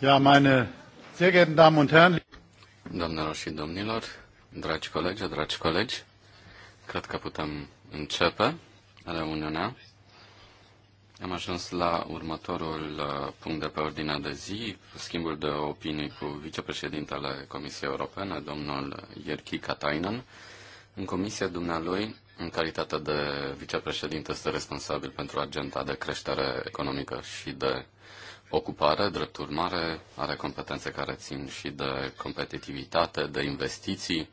Ja, meine sehr geehrten Damen und Herren. Doamnelor și domnilor, dragi colegi, dragi colegi, cred că putem începe reuniunea. Am ajuns la următorul uh, punct de pe ordinea de zi, schimbul de opinii cu vicepreședintele Comisiei Europene, domnul Ierchi Katainen. În comisia dumnealui, în calitate de vicepreședinte, este responsabil pentru agenda de creștere economică și de ocupare, drept urmare, are competențe care țin și de competitivitate, de investiții,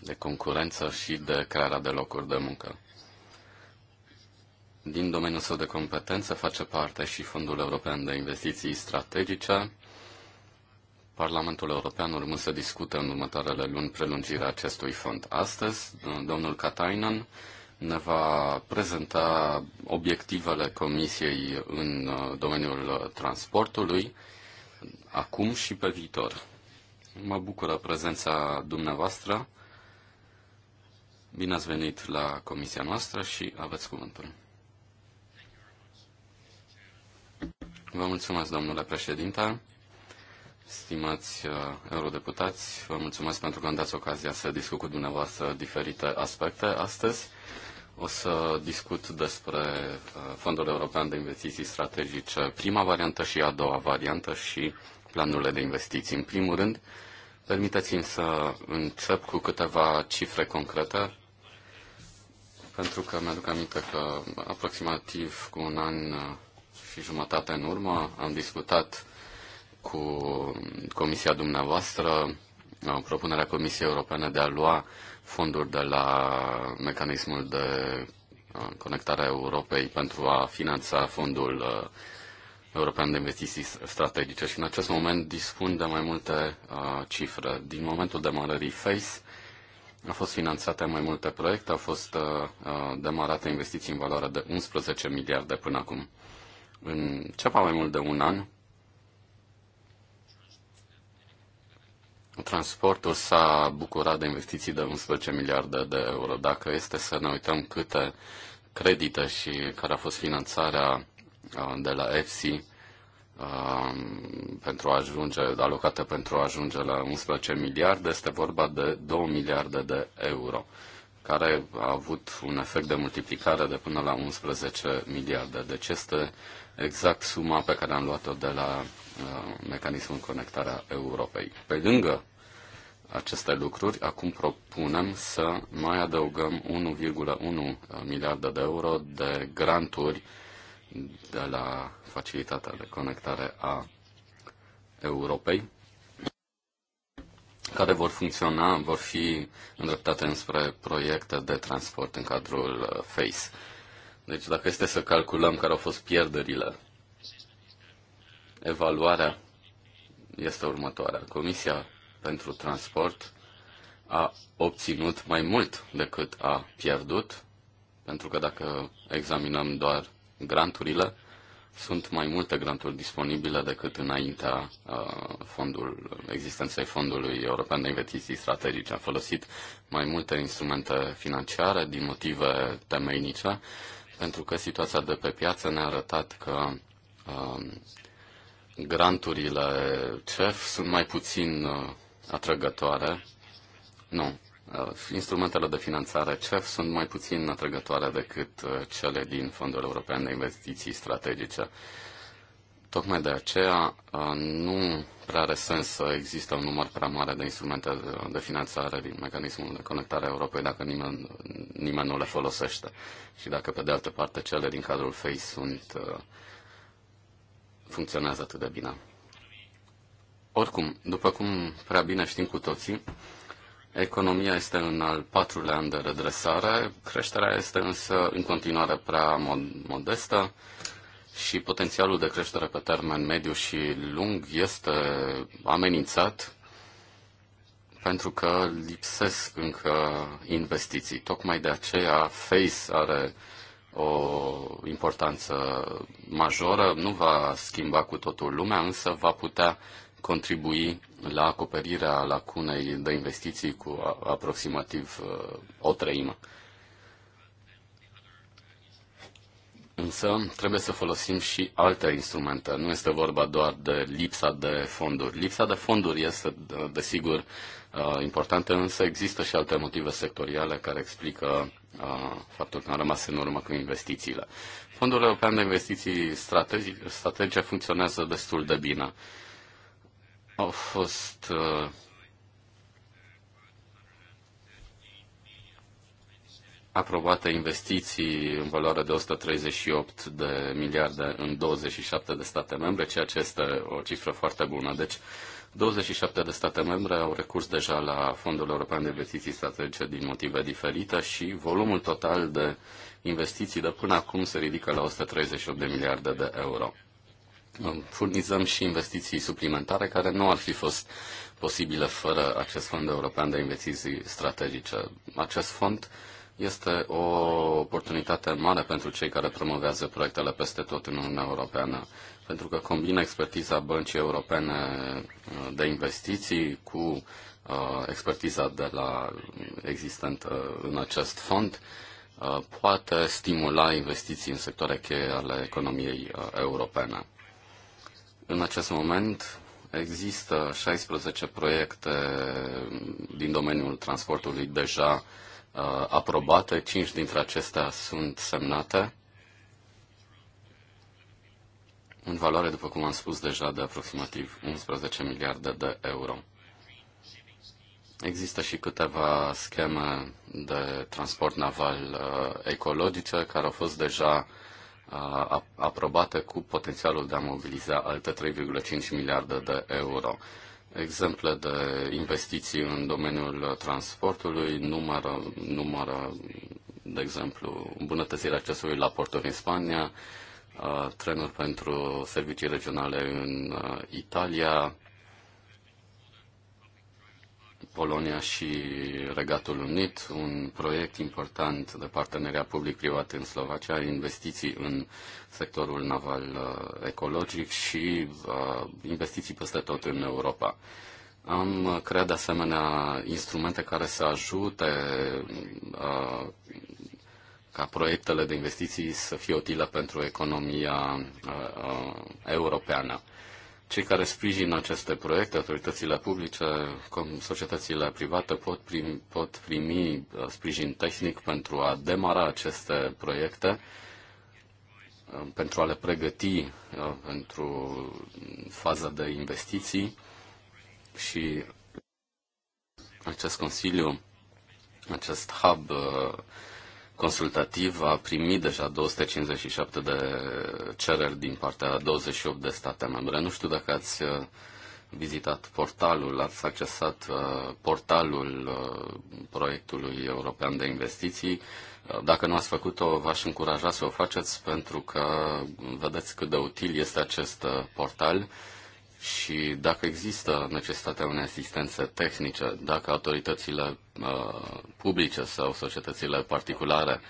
de concurență și de crearea de locuri de muncă. Din domeniul său de competență face parte și Fondul European de Investiții Strategice. Parlamentul European urmă să discute în următoarele luni prelungirea acestui fond. Astăzi, domnul Katainen ne va prezenta obiectivele Comisiei în uh, domeniul uh, transportului acum și pe viitor. Mă bucură prezența dumneavoastră. Bine ați venit la comisia noastră și aveți cuvântul. Vă mulțumesc, domnule președinte, stimați uh, eurodeputați, vă mulțumesc pentru că îmi dați ocazia să discut cu dumneavoastră diferite aspecte astăzi. O să discut despre uh, Fondul European de Investiții Strategice, prima variantă și a doua variantă și planurile de investiții. În primul rând, permiteți-mi să încep cu câteva cifre concrete, pentru că mi-aduc aminte că aproximativ cu un an uh, și jumătate în urmă am discutat cu um, Comisia dumneavoastră uh, propunerea Comisiei Europene de a lua fonduri de la mecanismul de uh, conectare a Europei pentru a finanța fondul uh, european de investiții strategice și în acest moment dispun de mai multe uh, cifre. Din momentul demarării FACE au fost finanțate mai multe proiecte, au fost demarate investiții în valoare de 11 miliarde până acum. În ceva mai mult de un an, transportul s-a bucurat de investiții de 11 miliarde de euro. Dacă este să ne uităm câte credite și care a fost finanțarea uh, de la EFSI uh, pentru a ajunge, alocată pentru a ajunge la 11 miliarde, este vorba de 2 miliarde de euro care a avut un efect de multiplicare de până la 11 miliarde. Deci este exact suma pe care am luat-o de la Uh, mecanismul conectarea Europei. Pe lângă aceste lucruri, acum propunem să mai adăugăm 1,1 miliarde de euro de granturi de la facilitatea de conectare a Europei, care vor funcționa, vor fi îndreptate înspre proiecte de transport în cadrul uh, FACE. Deci dacă este să calculăm care au fost pierderile Evaluarea este următoarea. Comisia pentru transport a obținut mai mult decât a pierdut, pentru că dacă examinăm doar granturile, sunt mai multe granturi disponibile decât înaintea uh, fondul, existenței Fondului European de Investiții Strategice. Am folosit mai multe instrumente financiare din motive temeinice, pentru că situația de pe piață ne-a arătat că uh, granturile CEF sunt mai puțin uh, atrăgătoare. Nu. Uh, instrumentele de finanțare CEF sunt mai puțin atrăgătoare decât uh, cele din Fondul European de Investiții Strategice. Tocmai de aceea nu prea are sens să există un număr prea mare de instrumente de finanțare din mecanismul de conectare a Europei dacă nimeni, nimeni nu le folosește. Și dacă, pe de altă parte, cele din cadrul FACE sunt funcționează atât de bine. Oricum, după cum prea bine știm cu toții, economia este în al patrulea an de redresare, creșterea este însă în continuare prea modestă și potențialul de creștere pe termen mediu și lung este amenințat pentru că lipsesc încă investiții. Tocmai de aceea Face are o importanță majoră, nu va schimba cu totul lumea, însă va putea contribui la acoperirea lacunei de investiții cu aproximativ uh, o treime. Însă trebuie să folosim și alte instrumente. Nu este vorba doar de lipsa de fonduri. Lipsa de fonduri este, desigur, de Uh, importante, însă există și alte motive sectoriale care explică uh, faptul că am rămas în urmă cu investițiile. Fondul European de Investiții Strategice funcționează destul de bine. Au fost uh, aprobate investiții în valoare de 138 de miliarde în 27 de state membre, ceea ce este o cifră foarte bună. Deci, uh, 27 de state membre au recurs deja la Fondul European de Investiții Strategice din motive diferite și volumul total de investiții de până acum se ridică la 138 de miliarde de euro. Furnizăm și investiții suplimentare care nu ar fi fost posibile fără acest Fond European de Investiții Strategice. Acest fond este o oportunitate mare pentru cei care promovează proiectele peste tot în Uniunea Europeană pentru că combină expertiza Băncii Europene uh, de Investiții cu uh, expertiza de la existentă în acest fond uh, poate stimula investiții în sectoare cheie ale economiei europene. În acest moment există 16 proiecte din domeniul transportului deja aprobate, 5 dintre acestea sunt semnate în valoare, după cum am spus deja, de aproximativ 11 miliarde de euro. Există și câteva scheme de transport naval uh, ecologice care au fost deja uh, aprobate cu potențialul de a mobiliza alte 3,5 miliarde de euro. Exemple de investiții în domeniul transportului numără, numără de exemplu, îmbunătățirea accesului la porturi în Spania, Trainer trenuri pentru servicii regionale în Italia, Polonia și Regatul Unit, un proiect important de parteneria public-privat în Slovacia, investiții în sectorul naval ecologic și investiții peste tot în Europa. Am creat de asemenea instrumente care să ajute ca proiectele de investiții să fie utile pentru economia uh, uh europeană. Cei care sprijin aceste proiecte, autoritățile publice, societățile private, pot primi, pot primi uh, sprijin tehnic pentru a demara aceste proiecte, uh, pentru a le pregăti pentru faza de investiții și acest Consiliu, acest hub consultativ a primit deja 257 de cereri din partea 28 de state membre. Nu știu dacă ați uh, vizitat portalul, ați accesat uh, portalul uh, proiectului european de investiții. Dacă nu ați făcut-o, v-aș încuraja să o faceți pentru că vedeți cât de util este acest portal și dacă există necesitatea unei asistențe tehnice, dacă autoritățile uh, publice sau societățile particulare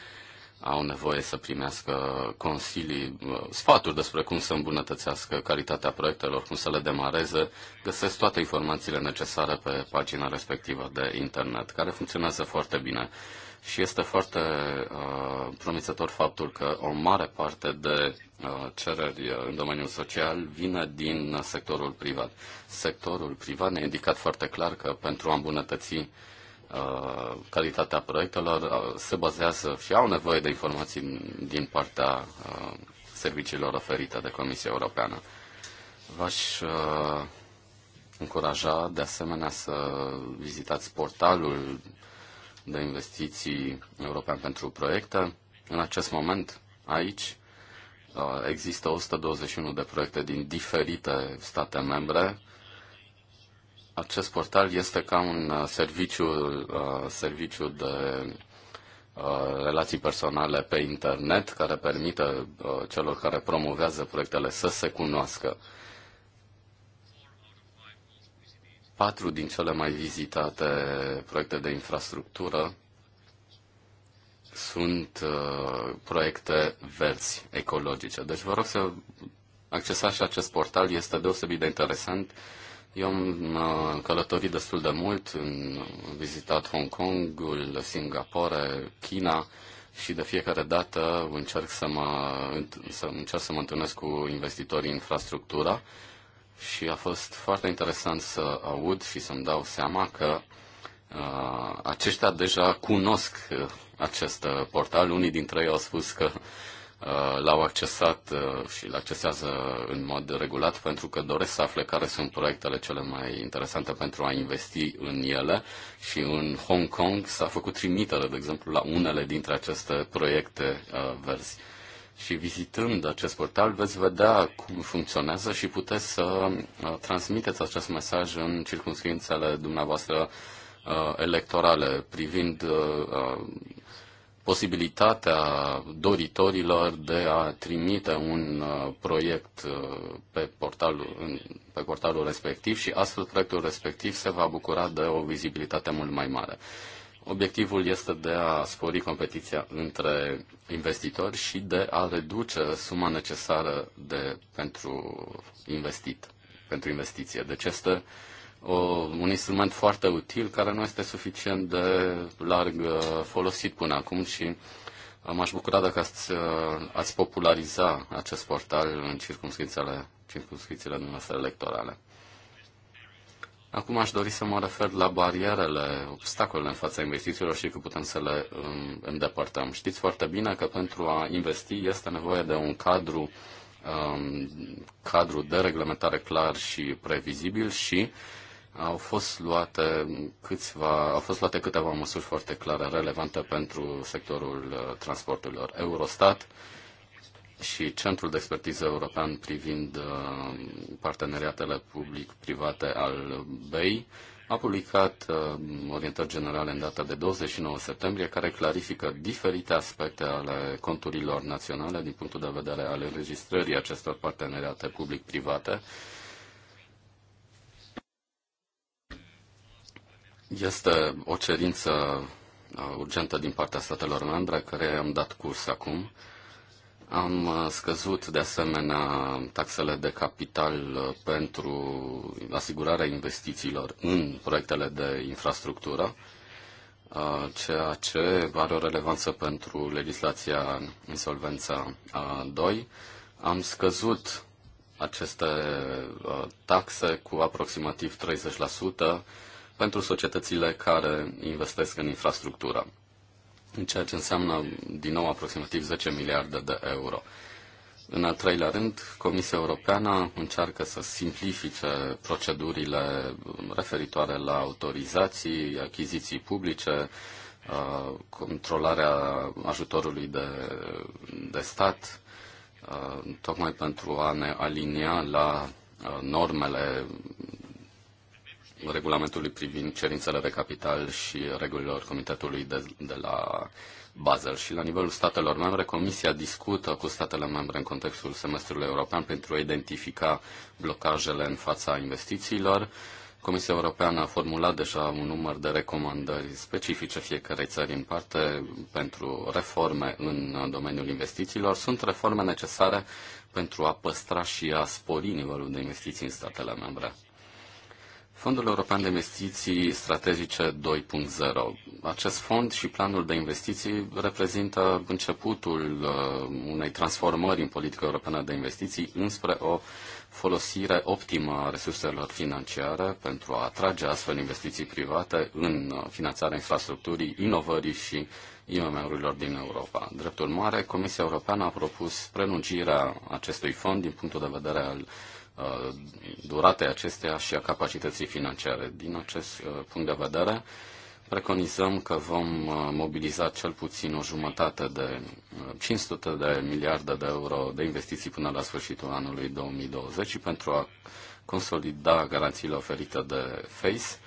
au nevoie să primească consilii, uh, sfaturi despre cum să îmbunătățească calitatea proiectelor, cum să le demareze, găsesc toate informațiile necesare pe pagina respectivă de internet, care funcționează foarte bine. Uh, și este foarte uh, promițător faptul că o mare parte de uh, cereri uh, în domeniul social vine din sectorul privat. Sectorul privat ne-a indicat foarte clar că pentru a îmbunătăți uh, calitatea proiectelor uh, se bazează și au nevoie de informații din partea uh, serviciilor oferite de Comisia Europeană. V-aș uh, încuraja de asemenea să vizitați portalul de Investiții European pentru Proiecte. În acest moment, aici, uh, există 121 de proiecte din diferite state membre. Acest portal este ca un uh, serviciu, uh, serviciu de relații personale pe internet care permite celor care promovează proiectele să se cunoască. patru din cele mai vizitate proiecte de infrastructură sunt uh, proiecte verzi, ecologice. Deci vă rog să accesați și acest portal, este deosebit de interesant. Eu am uh, călătorit destul de mult, am vizitat Hong Kongul, Singapore, China și de fiecare dată încerc să mă, să încerc să mă întâlnesc cu investitorii în infrastructura și a fost foarte interesant să aud și să-mi dau seama că uh, aceștia deja cunosc uh, acest uh, portal. Unii dintre ei au spus că uh, l-au accesat uh, și îl accesează în mod regulat pentru că doresc să afle care sunt proiectele cele mai interesante pentru a investi în ele și în Hong Kong s-a făcut trimitere, de exemplu, la unele dintre aceste proiecte uh, verzi. Uh, și vizitând acest portal veți vedea cum funcționează și puteți să uh, transmiteți acest mesaj în circunscriințele dumneavoastră uh, electorale privind uh, posibilitatea doritorilor de a trimite un proiect pe portalul, pe portalul respectiv și astfel proiectul respectiv se va bucura de o vizibilitate mult mai mare. Obiectivul este de a spori competiția între investitori și de a reduce suma necesară de, pentru investit, pentru investiție. Deci este o, un instrument foarte util care nu este suficient de larg uh, folosit până acum și uh, m-aș bucura dacă ați, uh, ați populariza acest portal în circumscrițiile, circumscrițiile noastre electorale. Acum aș dori să mă refer la barierele, obstacolele în fața investițiilor și cum putem să le um, îndepărtăm. Știți foarte bine că pentru a investi este nevoie de un cadru, um, cadru de reglementare clar și previzibil și au fost luate câțiva, au fost luate câteva măsuri foarte clare, relevante pentru sectorul uh, transporturilor. Eurostat și Centrul de Expertiză European privind uh, parteneriatele public-private al BEI a publicat uh, orientări generale în data de 29 septembrie care clarifică diferite aspecte ale conturilor naționale din punctul de vedere al înregistrării acestor parteneriate public-private. Este o cerință uh, urgentă din partea statelor membre care am dat curs acum. Am uh, scăzut de asemenea taxele de capital uh, pentru asigurarea investițiilor în proiectele de infrastructură, uh, ceea ce are o relevanță pentru legislația insolvența A2. Am scăzut aceste taxe cu aproximativ 30% pentru societățile care investesc în infrastructură ceea ce înseamnă din nou aproximativ 10 miliarde de euro. În al treilea rând, Comisia Europeană încearcă să simplifice procedurile referitoare la autorizații, achiziții publice, uh, controlarea ajutorului de, de stat, uh, tocmai pentru a ne alinia la uh, normele regulamentului privind cerințele de capital și regulilor Comitetului de, de la Basel. Și la nivelul statelor membre, Comisia discută cu statele membre în contextul semestrului european pentru a identifica blocajele în fața investițiilor. Comisia Europeană a formulat deja un număr de recomandări specifice fiecarei țări în parte pentru reforme în domeniul investițiilor. Sunt reforme necesare pentru a păstra și a spori nivelul de investiții în statele membre. Fondul European de Investiții Strategice 2.0. Acest fond și planul de investiții reprezintă începutul uh, unei transformări în politica europeană de investiții înspre o folosire optimă a resurselor financiare pentru a atrage astfel investiții private în uh, finanțarea infrastructurii, inovării și IMM-urilor din Europa. Drept urmare, Comisia Europeană a propus prelungirea acestui fond din punctul de vedere al Uh, duratei acesteia și a capacității financiare. Din acest uh, punct de vedere, preconizăm că vom uh, mobiliza cel puțin o jumătate de 500 de miliarde de euro de investiții până la sfârșitul anului 2020 și pentru a consolida garanțiile oferite de FACE,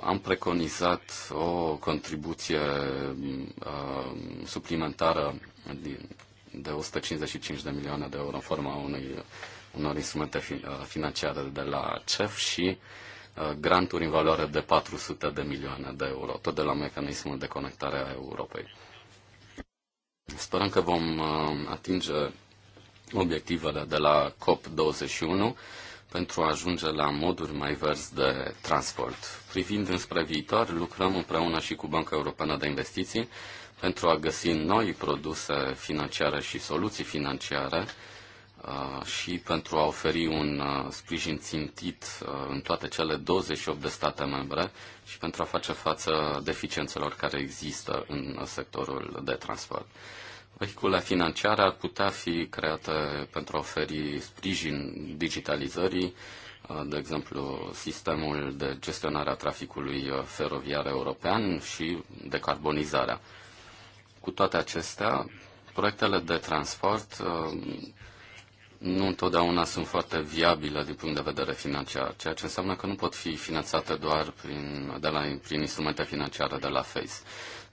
am preconizat o contribuție suplimentară de 155 de milioane de euro în forma unui unor instrumente uh, financiare de la CEF și uh, granturi în valoare de 400 de milioane de euro, tot de la mecanismul de conectare a Europei. Sperăm că vom uh, atinge obiectivele de la COP21 pentru a ajunge la moduri mai verzi de transport. Privind înspre viitor, lucrăm împreună și cu Banca Europeană de Investiții pentru a găsi noi produse financiare și soluții financiare Uh, și pentru a oferi un uh, sprijin țintit uh, în toate cele 28 de state membre și pentru a face față deficiențelor care există în sectorul de transport. Vehicule financiare ar putea fi create pentru a oferi sprijin digitalizării, de exemplu, sistemul de gestionare a traficului feroviar european și decarbonizarea. Cu toate acestea, proiectele de transport nu întotdeauna sunt foarte viabile din punct de vedere financiar, ceea ce înseamnă că nu pot fi finanțate doar prin, de la, prin instrumente financiare de la FACE.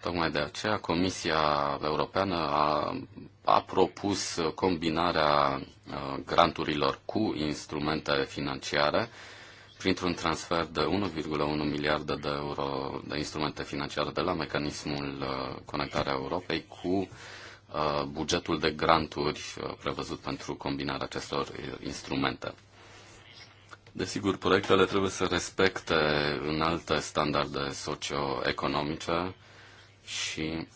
Tocmai de aceea Comisia Europeană a, a propus combinarea uh, granturilor cu instrumente financiare printr-un transfer de 1,1 miliarde de euro de instrumente financiare de la mecanismul uh, Conectarea Europei cu Uh, bugetul de granturi uh, prevăzut pentru combinarea acestor uh, instrumente. Desigur, proiectele trebuie să respecte în alte standarde socioeconomice și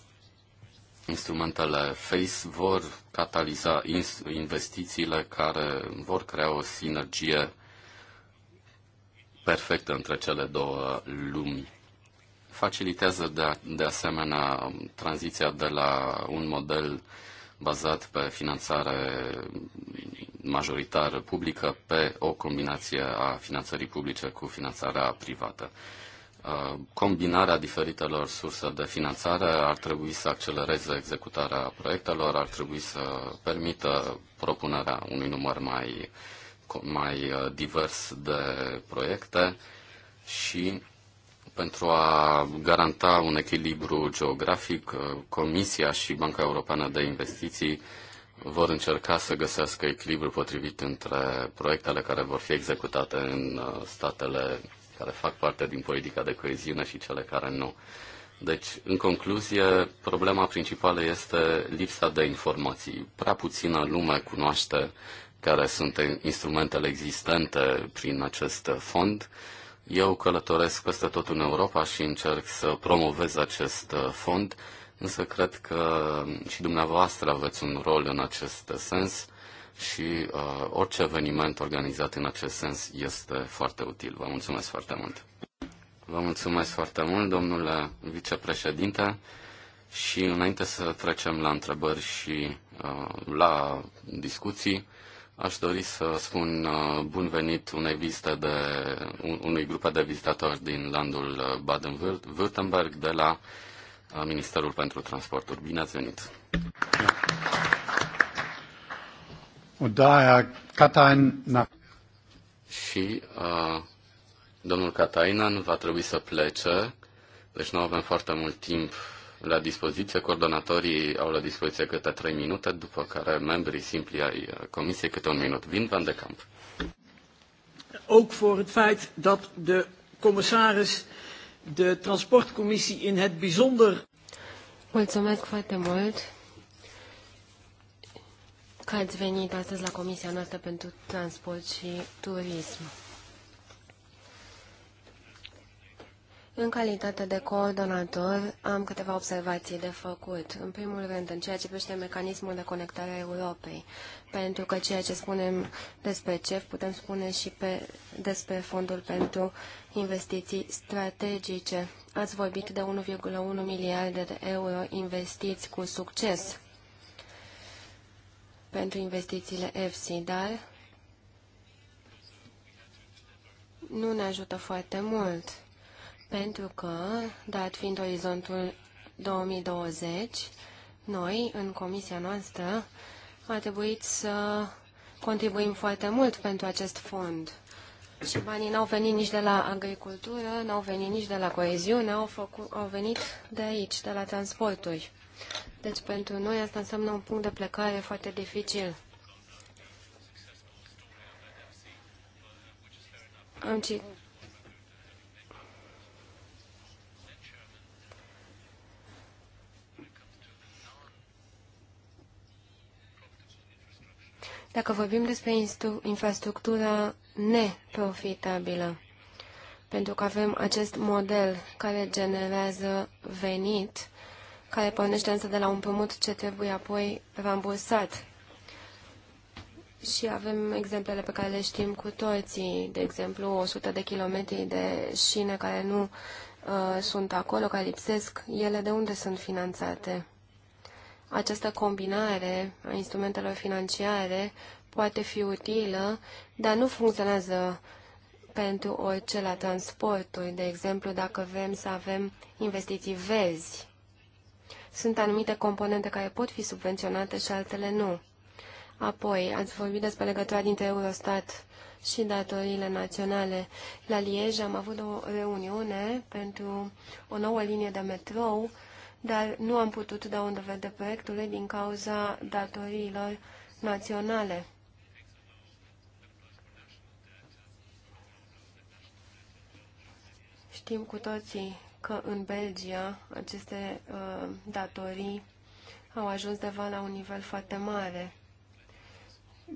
instrumentele FACE vor cataliza investițiile care vor crea o sinergie perfectă între cele două lumi facilitează de, de asemenea tranziția de la un model bazat pe finanțare majoritară publică pe o combinație a finanțării publice cu finanțarea privată. Uh, combinarea diferitelor surse de finanțare ar trebui să accelereze executarea proiectelor, ar trebui să permită propunerea unui număr mai, mai uh, divers de proiecte și pentru a garanta un echilibru geografic, uh, Comisia și Banca Europeană de Investiții vor încerca să găsească echilibru potrivit între proiectele care vor fi executate în uh, statele care fac parte din politica de coeziune și cele care nu. Deci, în concluzie, problema principală este lipsa de informații. Prea puțină lume cunoaște care sunt instrumentele existente prin acest fond eu călătoresc peste tot în Europa și încerc să promovez acest uh, fond, însă cred că și dumneavoastră aveți un rol în acest sens și uh, orice eveniment organizat în acest sens este foarte util. Vă mulțumesc foarte mult! Vă mulțumesc foarte mult, domnule vicepreședinte, și înainte să trecem la întrebări și uh, la discuții, Aș dori să spun uh, bun venit unei vizite de, unui grup de vizitatori din landul uh, Baden-Württemberg de la uh, Ministerul pentru Transporturi. Bine ați venit! Și uh, domnul Katainen va trebui să plece, deci nu avem foarte mult timp la dispoziție, coordonatorii au la dispoziție câte trei minute, după care membrii simpli ai comisiei câte un minut. Vin van de camp. Ook voor het feit dat de commissaris de transportcommissie in het bijzonder... Mulțumesc foarte mult că ați venit astăzi la Comisia noastră pentru Transport și Turism. În calitate de coordonator, am câteva observații de făcut. În primul rând, în ceea ce privește mecanismul de conectare a Europei, pentru că ceea ce spunem despre CEF putem spune și pe, despre Fondul pentru Investiții Strategice. Ați vorbit de 1,1 miliarde de euro investiți cu succes pentru investițiile EFSI, dar nu ne ajută foarte mult pentru că, dat fiind orizontul 2020, noi, în comisia noastră, a trebuit să contribuim foarte mult pentru acest fond. Și banii n-au venit nici de la agricultură, n-au venit nici de la coeziune, au, făcut, au venit de aici, de la transporturi. Deci pentru noi asta înseamnă un punct de plecare foarte dificil. Am citit dacă vorbim despre infrastructura neprofitabilă, pentru că avem acest model care generează venit, care pornește însă de la un pământ ce trebuie apoi rambursat. Și avem exemplele pe care le știm cu toții, de exemplu 100 de kilometri de șine care nu uh, sunt acolo, care lipsesc, ele de unde sunt finanțate? Această combinare a instrumentelor financiare poate fi utilă, dar nu funcționează pentru orice la transporturi, de exemplu dacă vrem să avem investiții vezi. Sunt anumite componente care pot fi subvenționate și altele nu. Apoi, ați vorbit despre legătura dintre Eurostat și datoriile naționale. La Liege am avut o reuniune pentru o nouă linie de metrou dar nu am putut da un dovede proiectului din cauza datoriilor naționale. Știm cu toții că în Belgia aceste uh, datorii au ajuns deva la un nivel foarte mare.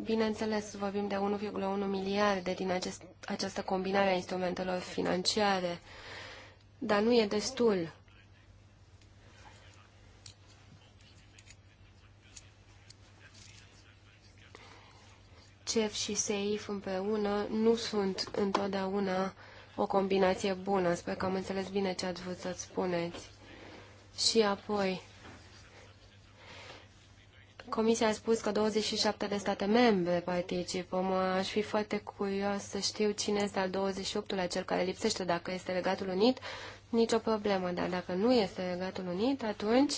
Bineînțeles, vorbim de 1,1 miliarde din acest, această combinare a instrumentelor financiare, dar nu e destul. CEF și SEIF împreună nu sunt întotdeauna o combinație bună. Sper că am înțeles bine ce ați vrut să spuneți. Și apoi, Comisia a spus că 27 de state membre participă. Mă aș fi foarte curios să știu cine este al 28-lea cel care lipsește, dacă este Regatul Unit. Nicio problemă, dar dacă nu este Regatul Unit, atunci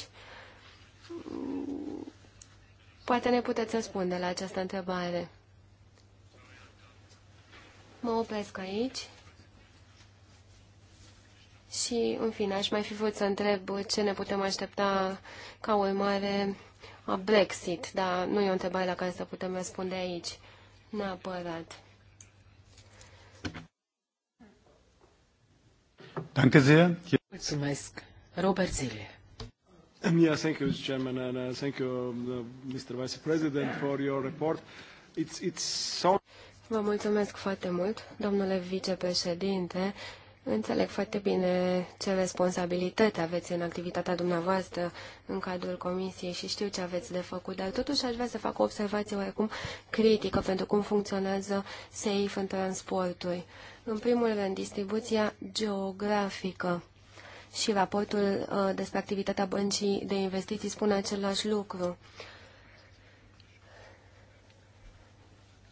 poate ne puteți răspunde la această întrebare. Mă opresc aici. Și, în fine, aș mai fi vrut să întreb ce ne putem aștepta ca urmare a Brexit, dar nu e o întrebare la care să putem răspunde aici, neapărat. Danke sehr. Mulțumesc. Robert Zille. Um, yeah, thank you, Mr. Chairman, and uh, thank you, uh, Mr. Vice President, for your report. It's, it's so... Vă mulțumesc foarte mult, domnule vicepreședinte. Înțeleg foarte bine ce responsabilitate aveți în activitatea dumneavoastră în cadrul comisiei și știu ce aveți de făcut, dar totuși aș vrea să fac o observație oarecum critică pentru cum funcționează SAFE în transporturi. În primul rând, distribuția geografică și raportul uh, despre activitatea băncii de investiții spune același lucru. Uh,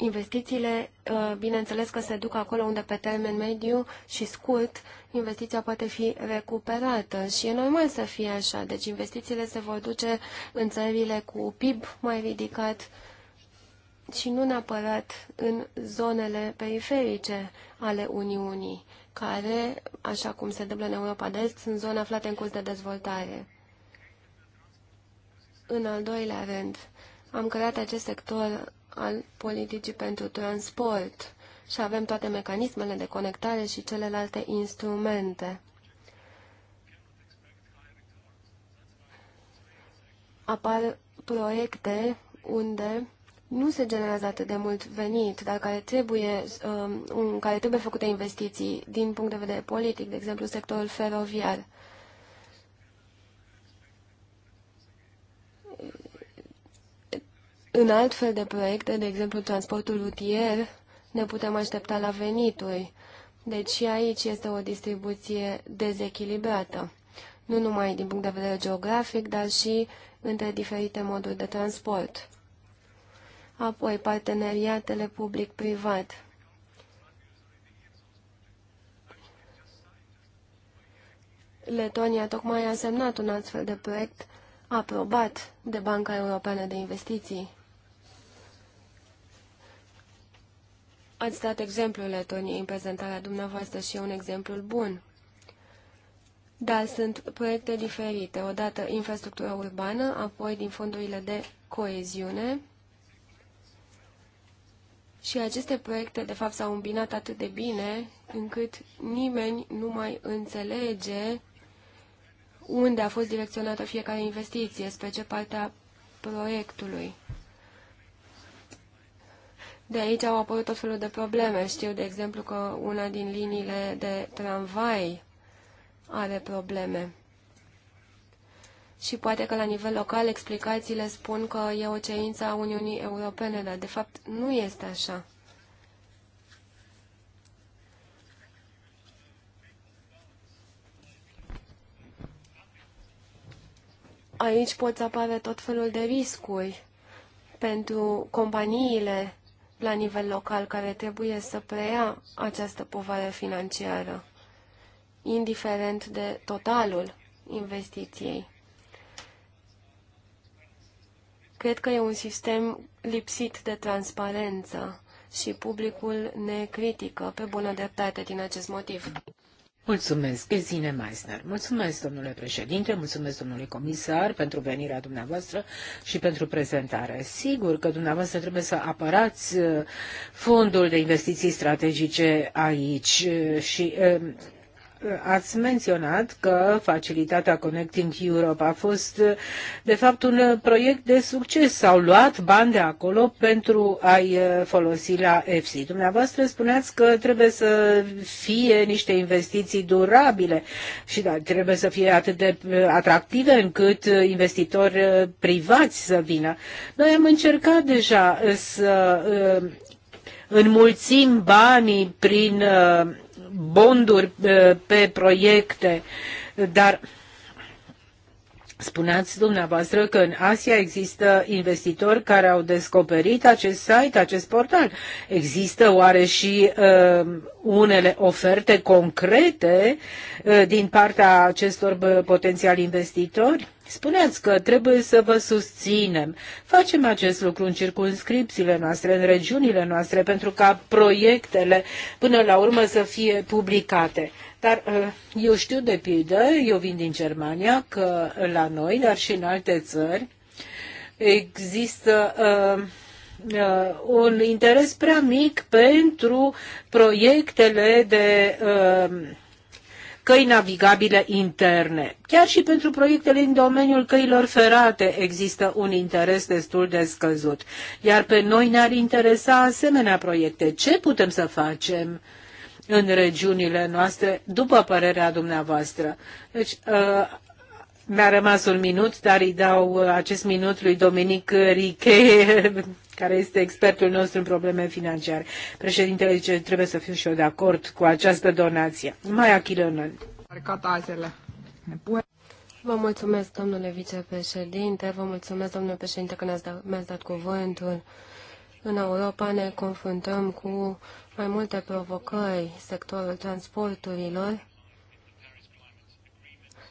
Investițiile, uh, bineînțeles că se duc acolo unde pe termen mediu și scurt investiția poate fi recuperată și e normal să fie așa. Deci investițiile se vor duce în țările cu PIB mai ridicat și nu neapărat în zonele periferice ale Uniunii, care, așa cum se întâmplă în Europa de Est, sunt zone aflate în curs de dezvoltare. În al doilea rând, am creat acest sector al politicii pentru transport și avem toate mecanismele de conectare și celelalte instrumente. Apar proiecte unde nu se generează atât de mult venit, dar care trebuie, um, care trebuie făcute investiții din punct de vedere politic, de exemplu sectorul feroviar. În fel de proiecte, de exemplu transportul rutier, ne putem aștepta la venituri. Deci și aici este o distribuție dezechilibrată, nu numai din punct de vedere geografic, dar și între diferite moduri de transport. Apoi, parteneriatele public-privat. Letonia tocmai a semnat un astfel de proiect aprobat de Banca Europeană de Investiții. Ați dat exemplul Letonie, în prezentarea dumneavoastră și e un exemplu bun. dar sunt proiecte diferite. Odată infrastructura urbană, apoi din fondurile de coeziune. Și aceste proiecte, de fapt, s-au îmbinat atât de bine încât nimeni nu mai înțelege unde a fost direcționată fiecare investiție, spre ce parte a proiectului. De aici au apărut tot felul de probleme. Știu, de exemplu, că una din liniile de tramvai are probleme. Și poate că la nivel local explicațiile spun că e o cerință a Uniunii Europene, dar de fapt nu este așa. Aici pot apare tot felul de riscuri pentru companiile la nivel local care trebuie să preia această povară financiară, indiferent de totalul investiției. Cred că e un sistem lipsit de transparență și publicul ne critică pe bună dreptate din acest motiv. Mulțumesc, Gesine Meisner. Mulțumesc, domnule președinte, mulțumesc, domnule comisar, pentru venirea dumneavoastră și pentru prezentare. Sigur că dumneavoastră trebuie să apărați uh, fondul de investiții strategice aici uh, și uh, ați menționat că facilitatea Connecting Europe a fost, de fapt, un proiect de succes. S-au luat bani de acolo pentru a-i folosi la EFSI. Dumneavoastră spuneați că trebuie să fie niște investiții durabile și da, trebuie să fie atât de atractive încât investitori privați să vină. Noi am încercat deja să uh, înmulțim banii prin uh, bonduri uh, pe proiecte, dar Spuneați dumneavoastră că în Asia există investitori care au descoperit acest site, acest portal. Există oare și uh, unele oferte concrete uh, din partea acestor uh, potențiali investitori? Spuneați că trebuie să vă susținem. Facem acest lucru în circunscripțiile noastre, în regiunile noastre, pentru ca proiectele până la urmă să fie publicate. Dar uh, eu știu de pildă, eu vin din Germania, că la noi, dar și în alte țări, există uh, uh, un interes prea mic pentru proiectele de uh, căi navigabile interne. Chiar și pentru proiectele în domeniul căilor ferate există un interes destul de scăzut. Iar pe noi ne-ar interesa asemenea proiecte. Ce putem să facem? în regiunile noastre, după părerea dumneavoastră. Deci, uh, mi-a rămas un minut, dar îi dau uh, acest minut lui Dominic Riche care este expertul nostru în probleme financiare. Președintele zice, trebuie să fiu și eu de acord cu această donație. Mai Chilănân. Vă mulțumesc, domnule vicepreședinte, vă mulțumesc, domnule președinte, că mi-ați dat, mi dat cuvântul. În Europa ne confruntăm cu mai multe provocări sectorul transporturilor.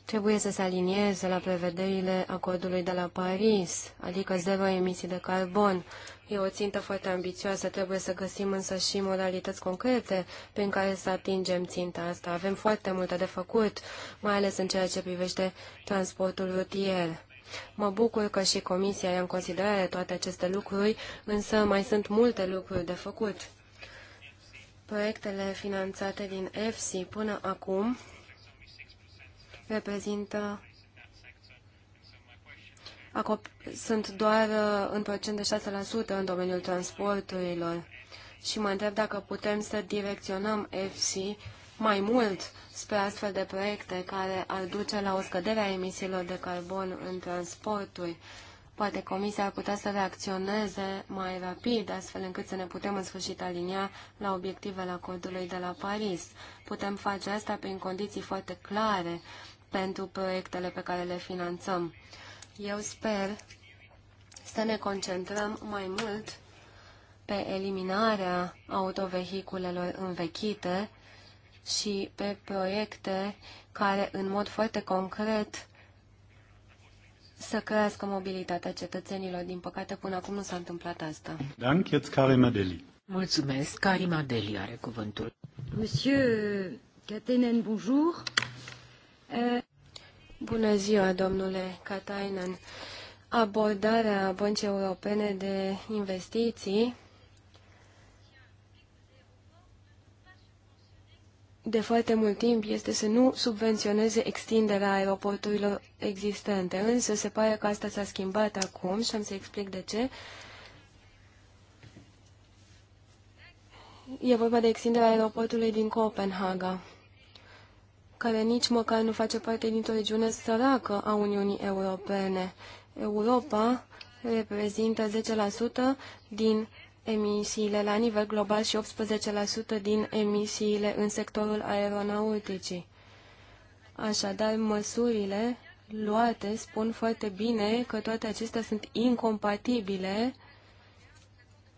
Trebuie să se alinieze la prevederile acordului de la Paris, adică zero emisii de carbon. E o țintă foarte ambițioasă, trebuie să găsim însă și modalități concrete prin care să atingem ținta asta. Avem foarte multe de făcut, mai ales în ceea ce privește transportul rutier. Mă bucur că și Comisia ia în considerare toate aceste lucruri, însă mai sunt multe lucruri de făcut. Proiectele finanțate din EFSI până acum reprezintă sunt doar uh, în procent de 6% în domeniul transporturilor și mă întreb dacă putem să direcționăm FC mai mult spre astfel de proiecte care ar duce la o scădere a emisiilor de carbon în transporturi. Poate Comisia ar putea să reacționeze mai rapid, astfel încât să ne putem în sfârșit alinia la obiectivele acordului de la Paris. Putem face asta prin condiții foarte clare pentru proiectele pe care le finanțăm eu sper să ne concentrăm mai mult pe eliminarea autovehiculelor învechite și pe proiecte care, în mod foarte concret, să crească mobilitatea cetățenilor. Din păcate, până acum nu s-a întâmplat asta. Mulțumesc. Karim Adeli are cuvântul. Monsieur Catenen, bonjour. Uh... Bună ziua, domnule Katainen. Abordarea Băncii Europene de Investiții de foarte mult timp este să nu subvenționeze extinderea aeroporturilor existente. Însă se pare că asta s-a schimbat acum și am să explic de ce. E vorba de extinderea aeroportului din Copenhaga care nici măcar nu face parte dintr-o regiune săracă a Uniunii Europene. Europa reprezintă 10% din emisiile la nivel global și 18% din emisiile în sectorul aeronauticii. Așadar, măsurile luate spun foarte bine că toate acestea sunt incompatibile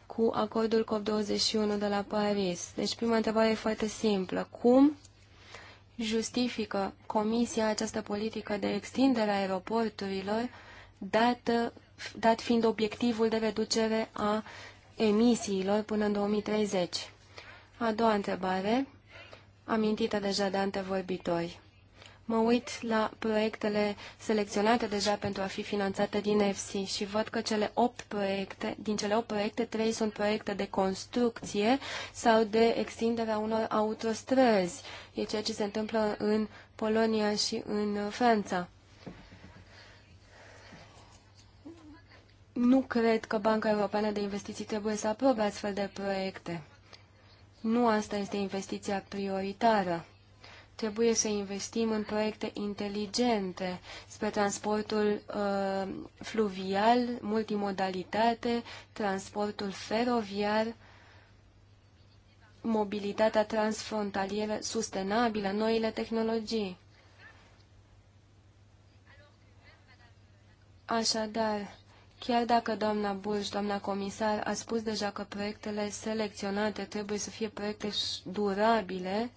cu acordul COP21 de la Paris. Deci prima întrebare e foarte simplă. Cum justifică Comisia această politică de extindere a aeroporturilor, dat, dat fiind obiectivul de reducere a emisiilor până în 2030? A doua întrebare, amintită deja de antevorbitori mă uit la proiectele selecționate deja pentru a fi finanțate din EFSI și văd că cele 8 proiecte, din cele 8 proiecte, 3 sunt proiecte de construcție sau de extinderea unor autostrăzi. E ceea ce se întâmplă în Polonia și în Franța. Nu cred că Banca Europeană de Investiții trebuie să aprobe astfel de proiecte. Nu asta este investiția prioritară. Trebuie să investim în proiecte inteligente spre transportul uh, fluvial, multimodalitate, transportul feroviar, mobilitatea transfrontalieră sustenabilă, noile tehnologii. Așadar, chiar dacă doamna Burș, doamna comisar, a spus deja că proiectele selecționate trebuie să fie proiecte durabile,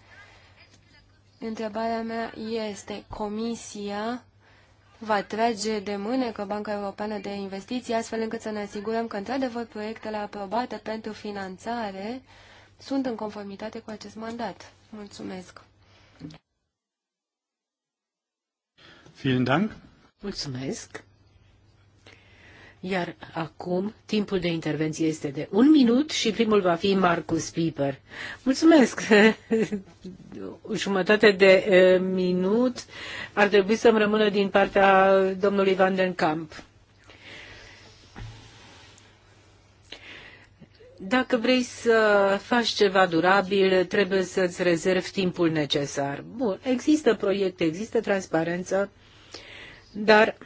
Întrebarea mea este, Comisia va trage de mânecă Banca Europeană de Investiții, astfel încât să ne asigurăm că, într-adevăr, proiectele aprobate pentru finanțare sunt în conformitate cu acest mandat. Mulțumesc! Vielen Dank! Mulțumesc! Iar acum timpul de intervenție este de un minut și primul va fi Marcus Piper. Mulțumesc! Jumătate de minut ar trebui să-mi rămână din partea domnului Van den Kamp. Dacă vrei să faci ceva durabil, trebuie să-ți rezervi timpul necesar. Bun, există proiecte, există transparență, dar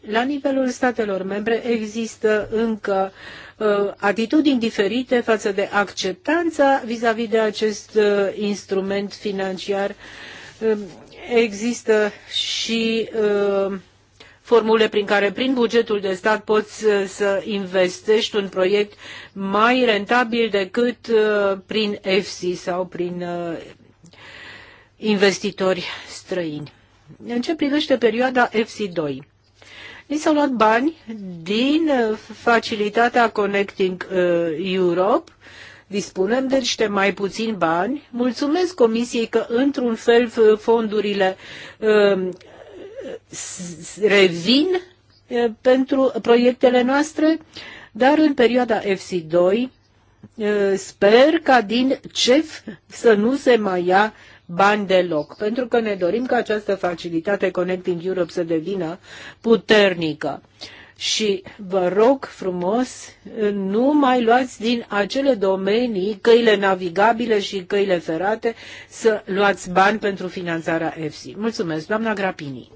la nivelul statelor membre există încă uh, atitudini diferite față de acceptanța vis-a-vis -vis de acest uh, instrument financiar. Uh, există și uh, formule prin care prin bugetul de stat poți uh, să investești un proiect mai rentabil decât uh, prin EFSI sau prin investitori străini. În ce privește perioada EFSI 2? Li s-au luat bani din uh, facilitatea Connecting uh, Europe. Dispunem de niște mai puțin bani. Mulțumesc Comisiei că, într-un fel, fondurile um, revin uh, pentru proiectele noastre, dar în perioada FC2 sper ca din CEF să nu se mai ia bani deloc, pentru că ne dorim ca această facilitate Connecting Europe să devină puternică. Și vă rog frumos, nu mai luați din acele domenii căile navigabile și căile ferate să luați bani pentru finanțarea EFSI. Mulțumesc, doamna Grapini.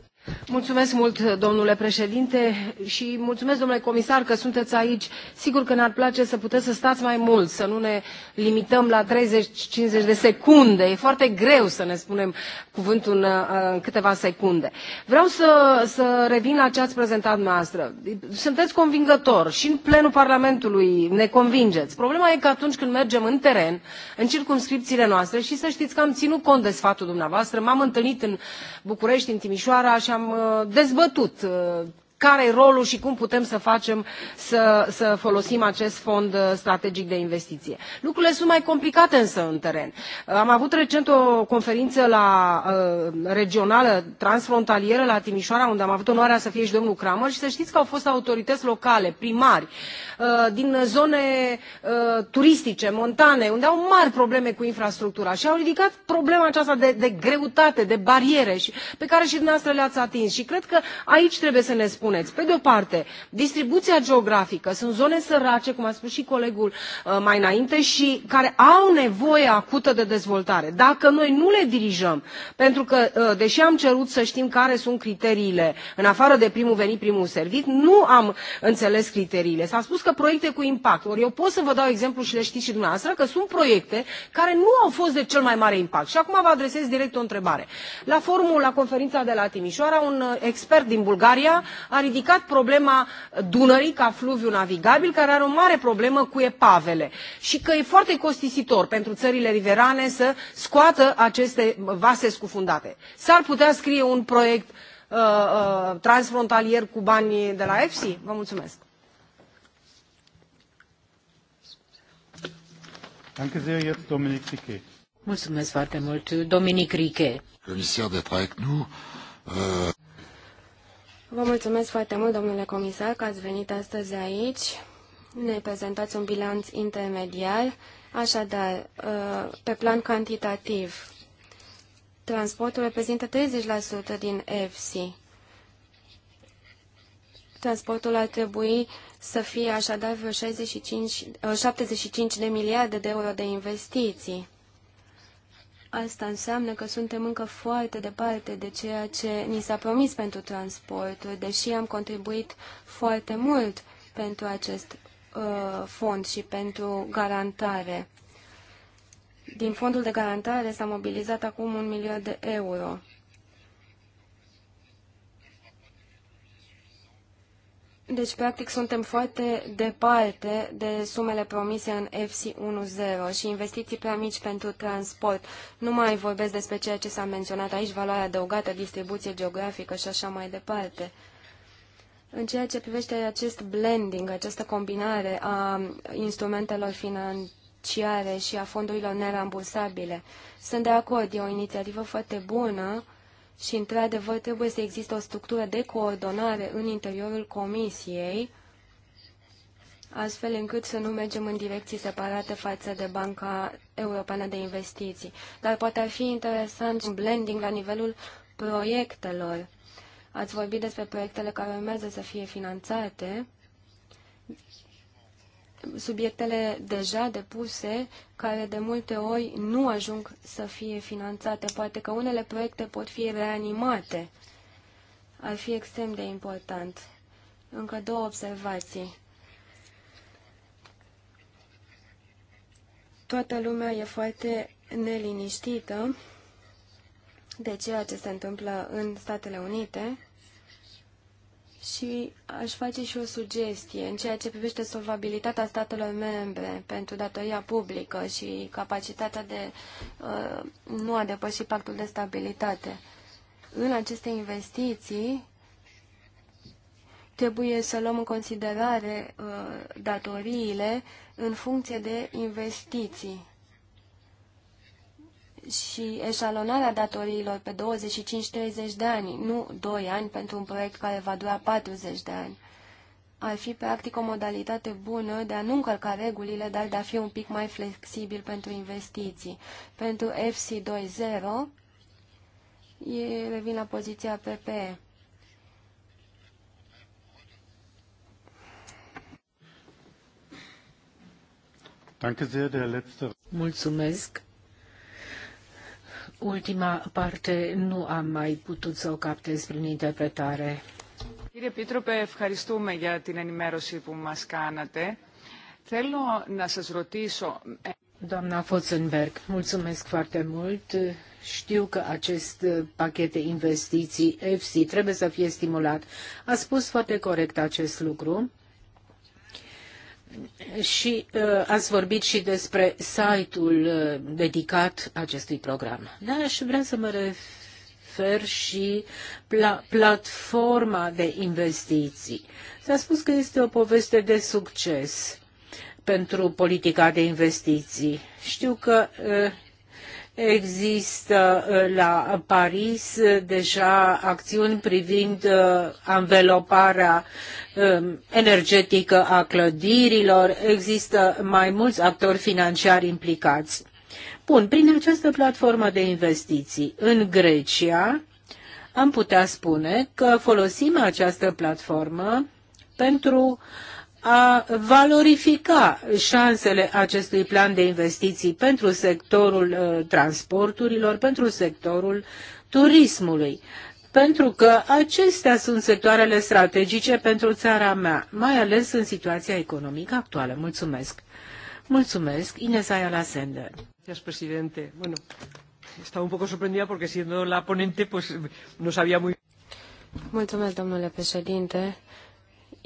Mulțumesc mult, domnule președinte, și mulțumesc, domnule comisar, că sunteți aici. Sigur că ne-ar place să puteți să stați mai mult, să nu ne limităm la 30-50 de secunde. E foarte greu să ne spunem cuvântul uh, în, câteva secunde. Vreau să, să revin la ce ați prezentat noastră. Sunteți convingător și în plenul Parlamentului ne convingeți. Problema e că atunci când mergem în teren, în circumscripțiile noastre, și să știți că am ținut cont de sfatul dumneavoastră, m-am întâlnit în București, în Timișoara și am uh, dezbătut uh, care e rolul și cum putem să facem să, folosim acest fond uh, strategic de investiție. Lucrurile sunt mai complicate însă în teren. Uh, am avut recent o conferință la, uh, regională transfrontalieră la Timișoara, unde am avut onoarea să fie și domnul Cramer și să știți că au fost autorități locale, primari, din zone turistice, montane, unde au mari probleme cu infrastructura și au ridicat problema aceasta de, de greutate, de bariere și, pe care și dumneavoastră le-ați atins. Și cred că aici trebuie să ne spunem spuneți pe de o parte distribuția geografică sunt zone sărace cum a spus și colegul uh, mai înainte și care au nevoie acută de dezvoltare dacă noi nu le dirijăm pentru că uh, deși am cerut să știm care sunt criteriile în afară de primul venit primul servit nu am înțeles criteriile s a spus că proiecte cu impact ori eu pot să vă dau exemplu și le știți și dumneavoastră că sunt proiecte care nu au fost de cel mai mare impact și acum vă adresez direct o întrebare la forumul la conferința de la timișoara un uh, expert din bulgaria a ridicat problema Dunării ca fluviu navigabil, care are o mare problemă cu epavele și că e foarte costisitor pentru țările riverane să scoată aceste vase scufundate. S-ar putea scrie un proiect uh, uh, transfrontalier cu bani de la EFSI? Vă mulțumesc. Mulțumesc foarte mult, Dominic Riche. Comisar d'être avec nous. Euh, Vă mulțumesc foarte mult, domnule comisar, că ați venit astăzi aici. Ne prezentați un bilanț intermediar. Așadar, uh, pe plan cantitativ, transportul reprezintă 30% din EFSI. Transportul ar trebui să fie așadar vreo 65, 75 uh, de miliarde de euro de investiții asta înseamnă că suntem încă foarte departe de ceea ce ni s-a promis pentru transport. deși am contribuit foarte mult pentru acest uh, fond și pentru garantare. Din fondul de garantare s-a mobilizat acum un milion de euro. Deci, practic, suntem foarte departe de sumele promise în fc 1.0 și investiții prea mici pentru transport. Nu mai vorbesc despre ceea ce s-a menționat aici, valoarea adăugată, distribuție geografică și așa mai departe. În ceea ce privește acest blending, această combinare a instrumentelor financiare și a fondurilor nerambursabile, sunt de acord, e o inițiativă foarte bună și, într-adevăr, trebuie să existe o structură de coordonare în interiorul Comisiei, astfel încât să nu mergem în direcții separate față de Banca Europeană de Investiții. Dar poate ar fi interesant un blending la nivelul proiectelor. Ați vorbit despre proiectele care urmează să fie finanțate subiectele deja depuse, care de multe ori nu ajung să fie finanțate. Poate că unele proiecte pot fi reanimate. Ar fi extrem de important. Încă două observații. Toată lumea e foarte neliniștită de ceea ce se întâmplă în Statele Unite și aș face și o sugestie în ceea ce privește solvabilitatea statelor membre pentru datoria publică și capacitatea de uh, nu a depăși pactul de stabilitate. În aceste investiții trebuie să luăm în considerare uh, datoriile în funcție de investiții și eșalonarea datoriilor pe 25-30 de ani, nu 2 ani pentru un proiect care va dura 40 de ani. Ar fi practic o modalitate bună de a nu încălca regulile, dar de a fi un pic mai flexibil pentru investiții. Pentru FC 2.0 revin la poziția PP. Mulțumesc ultima parte nu am mai putut să o captez prin interpretare. Κύριε Πίτροπε, ευχαριστούμε για την ενημέρωση που μας κάνατε. Θέλω να σας ρωτήσω... Doamna Fotzenberg, mulțumesc foarte mult. Știu că acest pachet de investiții EFSI trebuie să fie stimulat. A spus foarte corect acest lucru și uh, ați vorbit și despre site-ul uh, dedicat acestui program. Da, și vrea să mă refer și la platforma de investiții. S-a spus că este o poveste de succes pentru politica de investiții. Știu că uh, Există uh, la Paris uh, deja acțiuni privind uh, anveloparea um, energetică a clădirilor, există mai mulți actori financiari implicați. Bun, prin această platformă de investiții în Grecia, am putea spune că folosim această platformă pentru uh, a valorifica șansele acestui plan de investiții pentru sectorul uh, transporturilor, pentru sectorul turismului pentru că acestea sunt sectoarele strategice pentru țara mea, mai ales în situația economică actuală. Mulțumesc! Mulțumesc, Ines Ayala Sender. Gracias, presidente. Bueno, estaba un poco sorprendida porque siendo la ponente, pues no sabía muy... Mulțumesc, domnule președinte.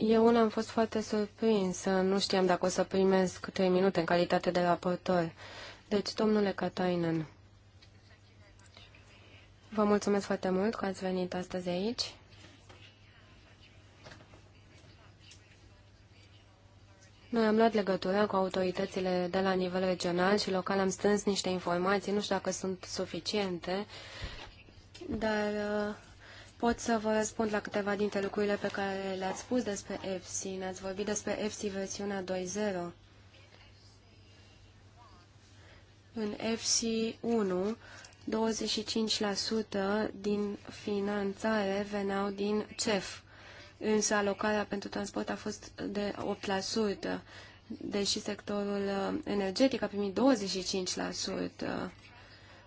Eu una am fost foarte surprinsă. Nu știam dacă o să primesc trei minute în calitate de raportor. Deci, domnule Katainen, vă mulțumesc foarte mult că ați venit astăzi aici. Noi am luat legătura cu autoritățile de la nivel regional și local, am strâns niște informații, nu știu dacă sunt suficiente, dar uh, Pot să vă răspund la câteva dintre lucrurile pe care le-ați spus despre EFSI. Ne-ați vorbit despre EFSI versiunea 2.0. În EFSI 1, 25% din finanțare veneau din CEF, însă alocarea pentru transport a fost de 8%, deși sectorul uh, energetic a primit 25%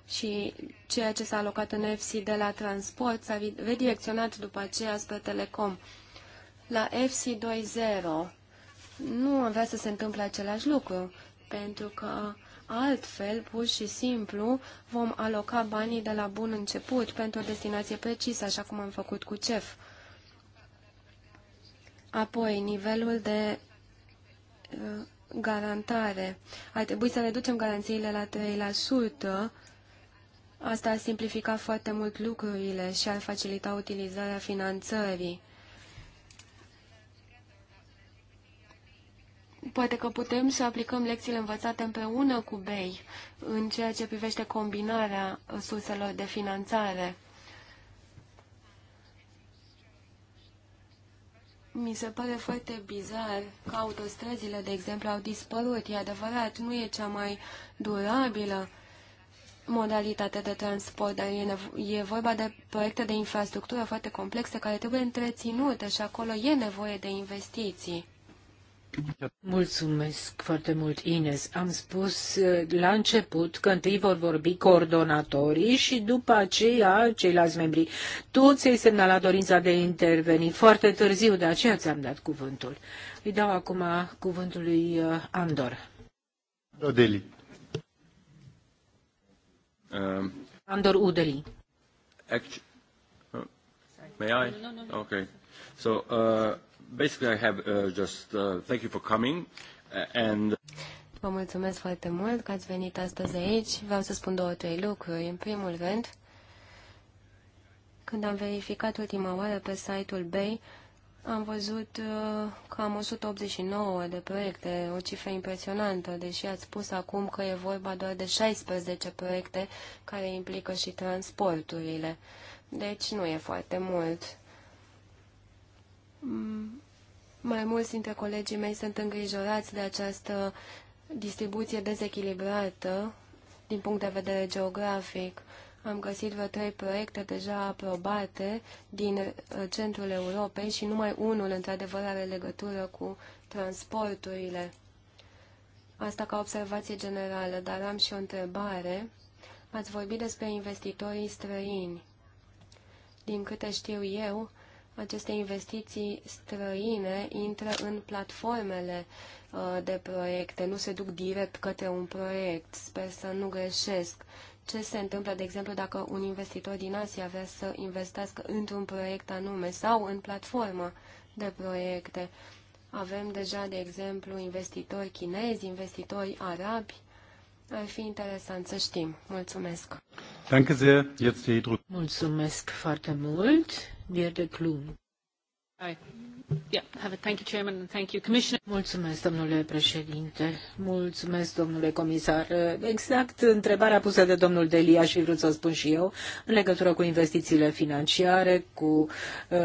și ceea ce s-a alocat în EFSI de la transport s-a redirecționat după aceea spre telecom. La EFSI 2.0 nu avea să se întâmple același lucru, pentru că altfel, pur și simplu, vom aloca banii de la bun început pentru o destinație precisă, așa cum am făcut cu CEF. Apoi, nivelul de uh, garantare. Ar trebui să reducem garanțiile la 3%, Asta a simplificat foarte mult lucrurile și a facilita utilizarea finanțării. Poate că putem să aplicăm lecțiile învățate împreună cu BEI în ceea ce privește combinarea surselor de finanțare. Mi se pare foarte bizar că autostrăzile, de exemplu, au dispărut. E adevărat, nu e cea mai durabilă modalitate de transport, dar e, e vorba de proiecte de infrastructură foarte complexe care trebuie întreținute și acolo e nevoie de investiții. Mulțumesc foarte mult, Ines. Am spus uh, la început că întâi vor vorbi coordonatorii și după aceea ceilalți membri. Toți ai semnalat dorința de a interveni foarte târziu, de aceea ți-am dat cuvântul. Îi dau acum cuvântul lui uh, Andor. Dodeli. Um, Andor Udeli. Act uh, may I? No, no, no. Okay. So uh, basically I have uh, just uh, thank you for coming uh, and Vă mulțumesc foarte mult că ați venit astăzi aici. Vreau să spun două, trei lucruri. În primul rând, când am verificat ultima oară pe site-ul bay am văzut uh, cam 189 de proiecte, o cifră impresionantă, deși ați spus acum că e vorba doar de 16 proiecte care implică și transporturile. Deci nu e foarte mult. Mm, mai mulți dintre colegii mei sunt îngrijorați de această distribuție dezechilibrată din punct de vedere geografic. Am găsit vreo trei proiecte deja aprobate din uh, centrul Europei și numai unul, într-adevăr, are legătură cu transporturile. Asta ca observație generală, dar am și o întrebare. Ați vorbit despre investitorii străini. Din câte știu eu, aceste investiții străine intră în platformele uh, de proiecte, nu se duc direct către un proiect. Sper să nu greșesc ce se întâmplă, de exemplu, dacă un investitor din Asia vrea să investească într-un proiect anume sau în platformă de proiecte. Avem deja, de exemplu, investitori chinezi, investitori arabi. Ar fi interesant să știm. Mulțumesc. Danke sehr. Jetzt Mulțumesc foarte mult. Dirde Klum. Hai. Mulțumesc, domnule președinte. Mulțumesc, domnule comisar. Exact întrebarea pusă de domnul Delia și vrut să o spun și eu, în legătură cu investițiile financiare, cu uh,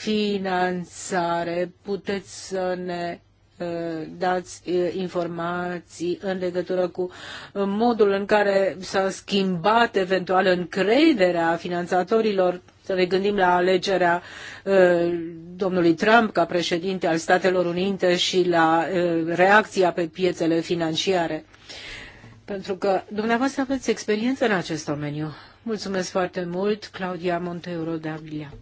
finanțare, puteți să ne Uh, dați uh, informații în legătură cu uh, modul în care s-a schimbat eventual încrederea finanțatorilor. Să ne gândim la alegerea domnului Trump ca președinte al Statelor Unite și la reacția pe piețele financiare. Pentru că dumneavoastră aveți experiență în acest domeniu. Mulțumesc foarte mult, Claudia Monteiro de Aglia.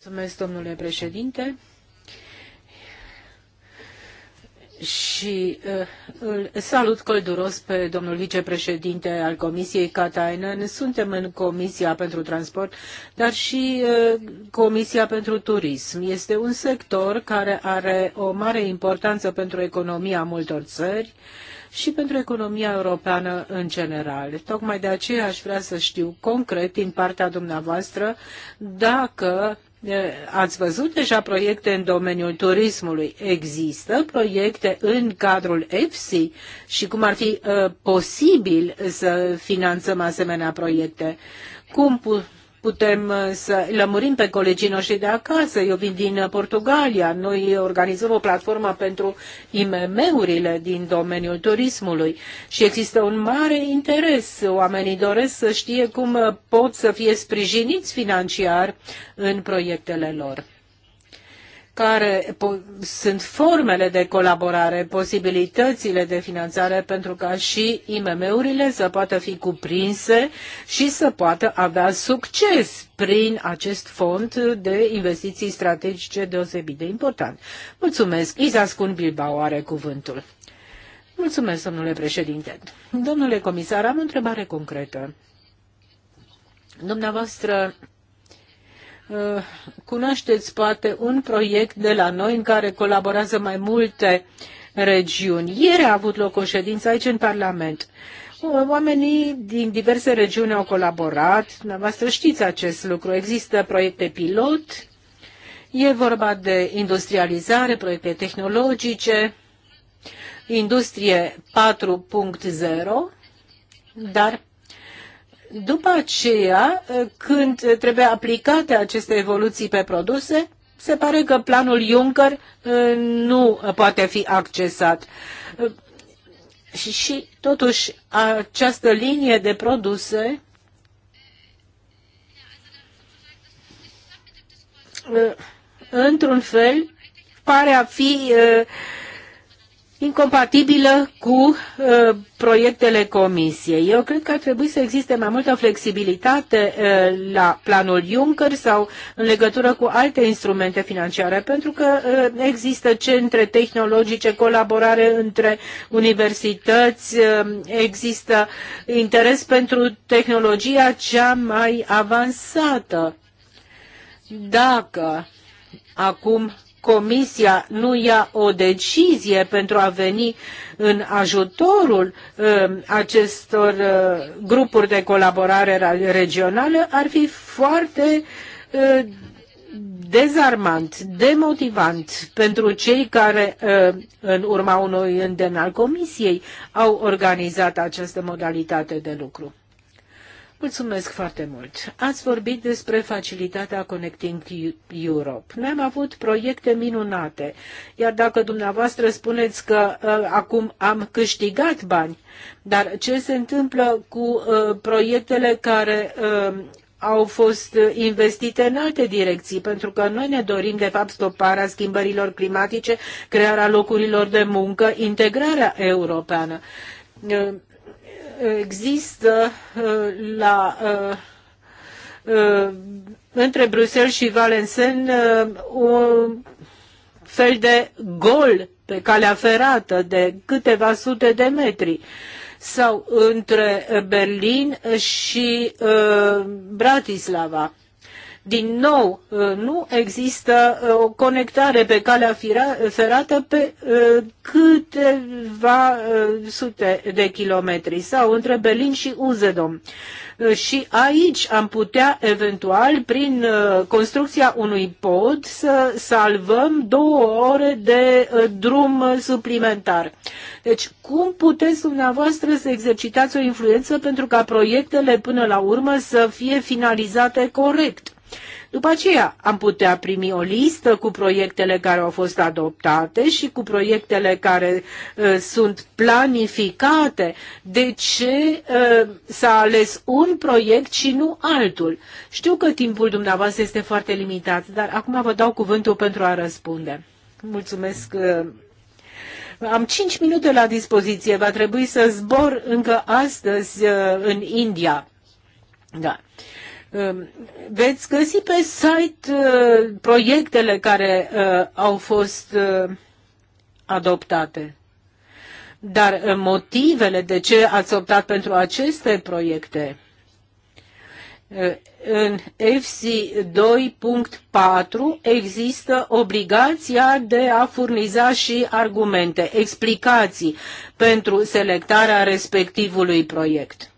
Mulțumesc, domnule președinte și uh, îl salut călduros pe domnul vicepreședinte al Comisiei Katainen. Suntem în Comisia pentru Transport, dar și uh, Comisia pentru Turism. Este un sector care are o mare importanță pentru economia multor țări și pentru economia europeană în general. Tocmai de aceea aș vrea să știu concret din partea dumneavoastră dacă Ați văzut deja proiecte în domeniul turismului. Există proiecte în cadrul EFSI și cum ar fi uh, posibil să finanțăm asemenea proiecte? Cum pu- putem uh, să lămurim pe colegii noștri de acasă. Eu vin din uh, Portugalia, noi organizăm o platformă pentru IMM-urile din domeniul turismului și există un mare interes. Oamenii doresc să știe cum uh, pot să fie sprijiniți financiar în proiectele lor care sunt formele de colaborare, posibilitățile de finanțare pentru ca și IMM-urile să poată fi cuprinse și să poată avea succes prin acest fond de investiții strategice deosebit de important. Mulțumesc. Iza Scun Bilbao are cuvântul. Mulțumesc, domnule președinte. Domnule comisar, am o întrebare concretă. Dumneavoastră Uh, cunoașteți poate un proiect de la noi în care colaborează mai multe regiuni. Ieri a avut loc o ședință aici în Parlament. Uh, oamenii din diverse regiuni au colaborat, dumneavoastră știți acest lucru. Există proiecte pilot, e vorba de industrializare, proiecte tehnologice, industrie 4.0, dar după aceea, când trebuie aplicate aceste evoluții pe produse, se pare că planul Juncker uh, nu poate fi accesat. Și, și totuși această linie de produse uh, într-un fel pare a fi uh, incompatibilă cu uh, proiectele comisiei. Eu cred că ar trebui să existe mai multă flexibilitate uh, la planul Juncker sau în legătură cu alte instrumente financiare, pentru că uh, există centre tehnologice, colaborare între universități, uh, există interes pentru tehnologia cea mai avansată. Dacă acum Comisia nu ia o decizie pentru a veni în ajutorul um, acestor uh, grupuri de colaborare regională, ar fi foarte uh, dezarmant, demotivant pentru cei care, uh, în urma unui îndemn al Comisiei, au organizat această modalitate de lucru. Mulțumesc foarte mult. Ați vorbit despre facilitatea Connecting Europe. Noi am avut proiecte minunate, iar dacă dumneavoastră spuneți că uh, acum am câștigat bani, dar ce se întâmplă cu uh, proiectele care uh, au fost investite în alte direcții, pentru că noi ne dorim, de fapt, stoparea schimbărilor climatice, crearea locurilor de muncă, integrarea europeană. Uh, există uh, la uh, uh, între Bruxelles și Valenciennes un fel de gol pe calea ferată de câteva sute de metri sau între Berlin și Bratislava. Din nou, uh, nu există uh, o conectare pe calea ferată pe uh, câteva sute de kilometri sau între Berlin și Uzedom. Și aici am putea eventual, prin construcția unui pod, să salvăm două ore de drum suplimentar. Deci, cum puteți dumneavoastră să exercitați o influență pentru ca proiectele până la urmă să fie finalizate corect? După aceea am putea primi o listă cu proiectele care au fost adoptate și cu proiectele care uh, sunt planificate. De ce uh, s-a ales un proiect și nu altul? Știu că timpul dumneavoastră este foarte limitat, dar acum vă dau cuvântul pentru a răspunde. Mulțumesc. Uh, am 5 minute la dispoziție, va trebui să zbor încă astăzi uh, în India. Da. Um, veți găsi pe site uh, proiectele care uh, au fost uh, adoptate. Dar motivele de ce ați optat pentru aceste proiecte în FC 2.4 există obligația de a furniza și argumente, explicații pentru selectarea respectivului proiect.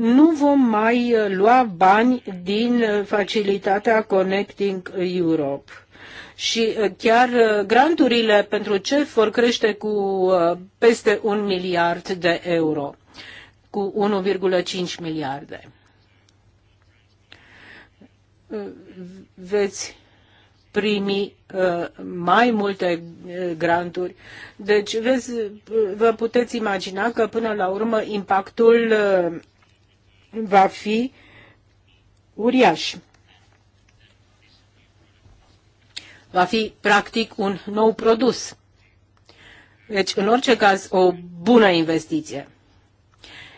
nu vom mai uh, lua bani din uh, facilitatea Connecting Europe. Și uh, chiar granturile pentru CEF vor crește cu peste un miliard de euro, cu 1,5 miliarde. Veți primi mai multe granturi. Deci vezi, vă puteți imagina că până la urmă impactul va fi uriaș. Va fi practic un nou produs. Deci, în orice caz, o bună investiție.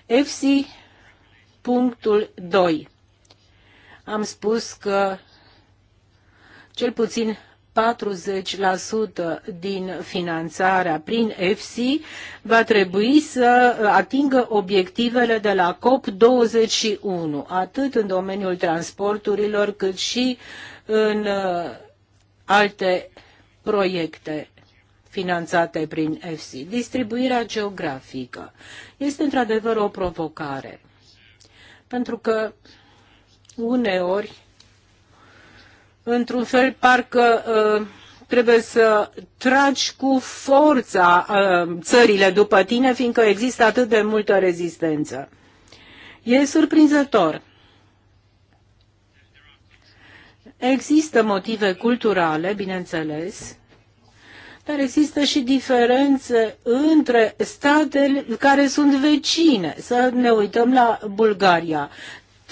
FC punctul 2. Am spus că cel puțin 40% din finanțarea prin EFSI va trebui să atingă obiectivele de la COP21, atât în domeniul transporturilor cât și în uh, alte proiecte finanțate prin EFSI. Distribuirea geografică este într-adevăr o provocare, pentru că uneori într-un fel parcă uh, trebuie să tragi cu forța uh, țările după tine, fiindcă există atât de multă rezistență. E surprinzător. Există motive culturale, bineînțeles, dar există și diferențe între statele care sunt vecine. Să ne uităm la Bulgaria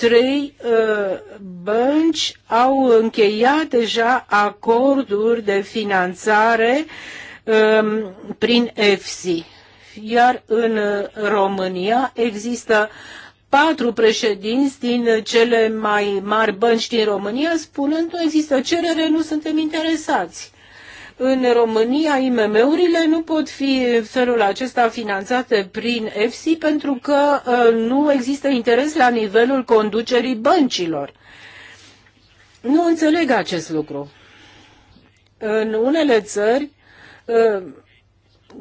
trei uh, bănci au încheiat deja acorduri de finanțare um, prin EFSI. Iar în uh, România există patru președinți din cele mai mari bănci din România spunând nu există cerere, nu suntem interesați. În România, IMM-urile nu pot fi în felul acesta finanțate prin EFSI pentru că uh, nu există interes la nivelul conducerii băncilor. Nu înțeleg acest lucru. În unele țări, uh,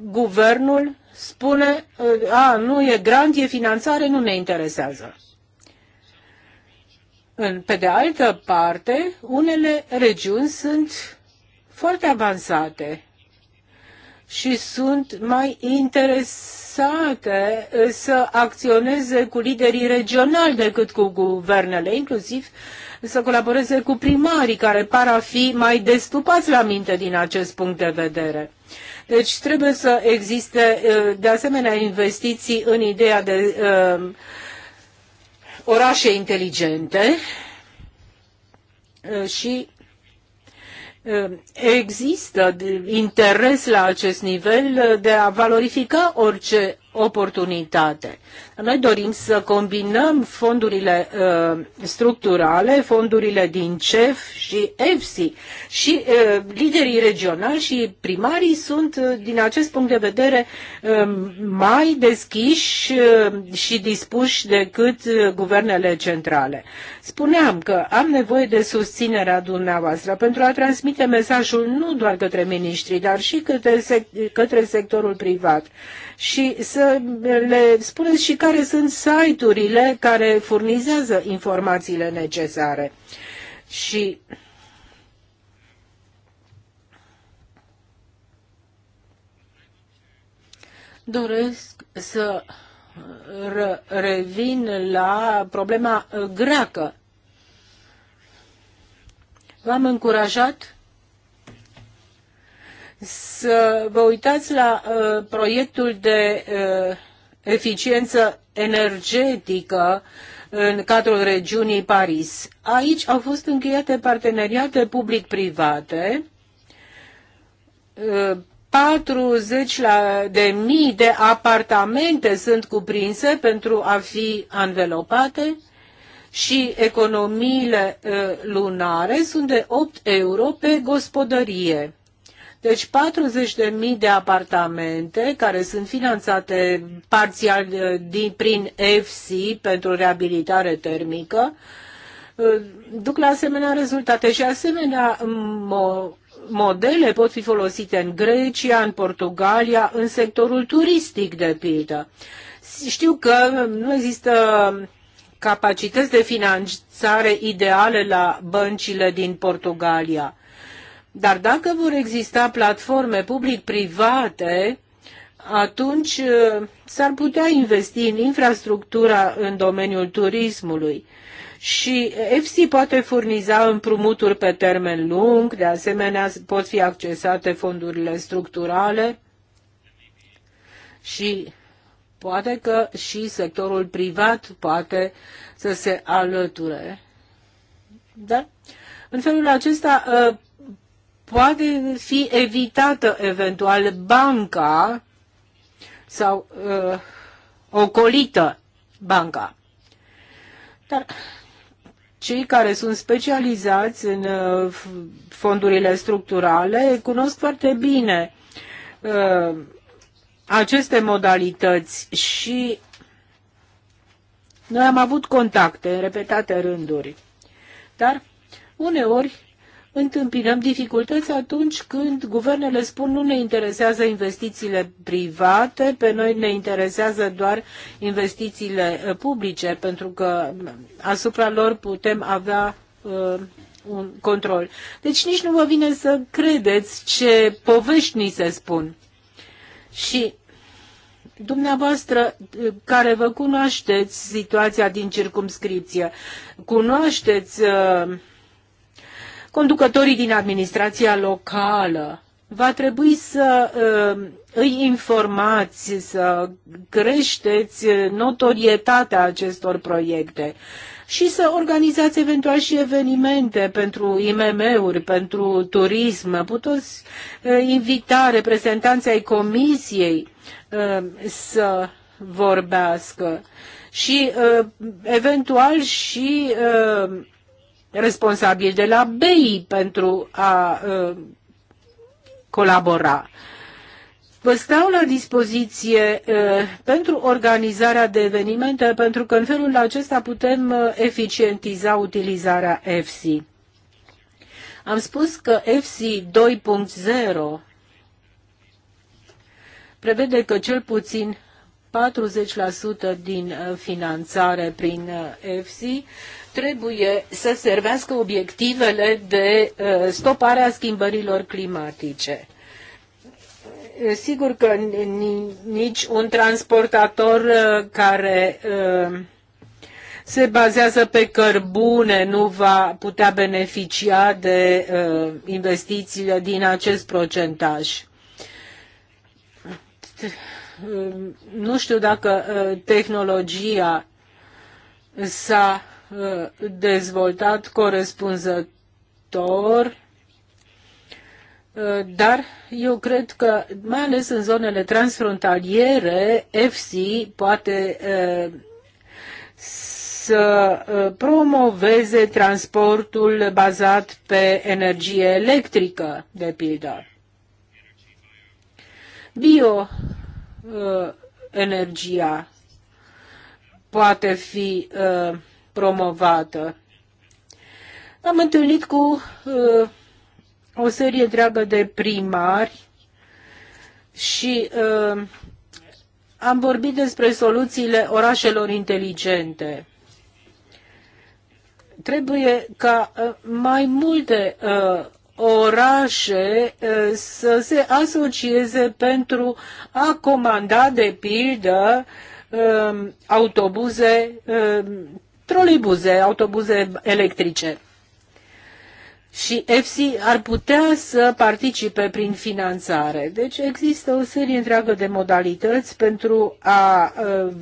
guvernul spune, uh, a, nu e grant, e finanțare, nu ne interesează. Pe de altă parte, unele regiuni sunt foarte avansate și sunt mai interesate uh, să acționeze cu liderii regionali decât cu guvernele, inclusiv să colaboreze cu primarii care par a fi mai destupați la minte din acest punct de vedere. Deci trebuie să existe uh, de asemenea investiții în ideea de uh, orașe inteligente uh, și Eh, există interes la acest nivel de a valorifica orice oportunitate. Noi dorim să combinăm fondurile uh, structurale, fondurile din CEF și EFSI și uh, liderii regionali și primarii sunt, uh, din acest punct de vedere, uh, mai deschiși uh, și dispuși decât uh, guvernele centrale. Spuneam că am nevoie de susținerea dumneavoastră pentru a transmite mesajul nu doar către miniștri, dar și către, sec- către sectorul privat. Uh, și să le spuneți și care sunt site-urile care furnizează informațiile necesare. Și doresc să revin la problema greacă. V-am încurajat să vă uitați la uh, proiectul de uh, eficiență energetică în cadrul regiunii Paris. Aici au fost încheiate parteneriate public-private, 40 uh, de mii de apartamente sunt cuprinse pentru a fi anvelopate și economiile uh, lunare sunt de 8 euro pe gospodărie. Deci 40.000 de apartamente care sunt finanțate parțial eh, din, prin FC pentru reabilitare termică eh, duc la asemenea rezultate și asemenea mm, mo modele pot fi folosite în Grecia, în Portugalia, în sectorul turistic de pildă. Știu că nu există capacități de finanțare ideale la băncile din Portugalia. Dar dacă vor exista platforme public-private, atunci uh, s-ar putea investi în infrastructura în domeniul turismului. Și EFSI poate furniza împrumuturi pe termen lung, de asemenea pot fi accesate fondurile structurale și poate că și sectorul privat poate să se alăture. Da? În felul acesta uh, poate fi evitată eventual banca sau uh, ocolită banca. Dar cei care sunt specializați în uh, fondurile structurale cunosc foarte bine uh, aceste modalități și noi am avut contacte în repetate rânduri. Dar uneori întâmpinăm dificultăți atunci când guvernele spun nu ne interesează investițiile private, pe noi ne interesează doar investițiile uh, publice, pentru că asupra lor putem avea uh, un control. Deci nici nu vă vine să credeți ce povești ni se spun. Și dumneavoastră uh, care vă cunoașteți situația din circumscripție, cunoașteți uh, conducătorii din administrația locală. Va trebui să uh, îi informați, să creșteți notorietatea acestor proiecte și să organizați eventual și evenimente pentru IMM-uri, pentru turism. Puteți uh, invita reprezentanții ai comisiei uh, să vorbească și uh, eventual și uh, responsabili de la BEI pentru a colabora. Vă stau la dispoziție uh, pentru organizarea de evenimente, pentru că în felul acesta putem uh, eficientiza utilizarea EFSI. Am spus că EFSI 2.0 prevede că cel puțin 40% din finanțare prin EFSI trebuie să servească obiectivele de uh, stopare a schimbărilor climatice. Sigur că nici un transportator uh, care uh, se bazează pe cărbune nu va putea beneficia de investițiile din acest procentaj nu știu dacă tehnologia s-a dezvoltat corespunzător, uh, dar eu cred că, mai ales în zonele transfrontaliere, FC poate uh, să uh, promoveze transportul bazat pe energie electrică, de pildă. Bioenergia poate fi uh, promovată. Am întâlnit cu uh, o serie întreagă de primari și uh, am vorbit despre soluțiile orașelor inteligente. Trebuie ca uh, mai multe uh, orașe uh, să se asocieze pentru a comanda, de pildă, uh, autobuze troleibuze, autobuze electrice. Și EFSI ar putea să participe prin finanțare. Deci există o serie întreagă de modalități pentru a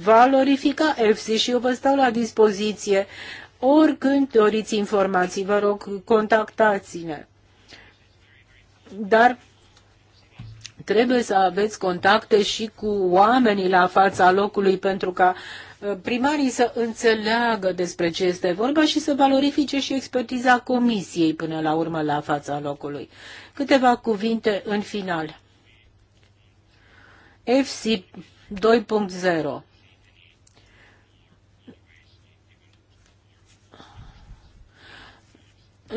valorifica EFSI și eu vă stau la dispoziție oricând doriți informații, vă rog, contactați-ne. Dar trebuie să aveți contacte și cu oamenii la fața locului pentru ca Uh, primarii să înțeleagă despre ce este vorba și să valorifice și expertiza comisiei până la urmă la fața locului. Câteva cuvinte în final. FC 2.0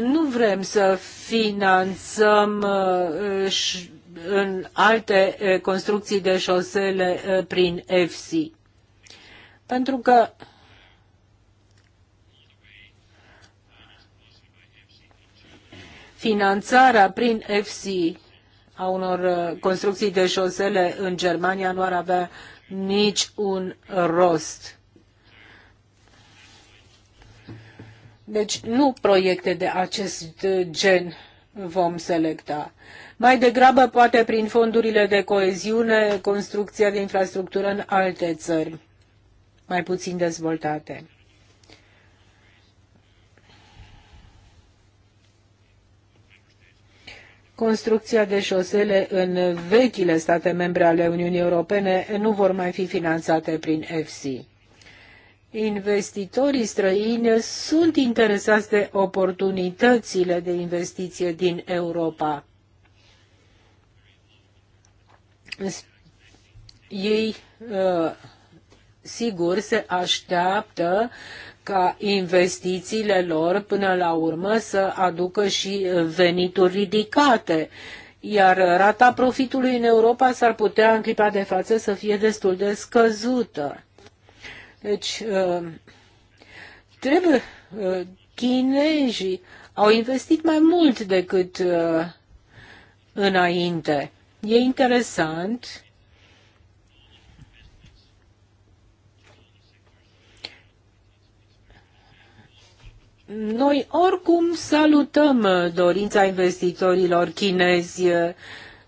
Nu vrem să finanțăm uh, în alte uh, construcții de șosele prin FC. Pentru că finanțarea prin EFSI a unor uh, construcții de șosele în Germania nu ar avea nici un rost. Deci nu proiecte de acest gen vom selecta. Mai degrabă, poate prin fondurile de coeziune, construcția de infrastructură în alte țări mai puțin dezvoltate. construcția de șosele în vechile state membre ale Uniunii Europene nu vor mai fi finanțate prin EFSI. Investitorii străini sunt interesați de oportunitățile de investiție din Europa. Ei uh, sigur se așteaptă ca investițiile lor până la urmă să aducă și venituri ridicate iar rata profitului în Europa s-ar putea în clipa de față să fie destul de scăzută. Deci, uh, trebuie, uh, chinezii au investit mai mult decât uh, înainte. E interesant Noi oricum salutăm uh, dorința investitorilor chinezi uh,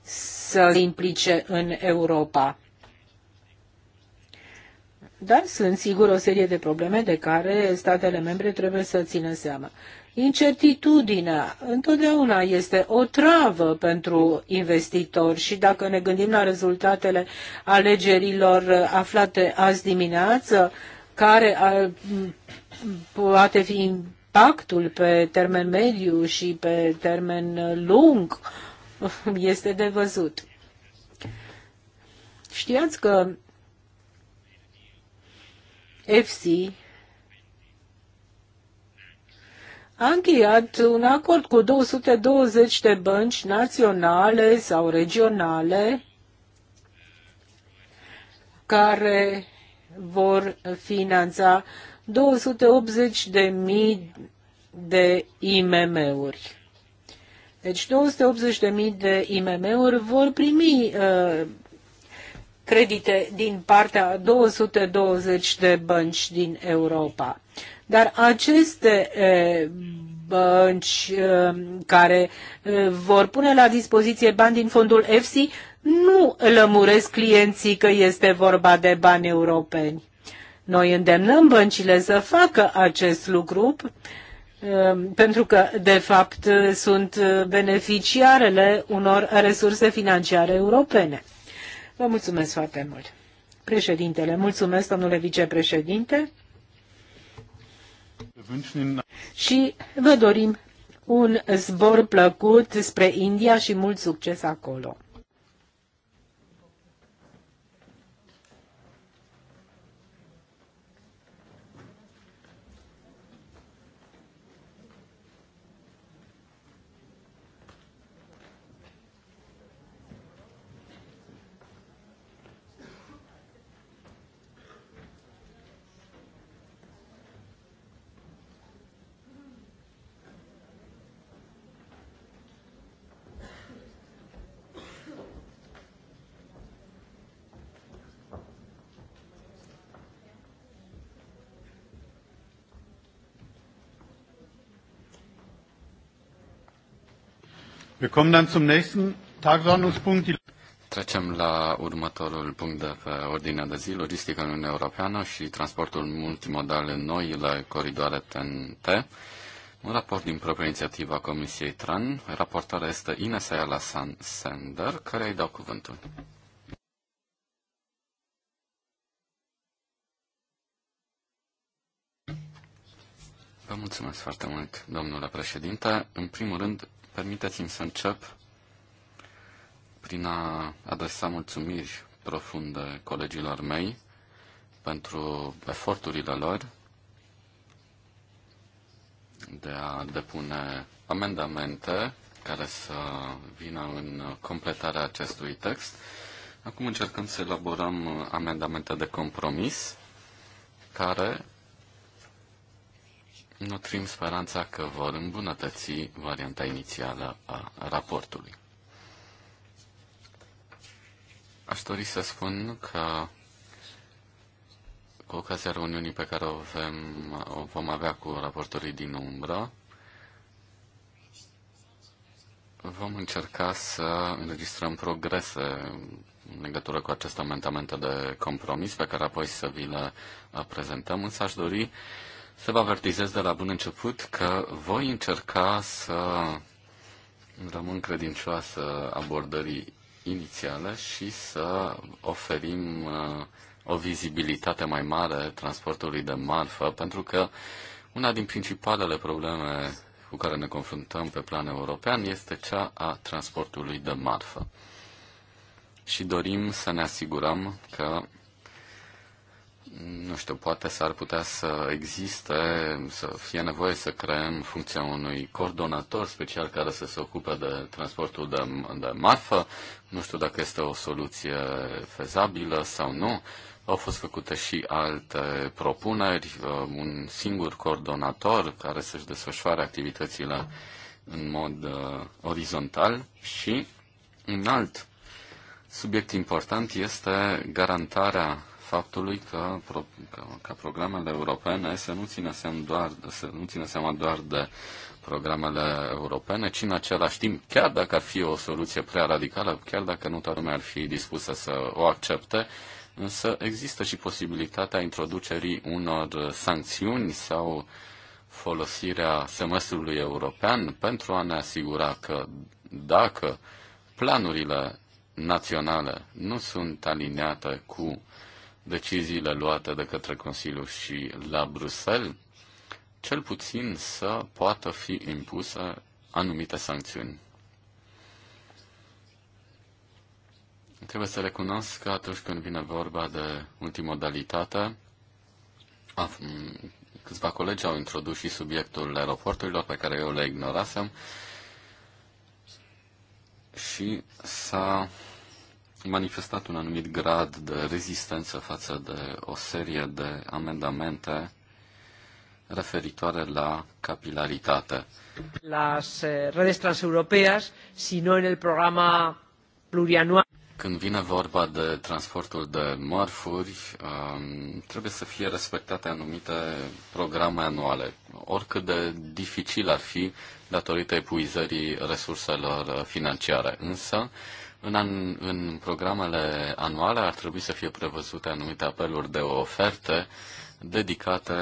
să se implice în Europa. Dar sunt sigur o serie de probleme de care statele membre trebuie să țină seama. Incertitudinea întotdeauna este o travă pentru investitori și dacă ne gândim la rezultatele alegerilor uh, aflate azi dimineață, care poate fi impactul pe termen mediu și pe termen lung este de văzut. Știați că FC a încheiat un acord cu 220 de bănci naționale sau regionale care vor finanța 280 de mii de IMM-uri. Deci 280 de mii de IMM-uri vor primi uh, credite din partea 220 de bănci din Europa. Dar aceste uh, bănci uh, care uh, vor pune la dispoziție bani din fondul EFSI nu lămuresc clienții că este vorba de bani europeni. Noi îndemnăm băncile să facă acest lucru um, pentru că, de fapt, sunt beneficiarele unor resurse financiare europene. Vă mulțumesc foarte mult. Președintele, mulțumesc, domnule vicepreședinte. Și vă dorim un zbor plăcut spre India și mult succes acolo. Trecem la următorul punct de pe ordinea de zi, logistica în Uniunea Europeană și transportul multimodal în noile coridoare TNT. Un raport din propria inițiativă a Comisiei TRAN. Raportarea este Ines Ayala Sander, care îi dau cuvântul. Vă mulțumesc foarte mult, domnule președinte. În primul rând, Permiteți-mi să încep prin a adresa mulțumiri profunde colegilor mei pentru eforturile lor de a depune amendamente care să vină în completarea acestui text. Acum încercăm să elaborăm amendamente de compromis care nutrim speranța că vor îmbunătăți varianta inițială a raportului. Aș dori să spun că cu ocazia reuniunii pe care o, avem, o vom avea cu raportorii din umbră, vom încerca să înregistrăm progrese în legătură cu acest amendament de compromis pe care apoi să vi le prezentăm, însă aș dori uh, să vă avertizez de la bun început că voi încerca să rămân credincioasă abordării inițiale și să oferim uh, o vizibilitate mai mare transportului de marfă, pentru că una din principalele probleme cu care ne confruntăm pe plan european este cea a transportului de marfă. Și dorim să ne asigurăm că nu știu, poate s-ar putea să existe, să fie nevoie să creăm funcția unui coordonator special care să se ocupe de transportul de, de marfă. Nu știu dacă este o soluție fezabilă sau nu. Au fost făcute și alte propuneri, uh, un singur coordonator care să-și desfășoare activitățile în mod uh, orizontal și un alt subiect important este garantarea faptului că, pro, că, că programele europene să nu țină seama doar, să nu țină seama doar de programele europene, ci în același timp, chiar dacă ar fi o soluție prea radicală, chiar dacă nu toată lumea ar fi dispusă să o accepte, însă există și posibilitatea introducerii unor sancțiuni sau folosirea semestrului european pentru a ne asigura că dacă planurile naționale nu sunt aliniate cu deciziile luate de către Consiliu și la Bruxelles, cel puțin să poată fi impuse anumite sancțiuni. Trebuie să recunosc că atunci când vine vorba de multimodalitate, câțiva colegi au introdus și subiectul aeroporturilor pe care eu le ignorasem și s-a manifestat un anumit grad de rezistență față de o serie de amendamente referitoare la capilaritate. Las eh, redes transeuropeas, sino în el programa plurianual. Când vine vorba de transportul de mărfuri, um, trebuie să fie respectate anumite programe anuale, oricât de dificil ar fi datorită epuizării resurselor financiare. Însă, în, an, în programele anuale ar trebui să fie prevăzute anumite apeluri de oferte dedicate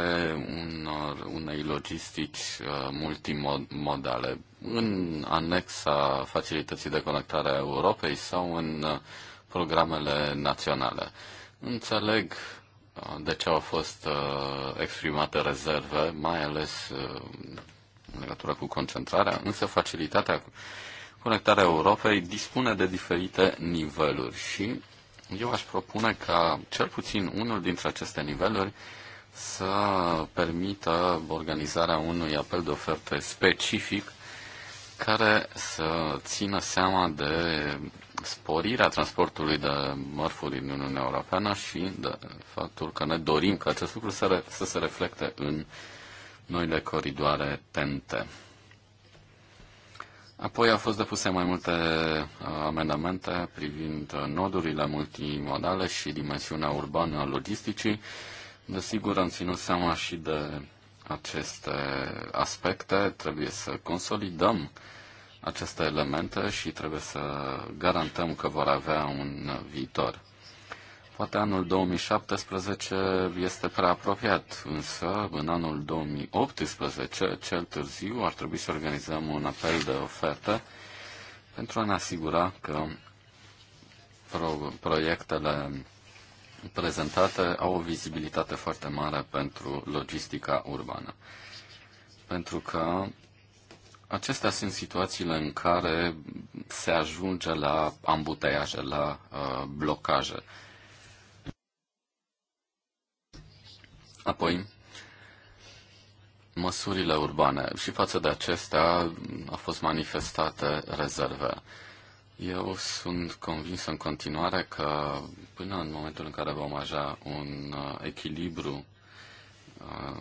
unor, unei logistici uh, multimodale în anexa facilității de conectare a Europei sau în uh, programele naționale. Înțeleg uh, de ce au fost exprimate rezerve, mai ales în legătură cu concentrarea, însă facilitatea Conectarea Europei dispune de diferite niveluri și eu aș propune ca cel puțin unul dintre aceste niveluri să permită organizarea unui apel de oferte specific care să țină seama de sporirea transportului de mărfuri din Uniunea Europeană și de faptul că ne dorim ca acest lucru să, re- să se reflecte în noile coridoare TENTE. Apoi au fost depuse mai multe uh, amendamente privind uh, nodurile multimodale și dimensiunea urbană a logisticii. Desigur, am ținut seama și de aceste aspecte. Trebuie să consolidăm aceste elemente și trebuie să garantăm că vor avea un viitor. Poate anul 2017 este prea apropiat, însă în anul 2018, cel târziu, ar trebui să organizăm un apel de ofertă pentru a ne asigura că pro- proiectele prezentate au o vizibilitate foarte mare pentru logistica urbană. Pentru că acestea sunt situațiile în care se ajunge la ambuteiaje, la uh, blocaje. Apoi, măsurile urbane. Și față de acestea a fost manifestate rezerve. Eu sunt convins în continuare că până în momentul în care vom avea un uh, echilibru uh,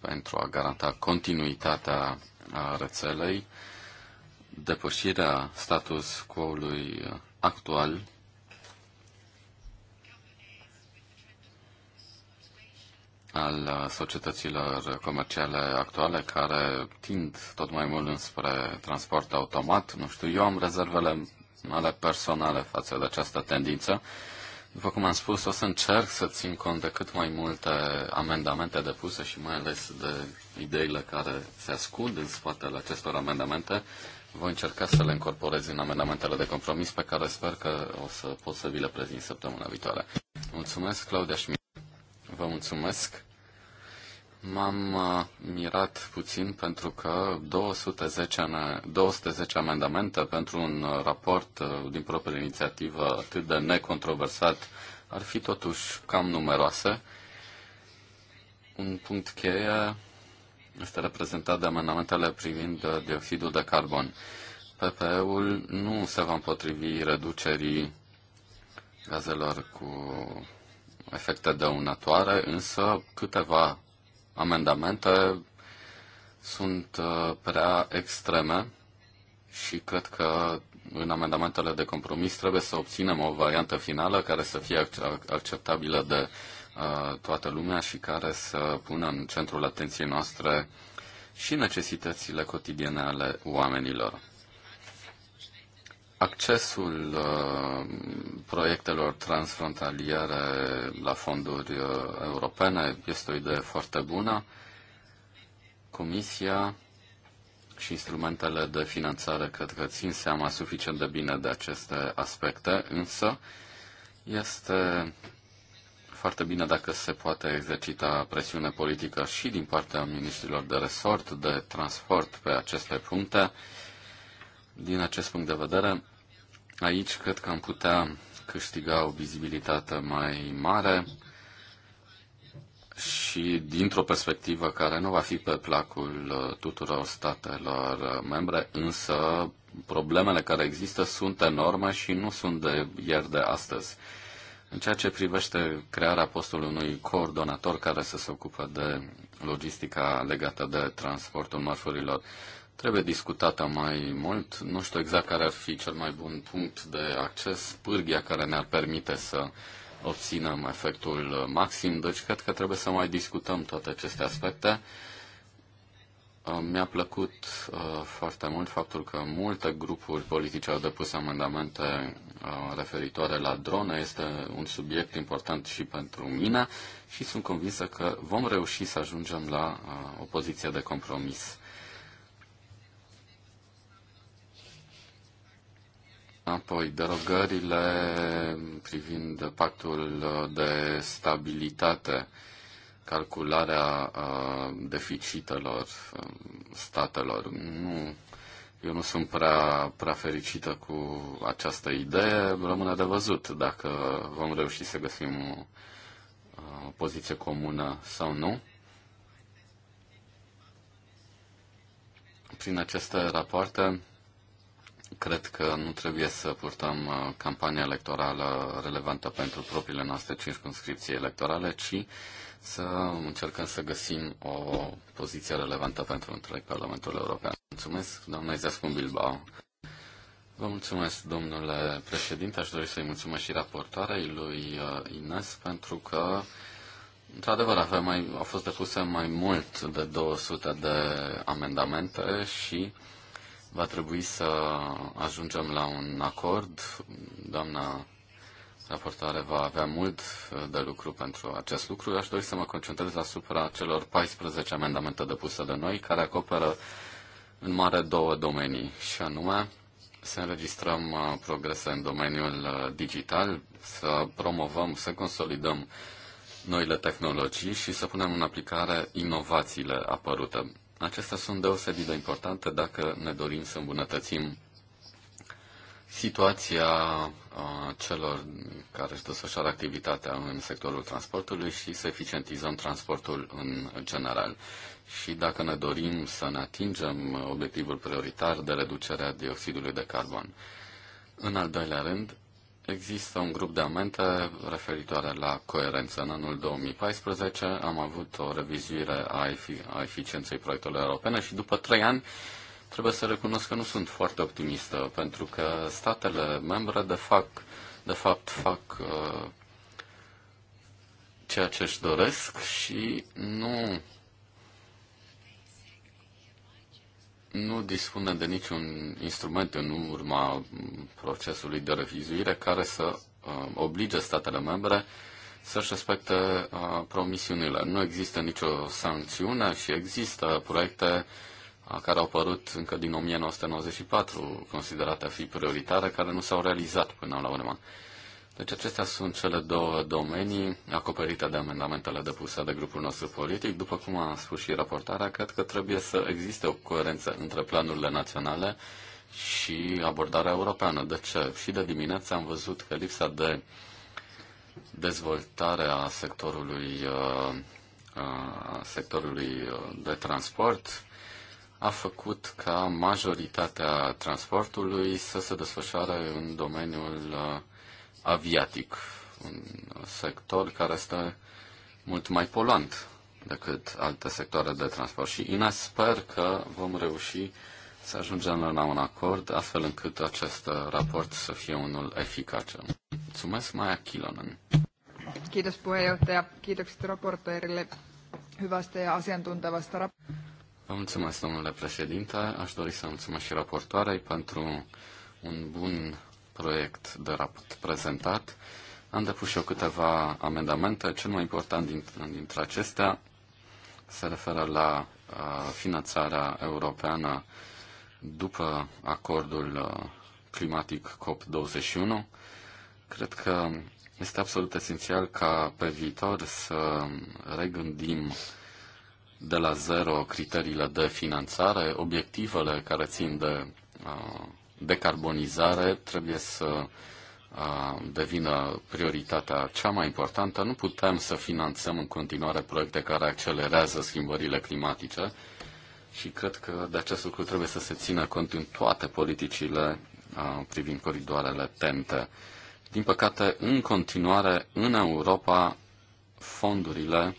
pentru a garanta continuitatea uh, rețelei, depășirea status quo-ului actual al societăților comerciale actuale care tind tot mai mult înspre transport automat. Nu știu, eu am rezervele mele personale față de această tendință. După cum am spus, o să încerc să țin cont de cât mai multe amendamente depuse și mai ales de ideile care se ascund în spatele acestor amendamente. Voi încerca să le incorporez în amendamentele de compromis pe care sper că o să pot să vi le prezint săptămâna viitoare. Mulțumesc, Claudia Schmidt. Vă mulțumesc. M-am uh, mirat puțin pentru că 210, 210 amendamente pentru un uh, raport uh, din proprie inițiativă atât de necontroversat ar fi totuși cam numeroase. Un punct cheie este reprezentat de amendamentele privind dioxidul de carbon. PPE-ul nu se va împotrivi reducerii gazelor cu efecte dăunătoare, însă câteva amendamente sunt uh, prea extreme și cred că în amendamentele de compromis trebuie să obținem o variantă finală care să fie acceptabilă de uh, toată lumea și care să pună în centrul atenției noastre și necesitățile cotidiene ale oamenilor accesul uh, proiectelor transfrontaliere la fonduri uh, europene este o idee foarte bună. Comisia și instrumentele de finanțare cred că țin seama suficient de bine de aceste aspecte, însă este foarte bine dacă se poate exercita presiune politică și din partea ministrilor de resort, de transport pe aceste puncte. Din acest punct de vedere, Aici cred că am putea câștiga o vizibilitate mai mare și dintr-o perspectivă care nu va fi pe placul uh, tuturor statelor uh, membre, însă problemele care există sunt enorme și nu sunt de ieri de astăzi. În ceea ce privește crearea postului unui coordonator care să se ocupe de logistica legată de transportul mărfurilor, trebuie discutată mai mult. Nu știu exact care ar fi cel mai bun punct de acces, pârghia care ne-ar permite să obținem efectul maxim, deci cred că trebuie să mai discutăm toate aceste aspecte. Uh, mi-a plăcut uh, foarte mult faptul că multe grupuri politice au depus amendamente uh, referitoare la drone. Este un subiect important și pentru mine și sunt convinsă că vom reuși să ajungem la o poziție de compromis. Apoi, derogările privind pactul de stabilitate, calcularea deficitelor statelor. Nu, eu nu sunt prea, prea fericită cu această idee. Rămâne de văzut dacă vom reuși să găsim o, o poziție comună sau nu. Prin aceste rapoarte, cred că nu trebuie să purtăm uh, campania electorală relevantă pentru propriile noastre circunscripții electorale, ci să încercăm să găsim o poziție relevantă pentru întreg Parlamentul European. Mulțumesc, doamna Izeascu Bilbao. Vă mulțumesc, domnule președinte. Aș dori să-i mulțumesc și raportoarei lui uh, Ines pentru că Într-adevăr, mai, au fost depuse mai mult de 200 de amendamente și Va trebui să ajungem la un acord. Doamna raportare va avea mult de lucru pentru acest lucru. Aș dori să mă concentrez asupra celor 14 amendamente depuse de noi, care acoperă în mare două domenii, și anume să înregistrăm uh, progrese în domeniul uh, digital, să promovăm, să consolidăm noile tehnologii și să punem în aplicare inovațiile apărute. Acestea sunt deosebit de importante dacă ne dorim să îmbunătățim situația uh, celor care își desfășoară activitatea în sectorul transportului și să eficientizăm transportul în general. Și dacă ne dorim să ne atingem obiectivul prioritar de reducerea dioxidului de carbon. În al doilea rând, Există un grup de amente referitoare la coerență. În anul 2014 am avut o revizuire a, efic- a eficienței proiectelor europene și după trei ani trebuie să recunosc că nu sunt foarte optimistă, pentru că statele membre de, fac, de fapt fac uh, ceea ce își doresc și nu nu dispunem de niciun instrument în urma procesului de revizuire care să uh, oblige statele membre să-și respecte uh, promisiunile. Nu există nicio sancțiune și există proiecte uh, care au apărut încă din 1994, considerate a fi prioritare, care nu s-au realizat până la urmă. Uh, deci acestea sunt cele două domenii acoperite de amendamentele depuse de grupul nostru politic. După cum a spus și raportarea, cred că trebuie să existe o coerență între planurile naționale și abordarea europeană. De ce? Și de dimineață am văzut că lipsa de dezvoltare a sectorului, a uh, uh, sectorului uh, de transport a făcut ca majoritatea transportului să se desfășoare în domeniul aviatic, un sector care este mult mai polant decât alte sectoare de transport. Și Ina sper că vom reuși să ajungem la un acord, astfel încât acest raport să fie unul eficace. Mulțumesc, Maia Kilonen. Kiitos puheenjohtaja. Kiitokset raportoirille hyvästä ja asiantuntevasta raportista. Vă mulțumesc, domnule președinte. Aș dori să mulțumesc și raportoarei pentru un bun proiect de raport prezentat. Am depus și eu câteva amendamente. Cel mai important dintre acestea se referă la uh, finanțarea europeană după acordul uh, climatic COP21. Cred că este absolut esențial ca pe viitor să regândim de la zero criteriile de finanțare, obiectivele care țin de uh, decarbonizare trebuie să devină prioritatea cea mai importantă. Nu putem să finanțăm în continuare proiecte care accelerează schimbările climatice și cred că de acest lucru trebuie să se țină cont în toate politicile privind coridoarele TENTE. Din păcate, în continuare, în Europa, fondurile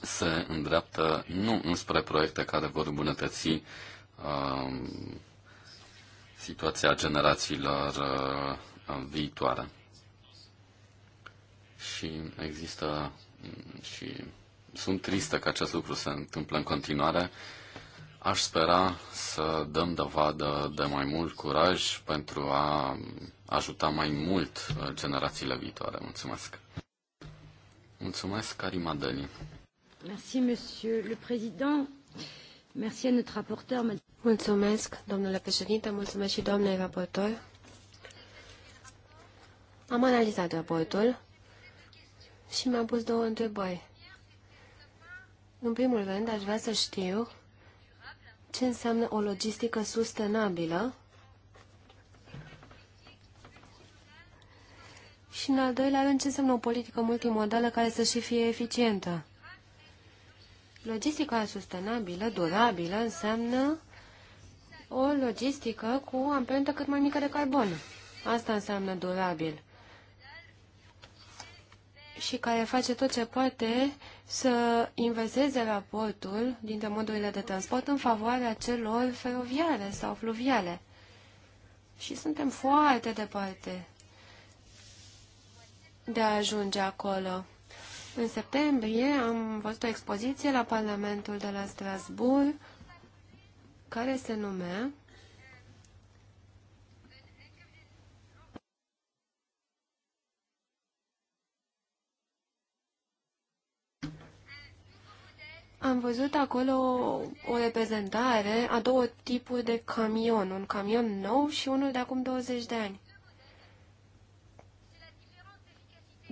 se îndreaptă nu înspre proiecte care vor îmbunătăți situația generațiilor uh, viitoare. Și există mm, și sunt tristă că acest lucru se întâmplă în continuare. Aș spera să dăm dovadă de mai mult curaj pentru a ajuta mai mult uh, generațiile viitoare. Mulțumesc! Mulțumesc, Karima Deli. Merci, monsieur le président. Mulțumesc, domnule președinte, mulțumesc și doamnei raportor. Am analizat raportul și mi-am pus două întrebări. În primul rând, aș vrea să știu ce înseamnă o logistică sustenabilă și, în al doilea rând, ce înseamnă o politică multimodală care să și fie eficientă. Logistica sustenabilă, durabilă, înseamnă o logistică cu amprentă cât mai mică de carbon. Asta înseamnă durabil. Și care face tot ce poate să inverseze raportul dintre modurile de transport în favoarea celor feroviare sau fluviale. Și suntem foarte departe de a ajunge acolo. În septembrie am văzut o expoziție la Parlamentul de la Strasbourg care se numea Am văzut acolo o reprezentare a două tipuri de camion, un camion nou și unul de acum 20 de ani.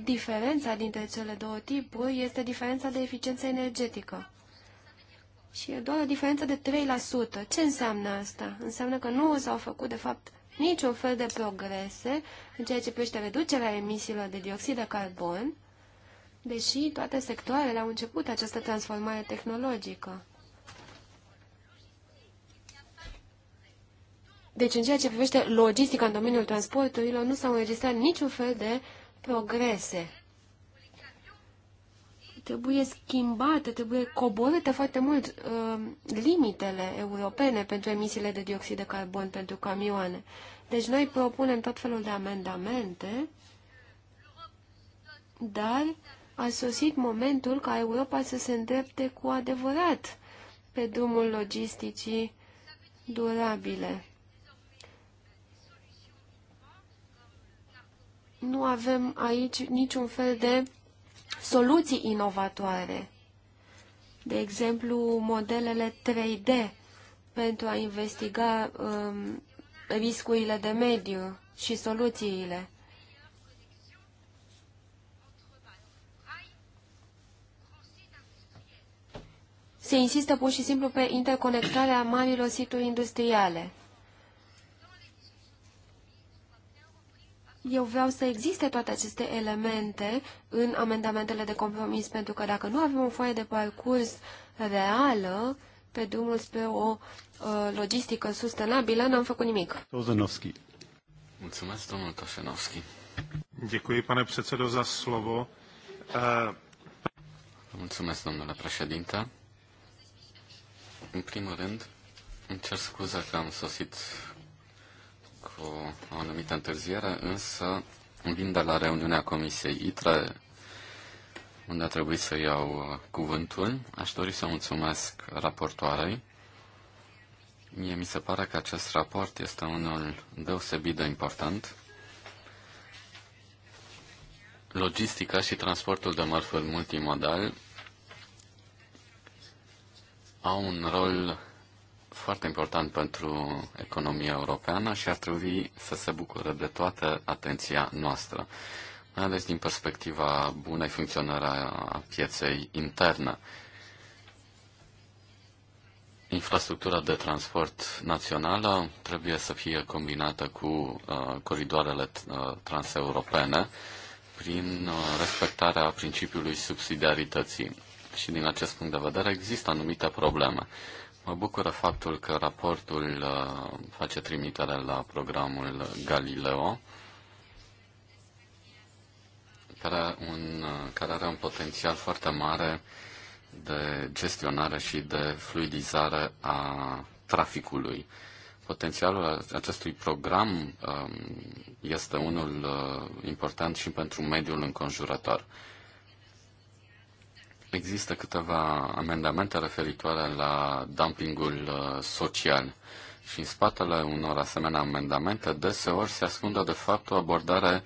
Diferența dintre cele două tipuri este diferența de eficiență energetică. Și e doar o diferență de 3%. Ce înseamnă asta? Înseamnă că nu s-au făcut, de fapt, niciun fel de progrese în ceea ce privește reducerea emisiilor de dioxid de carbon, deși toate sectoarele au început această transformare tehnologică. Deci, în ceea ce privește logistica în domeniul transporturilor, nu s-au înregistrat niciun fel de progrese. Trebuie schimbate, trebuie coborâte foarte mult uh, limitele europene pentru emisiile de dioxid de carbon pentru camioane. Deci noi propunem tot felul de amendamente, dar a sosit momentul ca Europa să se îndrepte cu adevărat pe drumul logisticii durabile. nu avem aici niciun fel de soluții inovatoare. De exemplu, modelele 3D pentru a investiga um, riscurile de mediu și soluțiile. Se insistă pur și simplu pe interconectarea marilor situri industriale. Eu vreau să existe toate aceste elemente în amendamentele de compromis, pentru că dacă nu avem o foaie de parcurs reală pe drumul spre o uh, logistică sustenabilă, n-am făcut nimic. Tozenovski. Mulțumesc, domnul Tosenovski. Děkuji, pane předsedo, za slovo. Uh... Mulțumesc, domnule președinte. În primul rând, îmi cer scuze că am sosit cu o anumită întârziere, însă vin de la reuniunea Comisiei ITRE, unde a trebuit să iau uh, cuvântul. Aș dori să mulțumesc raportoarei. Mie mi se pare că acest raport este unul deosebit de important. Logistica și transportul de mărfuri multimodal au un rol foarte important pentru economia europeană și ar trebui să se bucure de toată atenția noastră, mai ales din perspectiva bunei funcționări a pieței interne. Infrastructura de transport națională trebuie să fie combinată cu uh, coridoarele uh, transeuropene prin uh, respectarea principiului subsidiarității. Și din acest punct de vedere există anumite probleme. Uh, Mă bucură faptul că raportul uh, face trimitere la programul Galileo, care are un, uh, care are un potențial foarte mare de gestionare și de fluidizare a traficului. Potențialul acestui program um, este unul uh, important și pentru mediul înconjurător. Există câteva amendamente referitoare la dumpingul uh, social și în spatele unor asemenea amendamente deseori se ascunde de fapt o abordare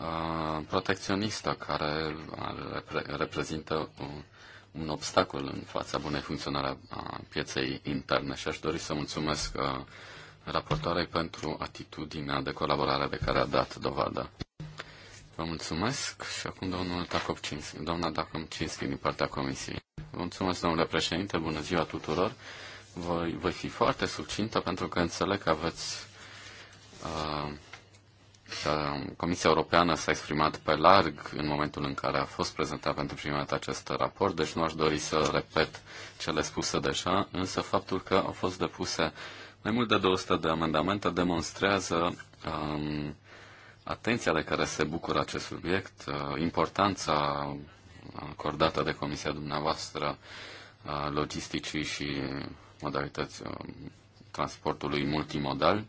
uh, protecționistă care uh, repre- reprezintă un, uh, un obstacol în fața bunei funcționare a pieței interne și aș dori să mulțumesc uh, raportoarei pentru atitudinea de colaborare de care a dat dovadă. Vă mulțumesc și acum domnul Tacopcinski, doamna Tacopcinski din partea Comisiei. Vă mulțumesc, domnule președinte, bună ziua tuturor. Voi, voi fi foarte subțintă pentru că înțeleg că aveți uh, Comisia Europeană s-a exprimat pe larg în momentul în care a fost prezentat pentru prima dată acest raport, deci nu aș dori să repet cele spuse deja, însă faptul că au fost depuse mai mult de 200 de amendamente demonstrează um, atenția de care se bucură acest subiect, uh, importanța acordată de Comisia dumneavoastră uh, logisticii și modalități uh, transportului multimodal.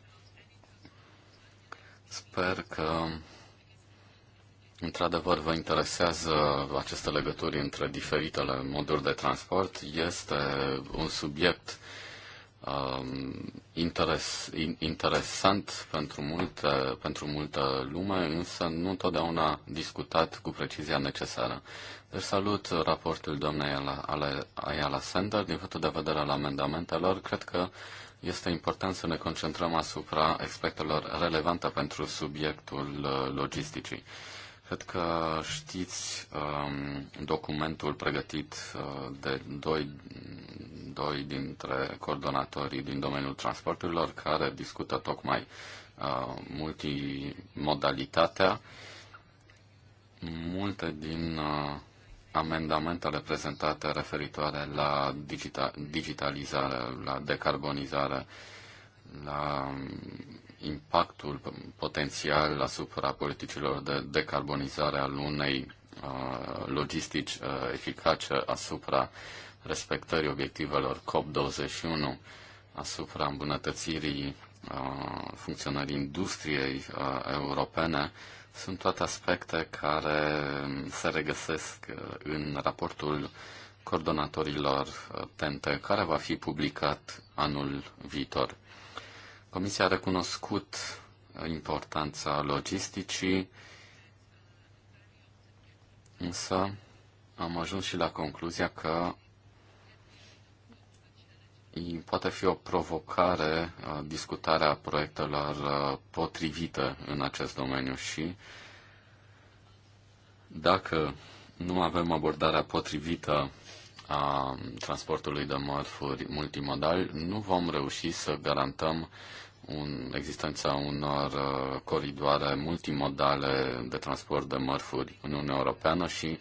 Sper că Într-adevăr, vă interesează aceste legături între diferitele moduri de transport. Este un subiect Um, interes, in, interesant pentru multe, pentru multă lume, însă nu întotdeauna discutat cu precizia necesară. Deci salut raportul doamnei Ayala Sender. Din punctul de vedere al amendamentelor, cred că este important să ne concentrăm asupra aspectelor relevante pentru subiectul uh, logisticii. Cred că știți um, documentul pregătit uh, de doi doi dintre coordonatorii din domeniul transporturilor care discută tocmai uh, multimodalitatea. Multe din uh, amendamentele prezentate referitoare la digita- digitalizare, la decarbonizare, la um, impactul potențial asupra politicilor de decarbonizare al unei uh, logistici uh, eficace asupra respectării obiectivelor COP21 asupra îmbunătățirii uh, funcționării industriei uh, europene sunt toate aspecte care se regăsesc uh, în raportul coordonatorilor TENTE, care va fi publicat anul viitor. Comisia a recunoscut importanța logisticii, însă am ajuns și la concluzia că poate fi o provocare uh, discutarea proiectelor uh, potrivite în acest domeniu și dacă nu avem abordarea potrivită a transportului de mărfuri multimodal, nu vom reuși să garantăm un, existența unor uh, coridoare multimodale de transport de mărfuri în Uniunea Europeană și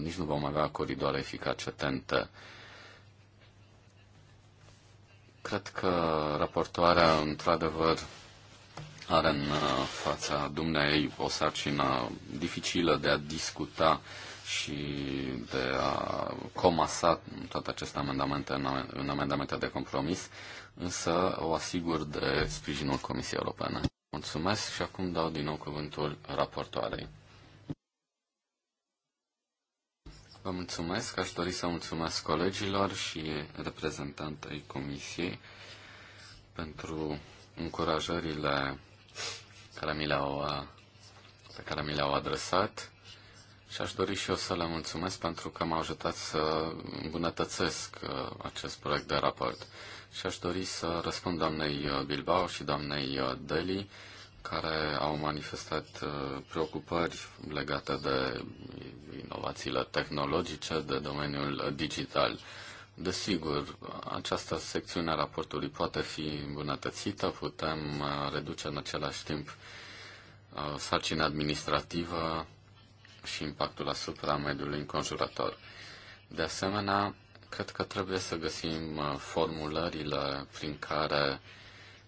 nici nu vom avea coridoare eficace TNT. Cred că raportoarea, într-adevăr, are în uh, fața dumneai o sarcină dificilă de a discuta și de a comasa toate aceste amendamente în amendamente de compromis, însă o asigur de sprijinul Comisiei Europene. Mulțumesc și acum dau din nou cuvântul raportoarei. Vă mulțumesc. Aș dori să mulțumesc colegilor și reprezentantei Comisiei pentru încurajările care mi le-au, pe care mi le-au adresat și aș dori și eu să le mulțumesc pentru că m-au ajutat să îmbunătățesc uh, acest proiect de raport. Și aș dori să răspund doamnei uh, Bilbao și doamnei uh, Deli care au manifestat uh, preocupări legate de inovațiile tehnologice, de domeniul digital. Desigur, această secțiune a raportului poate fi îmbunătățită, putem uh, reduce în același timp uh, sarcina administrativă și impactul asupra mediului înconjurător. De asemenea, cred că trebuie să găsim formulările prin care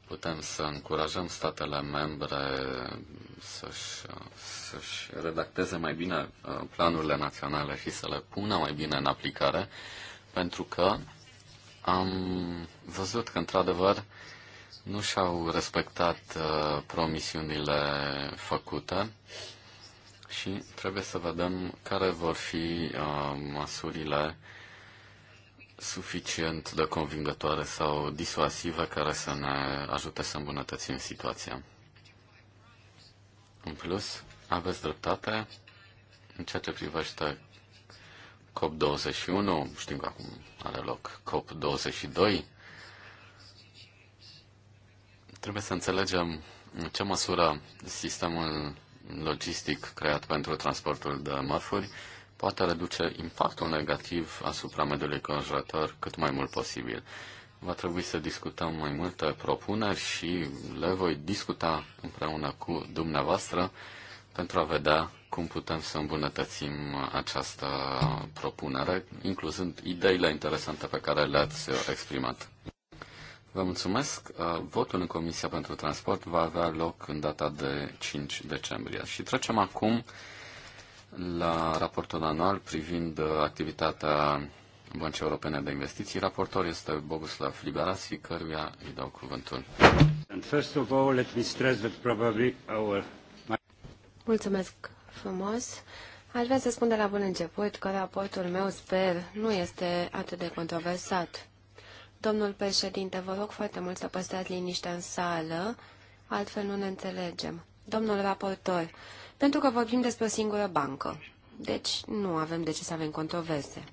Putem să încurajăm statele membre să-și, să-și redacteze mai bine uh, planurile naționale și să le pună mai bine în aplicare, pentru că am văzut că, într-adevăr, nu și-au respectat uh, promisiunile făcute și trebuie să vedem care vor fi uh, măsurile suficient de convingătoare sau disuasivă care să ne ajute să îmbunătățim situația. În plus, aveți dreptate în ceea ce privește COP21, știm că acum are loc COP22, trebuie să înțelegem în ce măsură sistemul logistic creat pentru transportul de mărfuri poate reduce impactul negativ asupra mediului conjurător cât mai mult posibil. Va trebui să discutăm mai multe propuneri și le voi discuta împreună cu dumneavoastră pentru a vedea cum putem să îmbunătățim această propunere, incluzând ideile interesante pe care le-ați exprimat. Vă mulțumesc. Votul în Comisia pentru Transport va avea loc în data de 5 decembrie. Și trecem acum la raportul anual privind uh, activitatea Băncii Europene de Investiții. Raportor este Boguslav Liberasi, căruia îi dau cuvântul. Mulțumesc frumos. Aș vrea să spun de la bun început că raportul meu, sper, nu este atât de controversat. Domnul președinte, vă rog foarte mult să păstrați liniștea în sală, altfel nu ne înțelegem. Domnul raportor, pentru că vorbim despre o singură bancă. Deci nu avem de ce să avem controverse.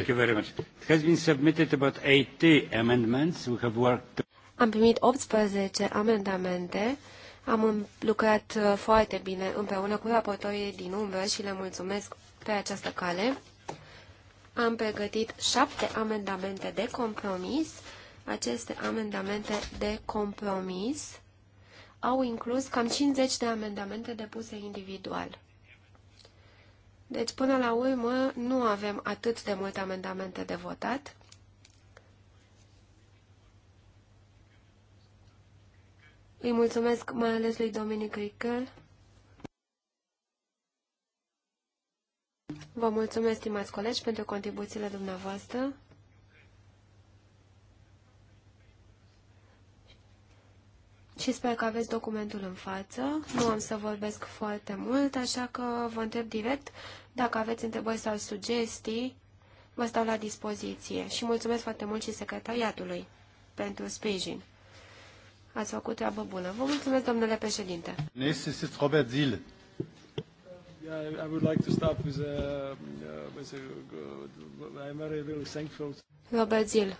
Thank you very much. It has been submitted about 80 amendments. We have worked... Am primit 18 amendamente. Am lucrat uh, foarte bine împreună cu raportorii din umbră și le mulțumesc pe această cale. Am pregătit șapte amendamente de compromis. Aceste amendamente de compromis au inclus cam 50 de amendamente depuse individual. Deci, până la urmă, nu avem atât de multe amendamente de votat. Îi mulțumesc mai ales lui Dominic Ricăl. Vă mulțumesc, stimați colegi, pentru contribuțiile dumneavoastră. și sper că aveți documentul în față. Nu am să vorbesc foarte mult, așa că vă întreb direct dacă aveți întrebări sau sugestii, vă stau la dispoziție și mulțumesc foarte mult și secretariatului pentru sprijin. Ați făcut treabă bună. Vă mulțumesc, domnule președinte. Robert Zil. I would like to start with, uh, uh with a, uh, I'm very, very thankful. Robert Zil.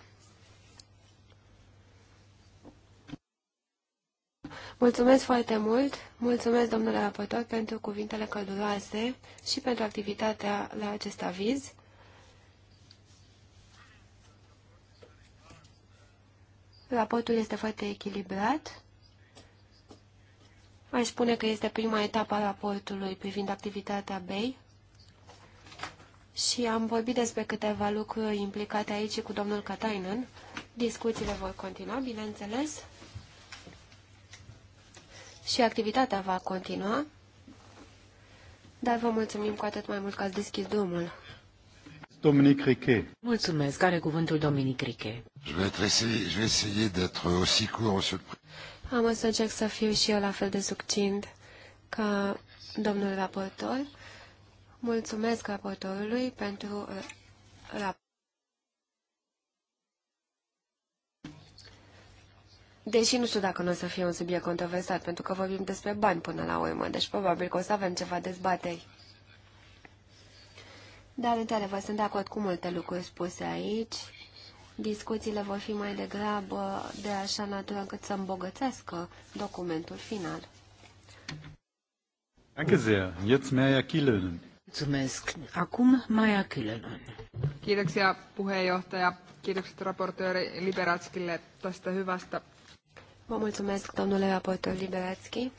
Mulțumesc foarte mult, mulțumesc domnule raportor pentru cuvintele călduroase și pentru activitatea la acest aviz. Raportul este foarte echilibrat. Aș spune că este prima etapă a raportului privind activitatea BEI și am vorbit despre câteva lucruri implicate aici cu domnul Katainen. Discuțiile vor continua, bineînțeles și activitatea va continua, dar vă mulțumim cu atât mai mult că ați deschis domnul. Dominic Riquet. Mulțumesc. Care cuvântul Dominic Riquet. Am să încerc să fiu și eu la fel de succint ca domnul raportor. Mulțumesc raportorului pentru uh, rap Deși nu știu dacă nu o să fie un subiect controversat, pentru că vorbim despre bani până la urmă, deci probabil că o să avem ceva dezbateri. Dar, într vă sunt de acord cu multe lucruri spuse aici. Discuțiile vor fi mai degrabă de așa natură încât să îmbogățească documentul final. Mulțumesc. Acum Maia Kilenon. Mulțumesc, puheenjohtaja. Mulțumesc, raportööri Liberatskille tästä hyvästä Vă mulțumesc, domnule raportor Liberațchi,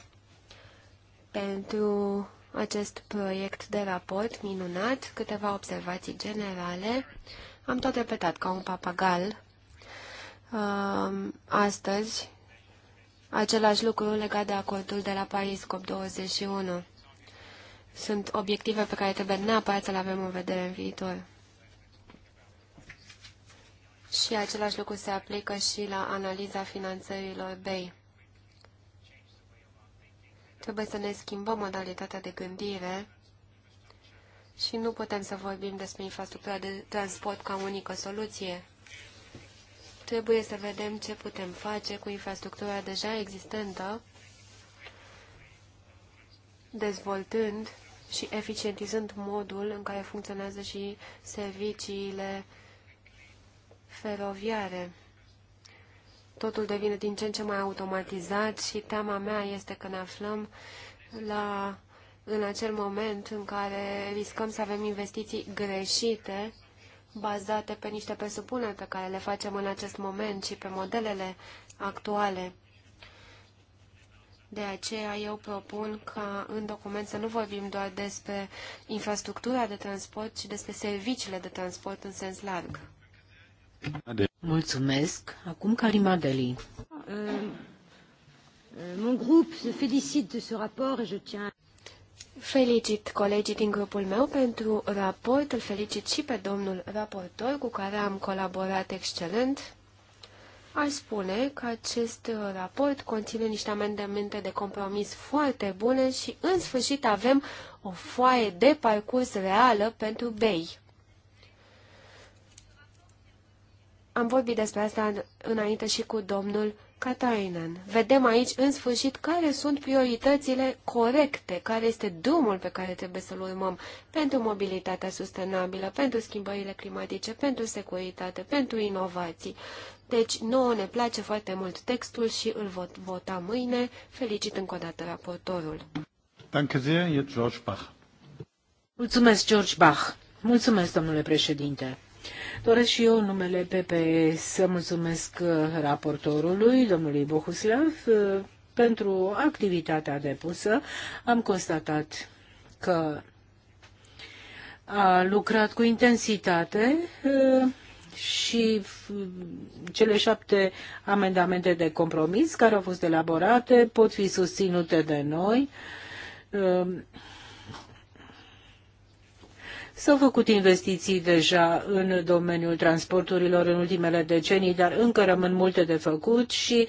pentru acest proiect de raport minunat, câteva observații generale. Am tot repetat ca un papagal um, astăzi același lucru legat de acordul de la Paris COP21. Sunt obiective pe care trebuie neapărat să le avem în vedere în viitor și același lucru se aplică și la analiza finanțărilor BEI. Trebuie să ne schimbăm modalitatea de gândire și nu putem să vorbim despre infrastructura de transport ca unică soluție. Trebuie să vedem ce putem face cu infrastructura deja existentă, dezvoltând și eficientizând modul în care funcționează și serviciile feroviare. Totul devine din ce în ce mai automatizat și teama mea este că ne aflăm la, în acel moment în care riscăm să avem investiții greșite bazate pe niște presupuneri pe care le facem în acest moment și pe modelele actuale. De aceea eu propun ca în document să nu vorbim doar despre infrastructura de transport, ci despre serviciile de transport în sens larg. Mulțumesc. Acum Karima Deli. Mon grup se felicit de ce raport și je tiens... Felicit colegii din grupul meu pentru raport, îl felicit și pe domnul raportor cu care am colaborat excelent. Aș spune că acest raport conține niște amendamente de compromis foarte bune și în sfârșit avem o foaie de parcurs reală pentru BEI. Am vorbit despre asta în, înainte și cu domnul Katainen. Vedem aici, în sfârșit, care sunt prioritățile corecte, care este drumul pe care trebuie să-l urmăm pentru mobilitatea sustenabilă, pentru schimbările climatice, pentru securitate, pentru inovații. Deci, nouă ne place foarte mult textul și îl vot vota mâine. Felicit încă o dată raportorul. Danke sehr, George Bach. Mulțumesc, George Bach. Mulțumesc, domnule președinte. Doresc și eu în numele PPE să mulțumesc uh, raportorului, domnului Bohuslav, uh, pentru activitatea depusă. Am constatat că a lucrat cu intensitate uh, și cele șapte amendamente de compromis care au fost elaborate pot fi susținute de noi S-au făcut investiții deja în domeniul transporturilor în ultimele decenii, dar încă rămân multe de făcut și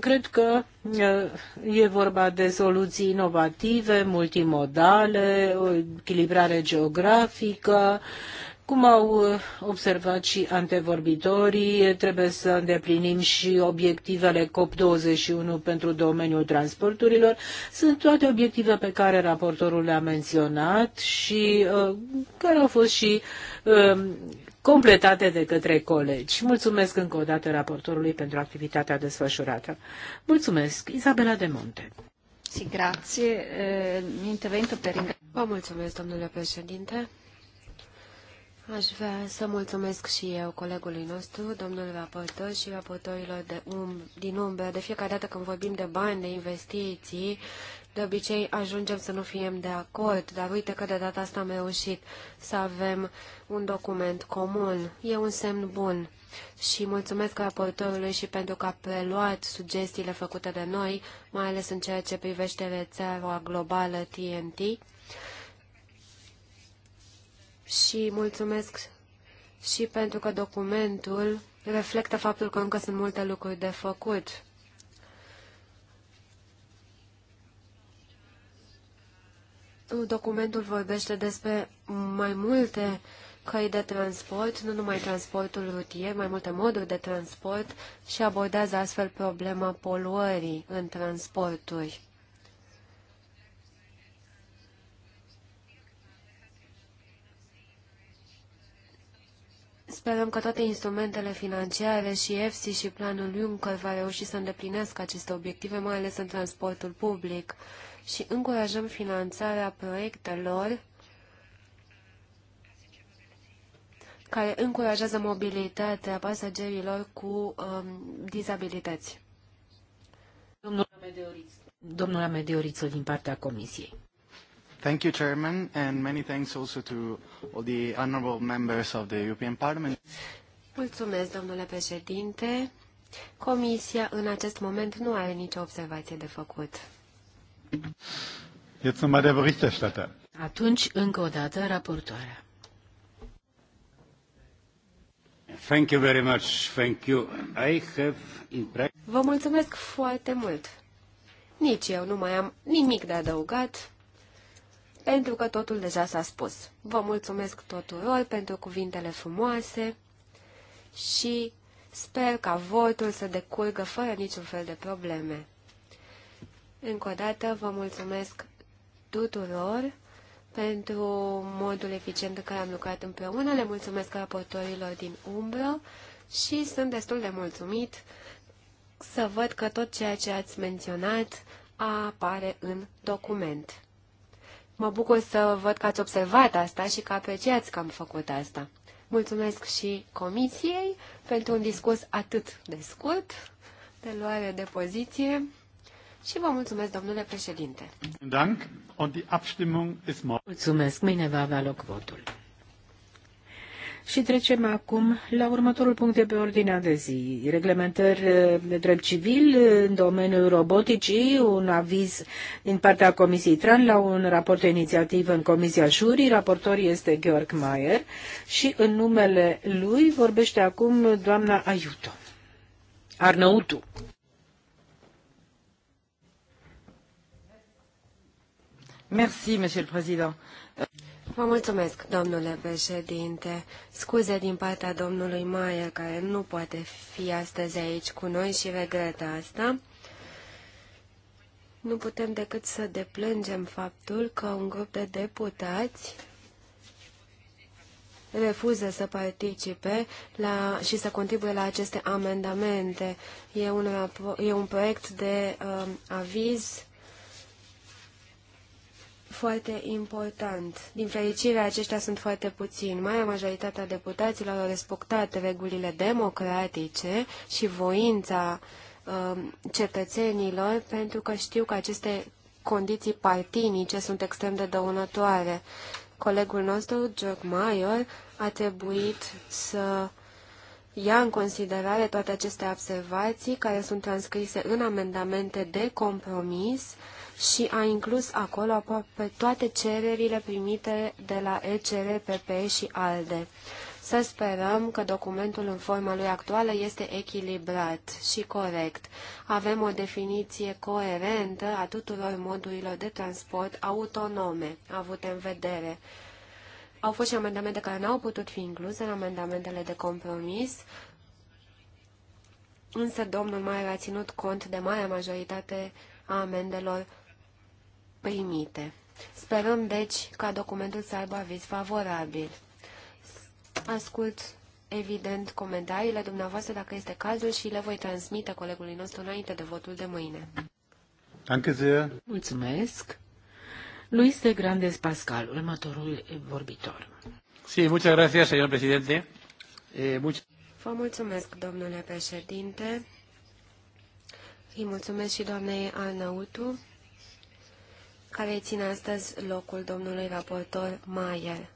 cred că uh, e vorba de soluții inovative, multimodale, o echilibrare geografică, cum au uh, observat și antevorbitorii, trebuie să îndeplinim și obiectivele COP21 pentru domeniul transporturilor. Sunt toate obiective pe care raportorul le-a menționat și uh, care au fost și uh, completate de către colegi. Mulțumesc încă o dată raportorului pentru activitatea desfășurată. Mulțumesc, Isabela de Monte. grazie. Eh, Vă mulțumesc, domnule președinte. Aș vrea să mulțumesc și eu colegului nostru, domnul raportor și raportorilor de um, din umbră. De fiecare dată când vorbim de bani, de investiții, de obicei ajungem să nu fim de acord, dar uite că de data asta am reușit să avem un document comun. E un semn bun și mulțumesc raportorului și pentru că a preluat sugestiile făcute de noi, mai ales în ceea ce privește rețeaua globală TNT și mulțumesc și pentru că documentul reflectă faptul că încă sunt multe lucruri de făcut. Documentul vorbește despre mai multe căi de transport, nu numai transportul rutier, mai multe moduri de transport și abordează astfel problema poluării în transporturi. Sperăm că toate instrumentele financiare și EFSI și planul Juncker va reuși să îndeplinească aceste obiective, mai ales în transportul public, și încurajăm finanțarea proiectelor care încurajează mobilitatea pasagerilor cu um, dizabilități. Domnul Medioriță din partea Comisiei. Thank you, Chairman, and many thanks also to all the honorable members of the European Parliament. Mulțumesc, domnule președinte. Comisia în acest moment nu are nicio observație de făcut. Jetzt nochmal der Berichterstatter. Atunci, încă o dată, raportoarea. Thank you very much. Thank you. I have Vă mulțumesc foarte mult. Nici eu nu mai am nimic de adăugat pentru că totul deja s-a spus. Vă mulțumesc tuturor pentru cuvintele frumoase și sper ca votul să decurgă fără niciun fel de probleme. Încă o dată vă mulțumesc tuturor pentru modul eficient în care am lucrat împreună, le mulțumesc raportorilor din umbră și sunt destul de mulțumit să văd că tot ceea ce ați menționat apare în document. Mă bucur să văd că ați observat asta și că apreciați că am făcut asta. Mulțumesc și comisiei pentru un discurs atât de scurt, de luare de poziție și vă mulțumesc, domnule președinte. Mulțumesc. Mâine va avea loc votul. Și trecem acum la următorul punct de pe ordinea de zi. Reglementări eh, de drept civil eh, în domeniul roboticii, un aviz din partea Comisiei Tran la un raport de inițiativă în Comisia Jurii. Raportor este Georg Mayer și în numele lui vorbește acum doamna Aiuto. Arnautu. Mersi, Monsieur le Président. Vă mulțumesc, domnule președinte. Scuze din partea domnului Maier, care nu poate fi astăzi aici cu noi și regretă asta. Nu putem decât să deplângem faptul că un grup de deputați refuză să participe la, și să contribuie la aceste amendamente. E un, e un proiect de uh, aviz foarte important. Din fericire, aceștia sunt foarte puțini. Marea majoritatea deputaților au respectat regulile democratice și voința um, cetățenilor, pentru că știu că aceste condiții partinice sunt extrem de dăunătoare. Colegul nostru, Georg Mayer, a trebuit să ia în considerare toate aceste observații care sunt transcrise în amendamente de compromis, uh, și a inclus acolo aproape toate cererile primite de la ECR, PP și ALDE. Să sperăm că documentul în forma lui actuală este echilibrat și corect. Avem o definiție coerentă a tuturor modurilor de transport autonome avute în vedere. Au fost și amendamente care n-au putut fi incluse în amendamentele de compromis, însă domnul mai a ținut cont de marea majoritate a amendelor primite. Sperăm, deci, ca documentul să aibă aviz favorabil. Ascult, evident, comentariile dumneavoastră, dacă este cazul, și le voi transmite colegului nostru înainte de votul de mâine. Mulțumesc! Luis de Grandes Pascal, următorul vorbitor. Sí, muchas gracias, señor presidente. Eh, much... Vă mulțumesc, domnule președinte. Îi mulțumesc și doamnei Arnautu care ține astăzi locul domnului raportor Maier.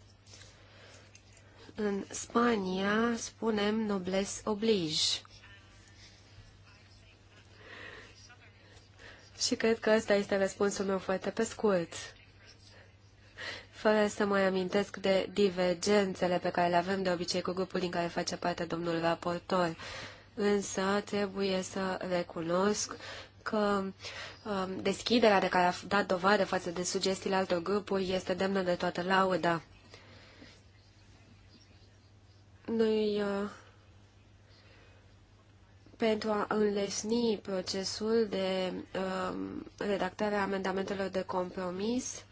În Spania spunem nobles oblige. Și cred că ăsta este răspunsul meu foarte pe scurt. Fără să mai amintesc de divergențele pe care le avem de obicei cu grupul din care face parte domnul raportor. Însă trebuie să recunosc că um, deschiderea de care a dat dovadă față de sugestiile altor grupuri este demnă de toată lauda. Noi, uh, pentru a înlesni procesul de um, redactare a amendamentelor de compromis,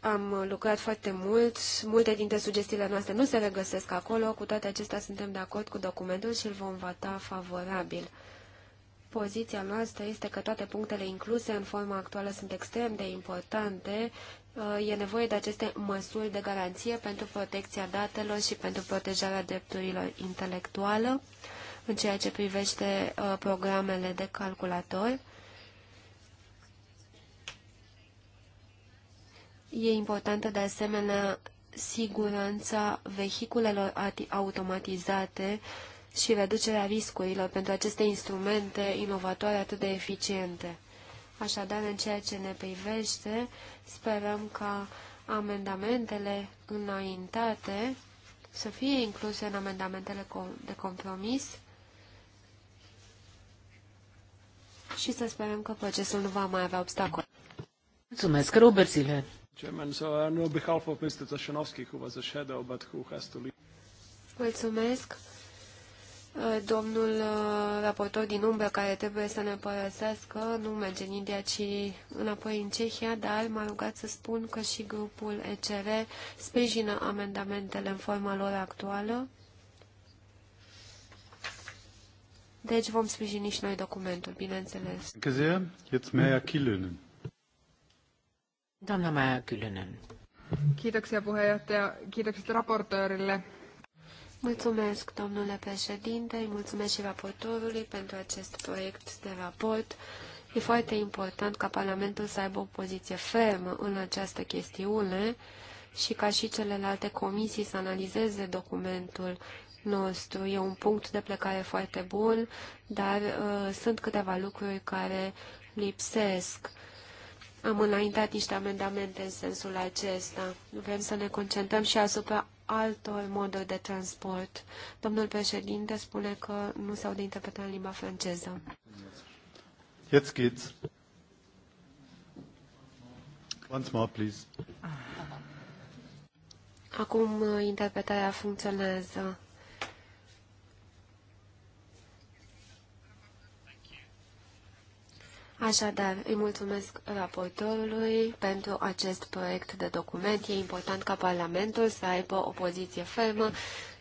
am lucrat foarte mult, multe dintre sugestiile noastre nu se regăsesc acolo, cu toate acestea suntem de acord cu documentul și îl vom vota favorabil. Poziția noastră este că toate punctele incluse în forma actuală sunt extrem de importante. Uh, e nevoie de aceste măsuri de garanție pentru protecția datelor și pentru protejarea drepturilor intelectuale în ceea ce privește uh, programele de calculator. E importantă de asemenea siguranța vehiculelor automatizate și reducerea riscurilor pentru aceste instrumente inovatoare atât de eficiente. Așadar, în ceea ce ne privește, sperăm ca amendamentele înaintate să fie incluse în amendamentele de compromis și să sperăm că procesul nu va mai avea obstacole. Mulțumesc, Robert Zile. behalf of Mr. who was a shadow, but who has to leave. Mulțumesc. Eh, domnul eh, raportor din umbră care trebuie să ne părăsească nu merge în India, ci înapoi în Cehia, dar m-a rugat să spun că și grupul ECR sprijină amendamentele în forma lor actuală. Deci vom sprijini și noi documentul, bineînțeles. Doamna Maia Kyllönen. Kiitoksia puheenjohtaja, kiitokset raportöörille Mulțumesc, domnule președinte, mulțumesc și raportorului pentru acest proiect de raport. E foarte important ca Parlamentul să aibă o poziție fermă în această chestiune și ca și celelalte comisii să analizeze documentul nostru. E un punct de plecare foarte bun, dar uh, sunt câteva lucruri care lipsesc. Am înaintat niște amendamente în sensul acesta. Vrem să ne concentrăm și asupra altor moduri de transport. Domnul președinte spune că nu s-au de interpretat în limba franceză. Jetzt geht's. Once more, please. Acum uh, interpretarea funcționează. Așadar, îi mulțumesc raportorului pentru acest proiect de document. E important ca Parlamentul să aibă o poziție fermă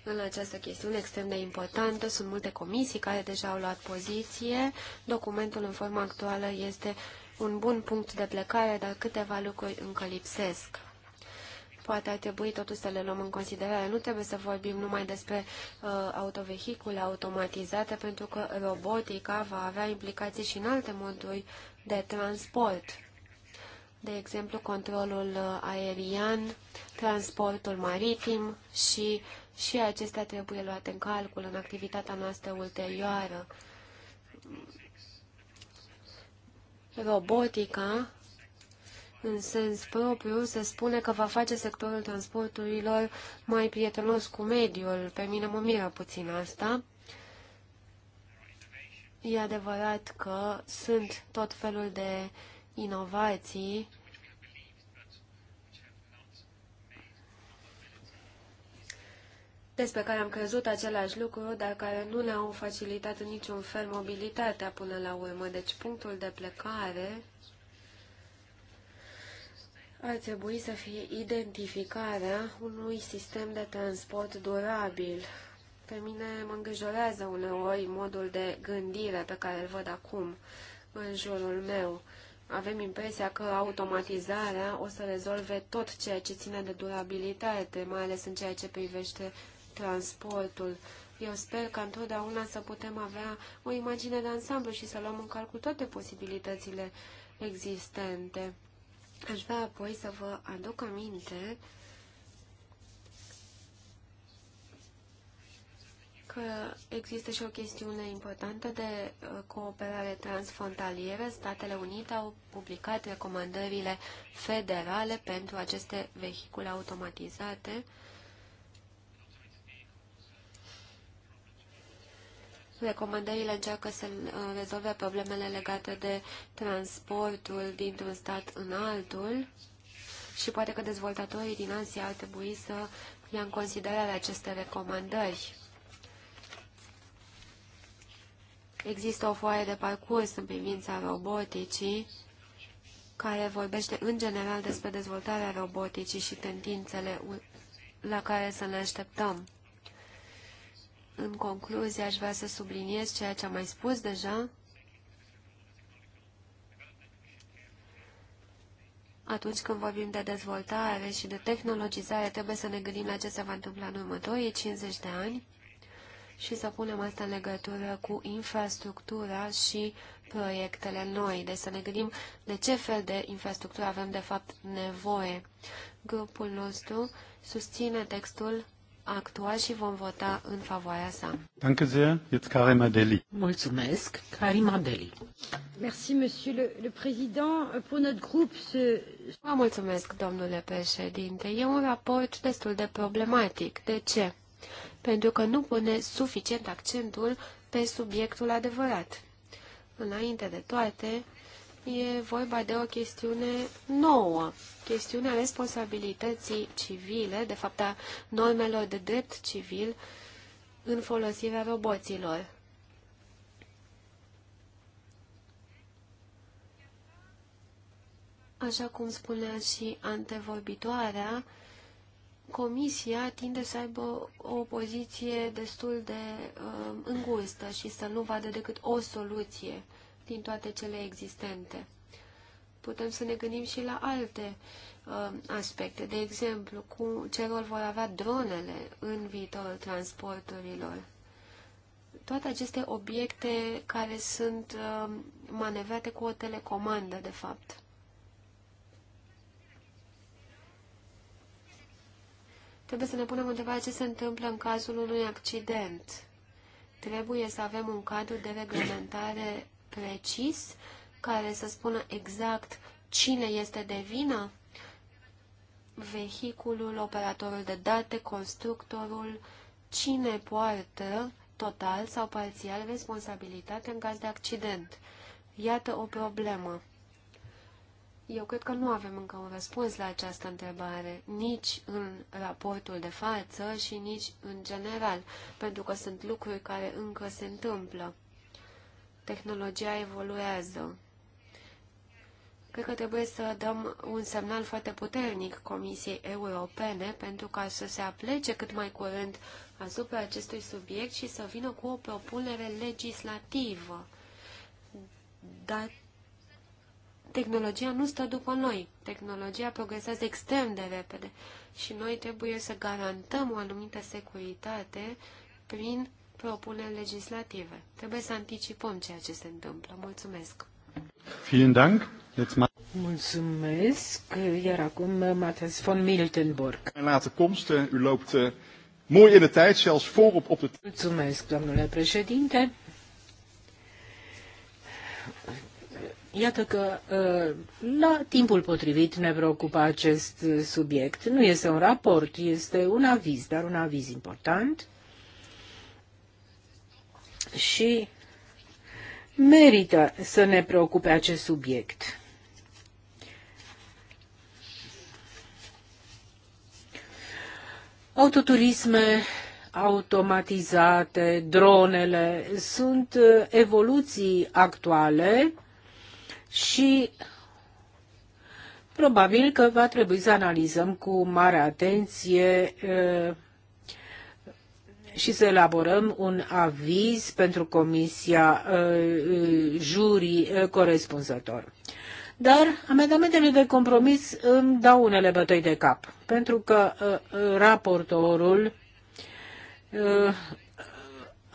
în această chestiune extrem de importantă. Sunt multe comisii care deja au luat poziție. Documentul în forma actuală este un bun punct de plecare, dar câteva lucruri încă lipsesc poate ar trebui totuși să le luăm în considerare. Nu trebuie să vorbim numai despre uh, autovehicule automatizate, pentru că robotica va avea implicații și în alte moduri de transport. De exemplu, controlul uh, aerian, transportul maritim și, și acestea trebuie luate în calcul în activitatea noastră ulterioară. Robotica în sens propriu, se spune că va face sectorul transporturilor mai prietenos cu mediul. Pe mine mă miră puțin asta. E adevărat că sunt tot felul de inovații despre care am crezut același lucru, dar care nu ne-au facilitat în niciun fel mobilitatea până la urmă. Deci punctul de plecare ar trebui să fie identificarea unui sistem de transport durabil. Pe mine mă îngrijorează uneori modul de gândire pe care îl văd acum în jurul meu. Avem impresia că automatizarea o să rezolve tot ceea ce ține de durabilitate, mai ales în ceea ce privește transportul. Eu sper că întotdeauna să putem avea o imagine de ansamblu și să luăm în calcul toate posibilitățile existente. Aș vrea apoi să vă aduc aminte că există și o chestiune importantă de uh, cooperare transfrontalieră. Statele Unite au publicat recomandările federale pentru aceste vehicule automatizate Recomandările încearcă să uh, rezolve problemele legate de transportul dintr-un stat în altul și poate că dezvoltatorii din Asia ar trebui să ia în considerare aceste recomandări. Există o foaie de parcurs în privința roboticii care vorbește în general despre dezvoltarea roboticii și tendințele la care să ne așteptăm. În concluzie, aș vrea să subliniez ceea ce am mai spus deja. Atunci când vorbim de dezvoltare și de tehnologizare, trebuie să ne gândim la ce se va întâmpla în următorii 50 de ani și să punem asta în legătură cu infrastructura și proiectele noi. Deci să ne gândim de ce fel de infrastructură avem de fapt nevoie. Grupul nostru susține textul actual și vom vota în favoarea sa. Danke sehr. Jetzt Karim Adeli. Mulțumesc, Karim Adeli. Merci, monsieur le, le président. Pour notre groupe, ce... Vă mulțumesc, domnule președinte. E un raport destul de problematic. De ce? Pentru că nu pune suficient accentul pe subiectul adevărat. Înainte de toate, e vorba de o chestiune nouă, chestiunea responsabilității civile, de fapt a normelor de drept civil în folosirea roboților. Așa cum spunea și antevorbitoarea, Comisia tinde să aibă o poziție destul de uh, îngustă și să nu vadă decât o soluție din toate cele existente. Putem să ne gândim și la alte uh, aspecte, de exemplu, cu ce rol vor avea dronele în viitorul transporturilor. Toate aceste obiecte care sunt uh, manevrate cu o telecomandă, de fapt. Trebuie să ne punem întrebarea ce se întâmplă în cazul unui accident. Trebuie să avem un cadru de reglementare precis care să spună exact cine este de vină? Vehiculul, operatorul de date, constructorul, cine poartă total sau parțial responsabilitate în caz de accident. Iată o problemă. Eu cred că nu avem încă un răspuns la această întrebare, nici în raportul de față și nici în general, pentru că sunt lucruri care încă se întâmplă tehnologia evoluează. Cred că trebuie să dăm un semnal foarte puternic Comisiei Europene pentru ca să se aplece cât mai curând asupra acestui subiect și să vină cu o propunere legislativă. Dar tehnologia nu stă după noi. Tehnologia progresează extrem de repede și noi trebuie să garantăm o anumită securitate prin propuneri legislative. Trebuie să anticipăm ceea ce se întâmplă. Mulțumesc! Mulțumesc, iar acum Matthias von Miltenburg. late eh, u loopt uh, mooi in de tijd, zelfs voorop op de... Mulțumesc, domnule președinte. Iată că eh, la timpul potrivit ne preocupă acest subiect. Nu este un raport, este un aviz, dar un aviz important și merită să ne preocupe acest subiect. Autoturisme automatizate, dronele, sunt uh, evoluții actuale și probabil că va trebui să analizăm cu mare atenție uh, și să elaborăm un aviz pentru comisia uh, uh, jurii uh, corespunzător. Dar amendamentele de compromis îmi dau unele bătăi de cap, pentru că raportorul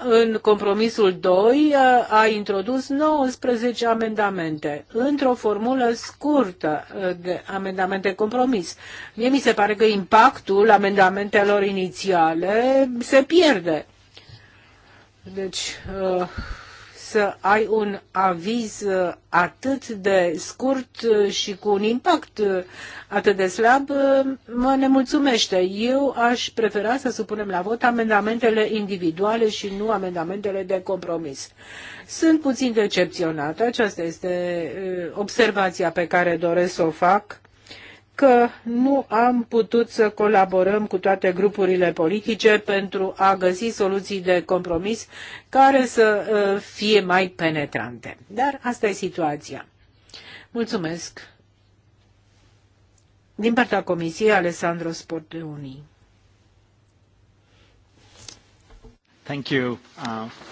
în compromisul 2 a introdus 19 amendamente într-o formulă scurtă de amendamente compromis. Mie mi se pare că impactul amendamentelor inițiale se pierde. Deci, să ai un aviz uh, atât de scurt uh, și cu un impact uh, atât de slab mă nemulțumește. Eu aș prefera să supunem la vot amendamentele individuale și nu amendamentele de compromis. Sunt puțin decepționată, aceasta este observația pe care doresc să o fac că nu am putut să colaborăm cu toate grupurile politice pentru a găsi soluții de compromis care să uh, fie mai penetrante. Dar asta e situația. Mulțumesc. Din partea Comisiei, Alessandro Sporteuni. Thank you. Uh,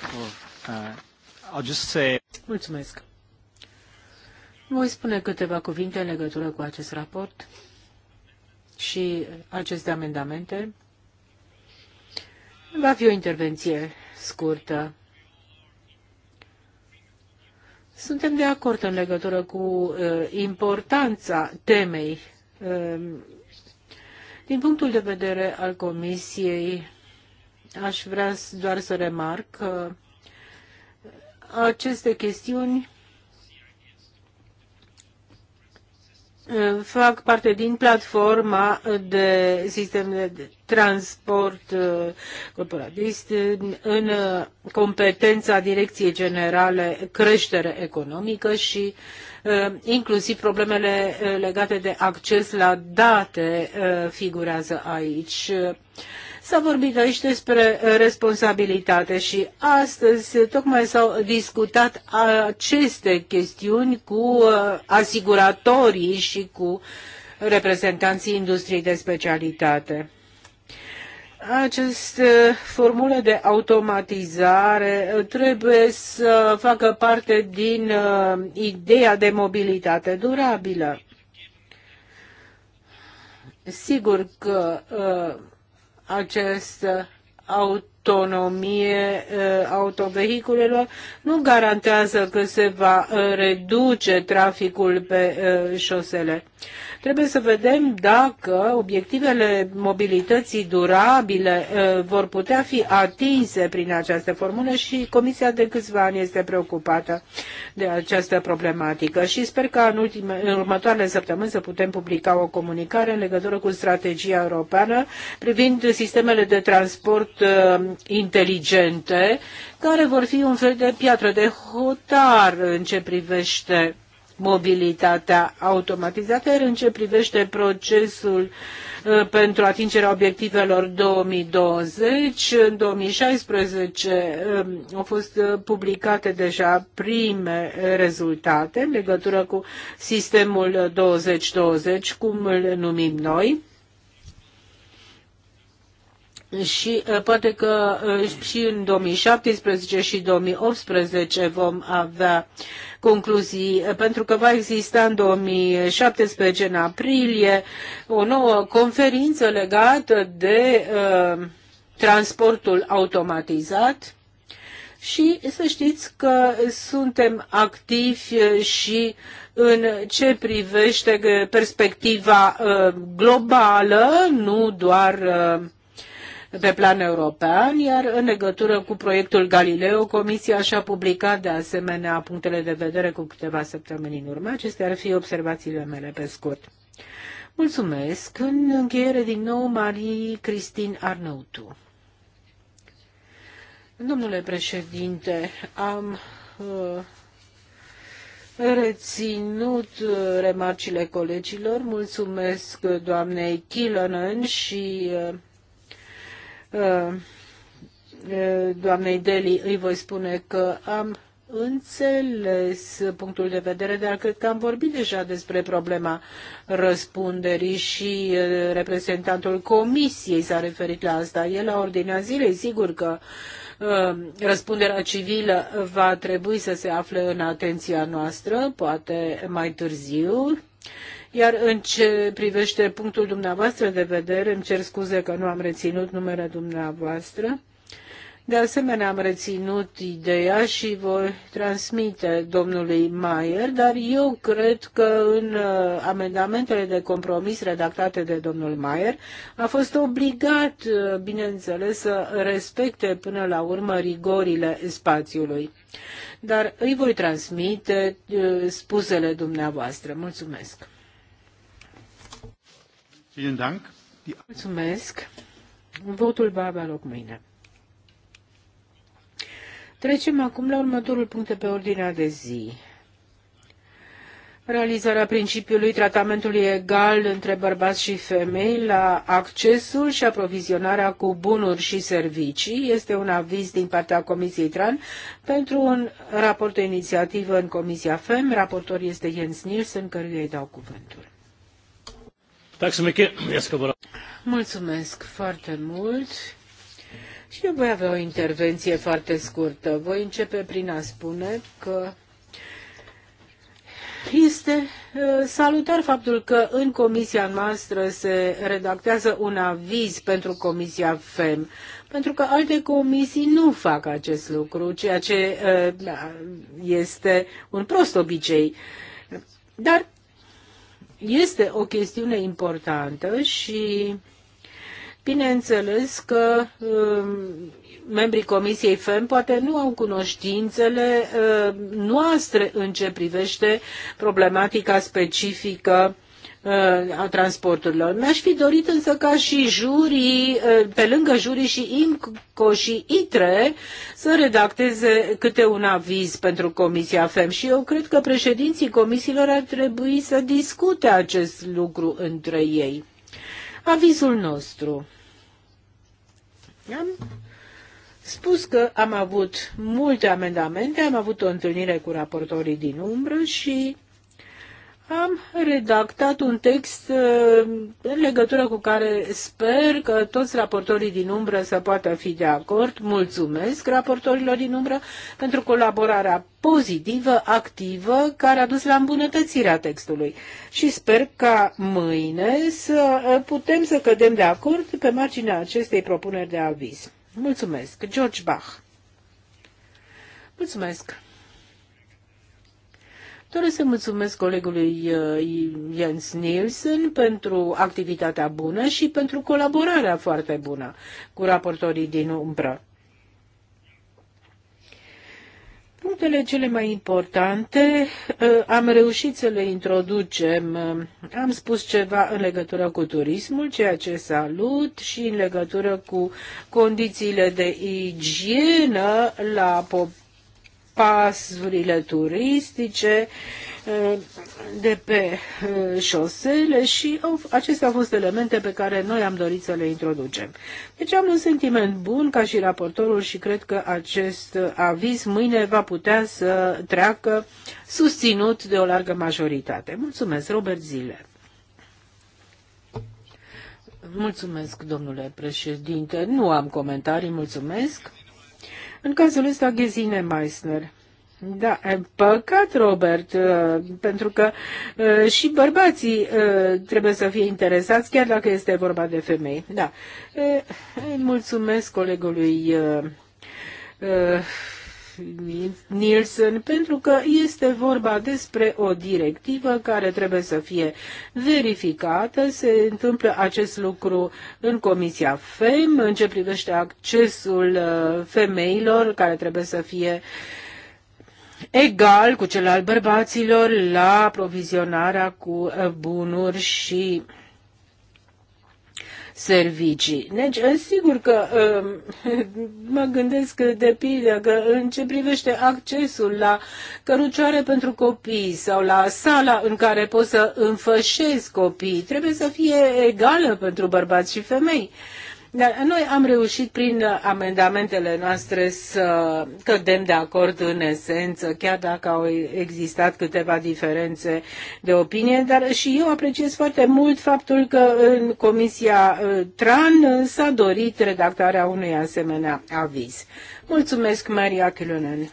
for, uh, I'll just say... Mulțumesc. Voi spune câteva cuvinte în legătură cu acest raport și aceste amendamente. Va fi o intervenție scurtă. Suntem de acord în legătură cu uh, importanța temei. Uh, din punctul de vedere al Comisiei, aș vrea doar să remarc că aceste chestiuni Eh, fac parte din platforma de sistem de transport eh, corporatist în eh, competența Direcției Generale Creștere Economică și inclusiv problemele legate de acces la date figurează aici. S-a vorbit aici despre uh, responsabilitate și astăzi uh, tocmai s-au discutat aceste chestiuni cu uh, asiguratorii și cu reprezentanții industriei de specialitate. Aceste formule de automatizare trebuie să facă parte din ideea de mobilitate durabilă. Sigur că uh, acest uh, autor autonomie uh, autovehiculelor nu garantează că se va uh, reduce traficul pe uh, șosele. Trebuie să vedem dacă obiectivele mobilității durabile vor putea fi atinse prin această formulă și Comisia de câțiva ani este preocupată de această problematică și sper că în, ultime, în următoarele săptămâni să putem publica o comunicare în legătură cu strategia europeană privind sistemele de transport inteligente, care vor fi un fel de piatră de hotar în ce privește mobilitatea automatizată, iar în ce privește procesul uh, pentru atingerea obiectivelor 2020. În 2016 uh, au fost uh, publicate deja prime rezultate în legătură cu sistemul 2020, cum îl numim noi, și poate că și în 2017 și 2018 vom avea concluzii, pentru că va exista în 2017, în aprilie, o nouă conferință legată de uh, transportul automatizat și să știți că suntem activi și în ce privește perspectiva globală, nu doar pe plan european, iar în legătură cu proiectul Galileo, Comisia și-a publicat de asemenea punctele de vedere cu câteva săptămâni în urmă. Acestea ar fi observațiile mele pe scurt. Mulțumesc. În încheiere din nou, Marie Cristin Arnautu. Domnule președinte, am uh, reținut uh, remarcile colegilor. Mulțumesc doamnei Kilonen și uh, Uh, uh, doamnei Deli îi voi spune că am înțeles punctul de vedere, dar cred că am vorbit deja despre problema răspunderii și uh, reprezentantul comisiei s-a referit la asta. El la ordinea zilei, sigur că răspunderea civilă va trebui să se afle în atenția noastră, poate mai târziu, iar în ce privește punctul dumneavoastră de vedere, îmi cer scuze că nu am reținut numele dumneavoastră. De asemenea, am reținut ideea și voi transmite domnului Mayer, dar eu cred că în uh, amendamentele de compromis redactate de domnul Mayer a fost obligat, uh, bineînțeles, să respecte până la urmă rigorile spațiului. Dar îi voi transmite uh, spusele dumneavoastră. Mulțumesc! Mulțumesc. Votul va avea loc mâine. Trecem acum la următorul punct de pe ordinea de zi. Realizarea principiului tratamentului egal între bărbați și femei la accesul și aprovizionarea cu bunuri și servicii este un aviz din partea Comisiei TRAN pentru un raport de inițiativă în Comisia FEM. Raportor este Jens Nielsen, căruia îi dau cuvântul. Mulțumesc foarte mult. Și eu voi avea o intervenție foarte scurtă. Voi începe prin a spune că este uh, salutar faptul că în comisia noastră se redactează un aviz pentru comisia FEM, pentru că alte comisii nu fac acest lucru, ceea ce uh, este un prost obicei. Dar este o chestiune importantă și bineînțeles că um, membrii Comisiei FEM poate nu au cunoștințele uh, noastre în ce privește problematica specifică Uh, a transporturilor. Mi-aș fi dorit însă ca și jurii, uh, pe lângă jurii și IMCO și ITRE, să redacteze câte un aviz pentru Comisia FEM și eu cred că președinții comisiilor ar trebui să discute acest lucru între ei. Avizul nostru. Am spus că am avut multe amendamente, am avut o întâlnire cu raportorii din umbră și am redactat un text uh, în legătură cu care sper că toți raportorii din umbră să poată fi de acord. Mulțumesc raportorilor din umbră pentru colaborarea pozitivă, activă, care a dus la îmbunătățirea textului. Și sper ca mâine să uh, putem să cădem de acord pe marginea acestei propuneri de aviz. Mulțumesc. George Bach. Mulțumesc. Doresc să mulțumesc colegului uh, Jens Nielsen pentru activitatea bună și pentru colaborarea foarte bună cu raportorii din umbră. Punctele cele mai importante uh, am reușit să le introducem. Uh, am spus ceva în legătură cu turismul, ceea ce salut, și în legătură cu condițiile de igienă la populație pasurile turistice eh, de pe eh, șosele și acestea au fost elemente pe care noi am dorit să le introducem. Deci am un sentiment bun ca și raportorul și cred că acest eh, aviz mâine va putea să treacă susținut de o largă majoritate. Mulțumesc, Robert Zile. Mulțumesc, domnule președinte. Nu am comentarii, mulțumesc. În cazul ăsta, Ghezine Meissner. Da, păcat, Robert, uh, pentru că uh, și bărbații uh, trebuie să fie interesați, chiar dacă este vorba de femei. Da. Mulțumesc colegului Nielsen, pentru că este vorba despre o directivă care trebuie să fie verificată. Se întâmplă acest lucru în Comisia FEM, în ce privește accesul uh, femeilor, care trebuie să fie egal cu cel al bărbaților la provizionarea cu uh, bunuri și servicii. Deci, eh, sigur că eh, mă gândesc eh, de pildă că în ce privește accesul la cărucioare pentru copii sau la sala în care poți să înfășezi copii, trebuie să fie egală pentru bărbați și femei. Noi am reușit prin amendamentele noastre să cădem de acord în esență, chiar dacă au existat câteva diferențe de opinie, dar și eu apreciez foarte mult faptul că în Comisia uh, TRAN s-a dorit redactarea unui asemenea aviz. Mulțumesc, Maria Chilonen.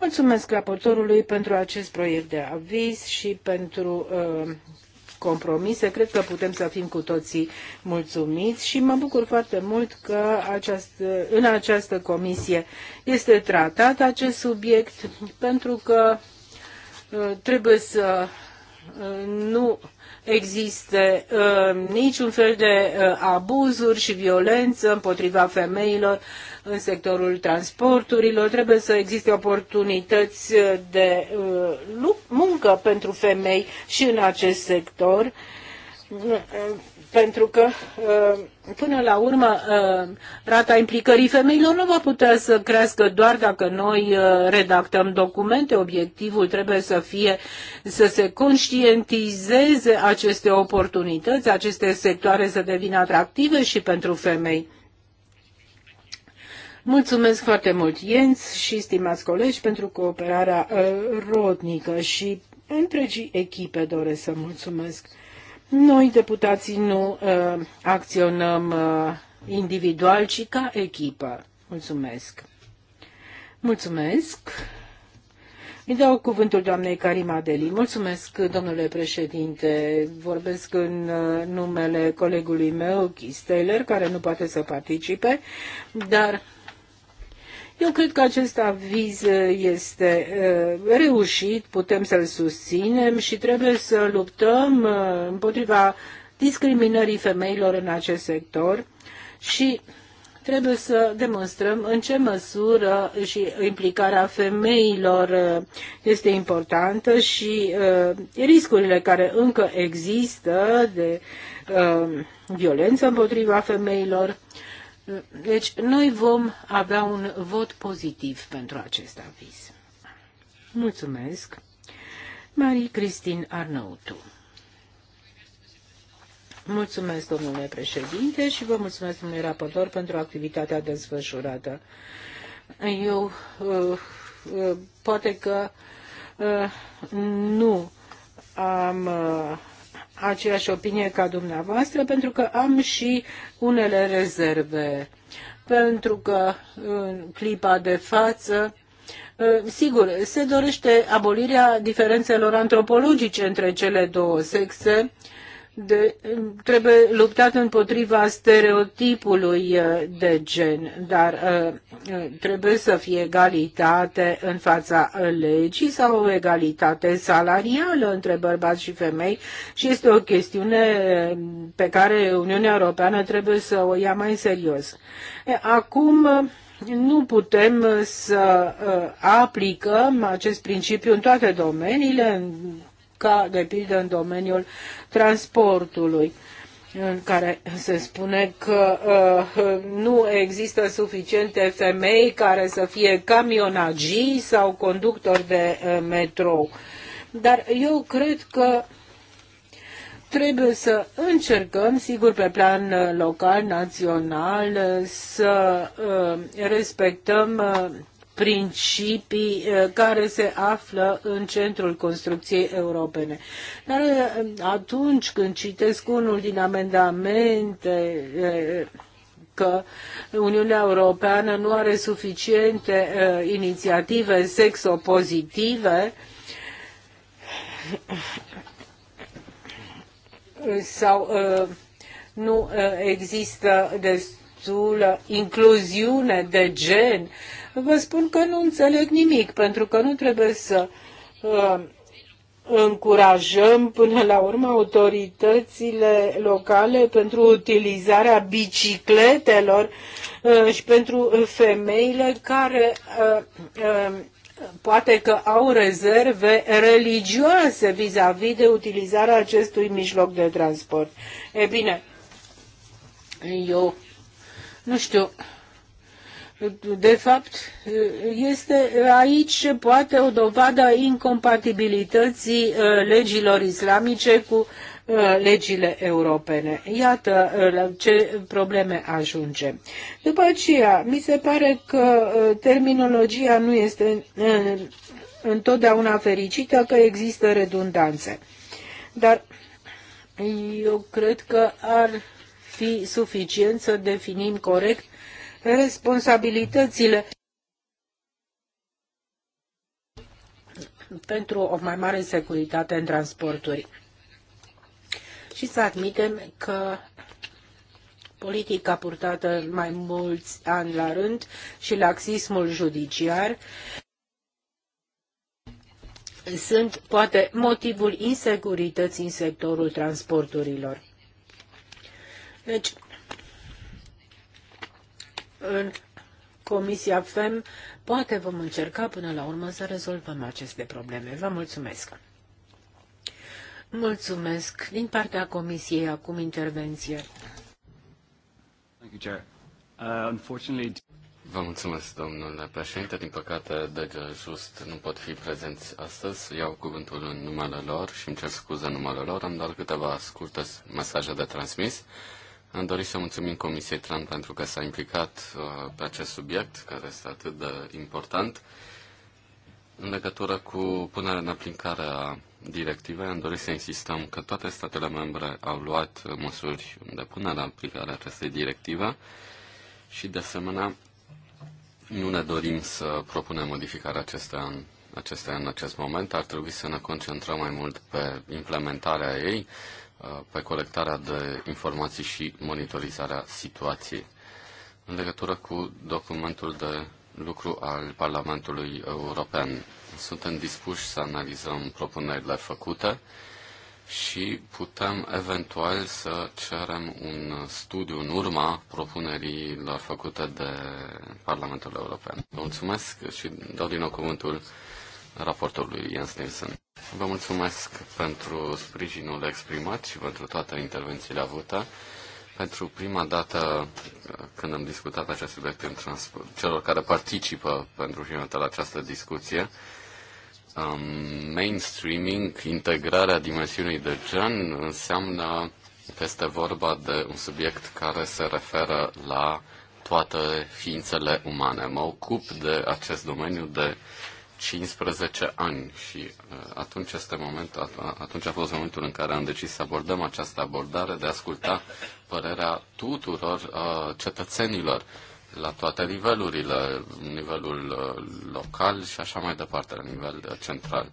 Mulțumesc raportorului pentru acest proiect de aviz și pentru uh, compromise, cred că putem să fim cu toții mulțumiți și mă bucur foarte mult că această, în această comisie este tratat acest subiect pentru că uh, trebuie să uh, nu existe uh, niciun fel de uh, abuzuri și violență împotriva femeilor în sectorul transporturilor. Trebuie să existe oportunități uh, de uh, muncă pentru femei și în acest sector uh, pentru că uh, până la urmă uh, rata implicării femeilor nu va putea să crească doar dacă noi uh, redactăm documente. Obiectivul trebuie să fie să se conștientizeze aceste oportunități, aceste sectoare să devină atractive și pentru femei. Mulțumesc foarte mult, Jens și stimați colegi, pentru cooperarea rodnică și întregii echipe doresc să mulțumesc. Noi, deputații, nu uh, acționăm uh, individual, ci ca echipă. Mulțumesc. Mulțumesc. Îi dau cuvântul doamnei Karima Deli. Mulțumesc, domnule președinte. Vorbesc în uh, numele colegului meu, Keith Taylor, care nu poate să participe, dar eu cred că acest aviz uh, este uh, reușit, putem să-l susținem și trebuie să luptăm uh, împotriva discriminării femeilor în acest sector și trebuie să demonstrăm în ce măsură și implicarea femeilor este importantă și riscurile care încă există de violență împotriva femeilor. Deci noi vom avea un vot pozitiv pentru acest aviz. Mulțumesc. Marie Cristin Arnautu. Mulțumesc, domnule președinte, și vă mulțumesc, domnule raportor, pentru activitatea desfășurată. Eu uh, uh, poate că uh, nu am aceeași opinie ca dumneavoastră, pentru că am și unele rezerve. Pentru că în clipa de față, uh, sigur, se dorește abolirea diferențelor antropologice între cele două sexe, de, trebuie luptat împotriva stereotipului uh, de gen, dar uh, uh, trebuie să fie egalitate în fața legii sau o egalitate salarială între bărbați și femei și este o chestiune pe care Uniunea Europeană trebuie să o ia mai serios. Acum, nu putem să aplicăm acest principiu în toate domeniile, în ca de pildă în domeniul transportului în care se spune că uh, nu există suficiente femei care să fie camionagii sau conductori de uh, metrou. Dar eu cred că trebuie să încercăm, sigur, pe plan uh, local, național, să uh, respectăm uh, principii eh, care se află în centrul construcției europene. Dar eh, atunci când citesc unul din amendamente eh, că Uniunea Europeană nu are suficiente inițiative sexopozitive, sau nu există destul destulă incluziune de gen, vă spun că nu înțeleg nimic, pentru că nu trebuie să uh, încurajăm până la urmă autoritățile locale pentru utilizarea bicicletelor uh, și pentru femeile care uh, uh, poate că au rezerve religioase vis-a-vis -vis de utilizarea acestui mijloc de transport. E bine, eu nu știu, de fapt, este aici poate o dovadă a incompatibilității uh, legilor islamice cu uh, legile europene. Iată uh, la ce probleme ajunge. După aceea, mi se pare că terminologia nu este întotdeauna fericită, că există redundanțe. Dar eu cred că ar fi suficient să definim corect responsabilitățile pentru o mai mare securitate în transporturi. Și să admitem că politica purtată mai mulți ani la rând și laxismul judiciar sunt poate motivul insecurității în sectorul transporturilor. Deci, în Comisia FEM, poate vom încerca până la urmă să rezolvăm aceste probleme. Vă mulțumesc! Mulțumesc. Din partea Comisiei, acum intervenție. Uh, Vă mulțumesc, domnule președinte. Din păcate, de Just nu pot fi prezenți astăzi. Iau cuvântul în numele lor și îmi cer scuze în numele lor. Am doar câteva scurte mesaje de transmis. Am dorit să mulțumim Comisiei Tran pentru că s-a implicat uh, pe acest subiect, care este atât de important. În legătură cu punerea în aplicare a directivei, am dorit să insistăm că toate statele membre au luat măsuri de punere în aplicare a acestei directive și, de asemenea, nu ne dorim să propunem modificarea acestea în, acestea în acest moment. Ar trebui să ne concentrăm mai mult pe implementarea ei, pe colectarea de informații și monitorizarea situației în legătură cu documentul de lucru al Parlamentului European. Suntem dispuși să analizăm propunerile făcute și putem eventual să cerem un studiu în urma propunerilor făcute de Parlamentul European. mulțumesc și dau din nou cuvântul raportorului Jens Nielsen. Vă mulțumesc pentru sprijinul exprimat și pentru toate intervențiile avute. Pentru prima dată când am discutat acest subiect în transport, celor care participă pentru prima dată la această discuție, um, mainstreaming, integrarea dimensiunii de gen înseamnă că este vorba de un subiect care se referă la toate ființele umane. Mă ocup de acest domeniu de 15 ani și uh, atunci, este moment, atunci a fost momentul în care am decis să abordăm această abordare, de a asculta părerea tuturor uh, cetățenilor la toate nivelurile, nivelul uh, local și așa mai departe, la nivel central.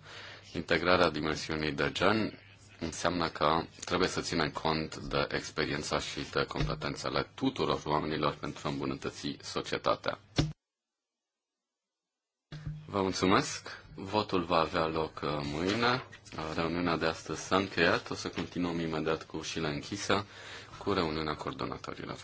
Integrarea dimensiunii de gen înseamnă că trebuie să ținem cont de experiența și de competențele tuturor oamenilor pentru a îmbunătăți societatea. Vă mulțumesc. Votul va avea loc uh, mâine. Uh, reuniunea de astăzi s-a încheiat. O să continuăm imediat cu ușile închise cu reuniunea coordonatorilor.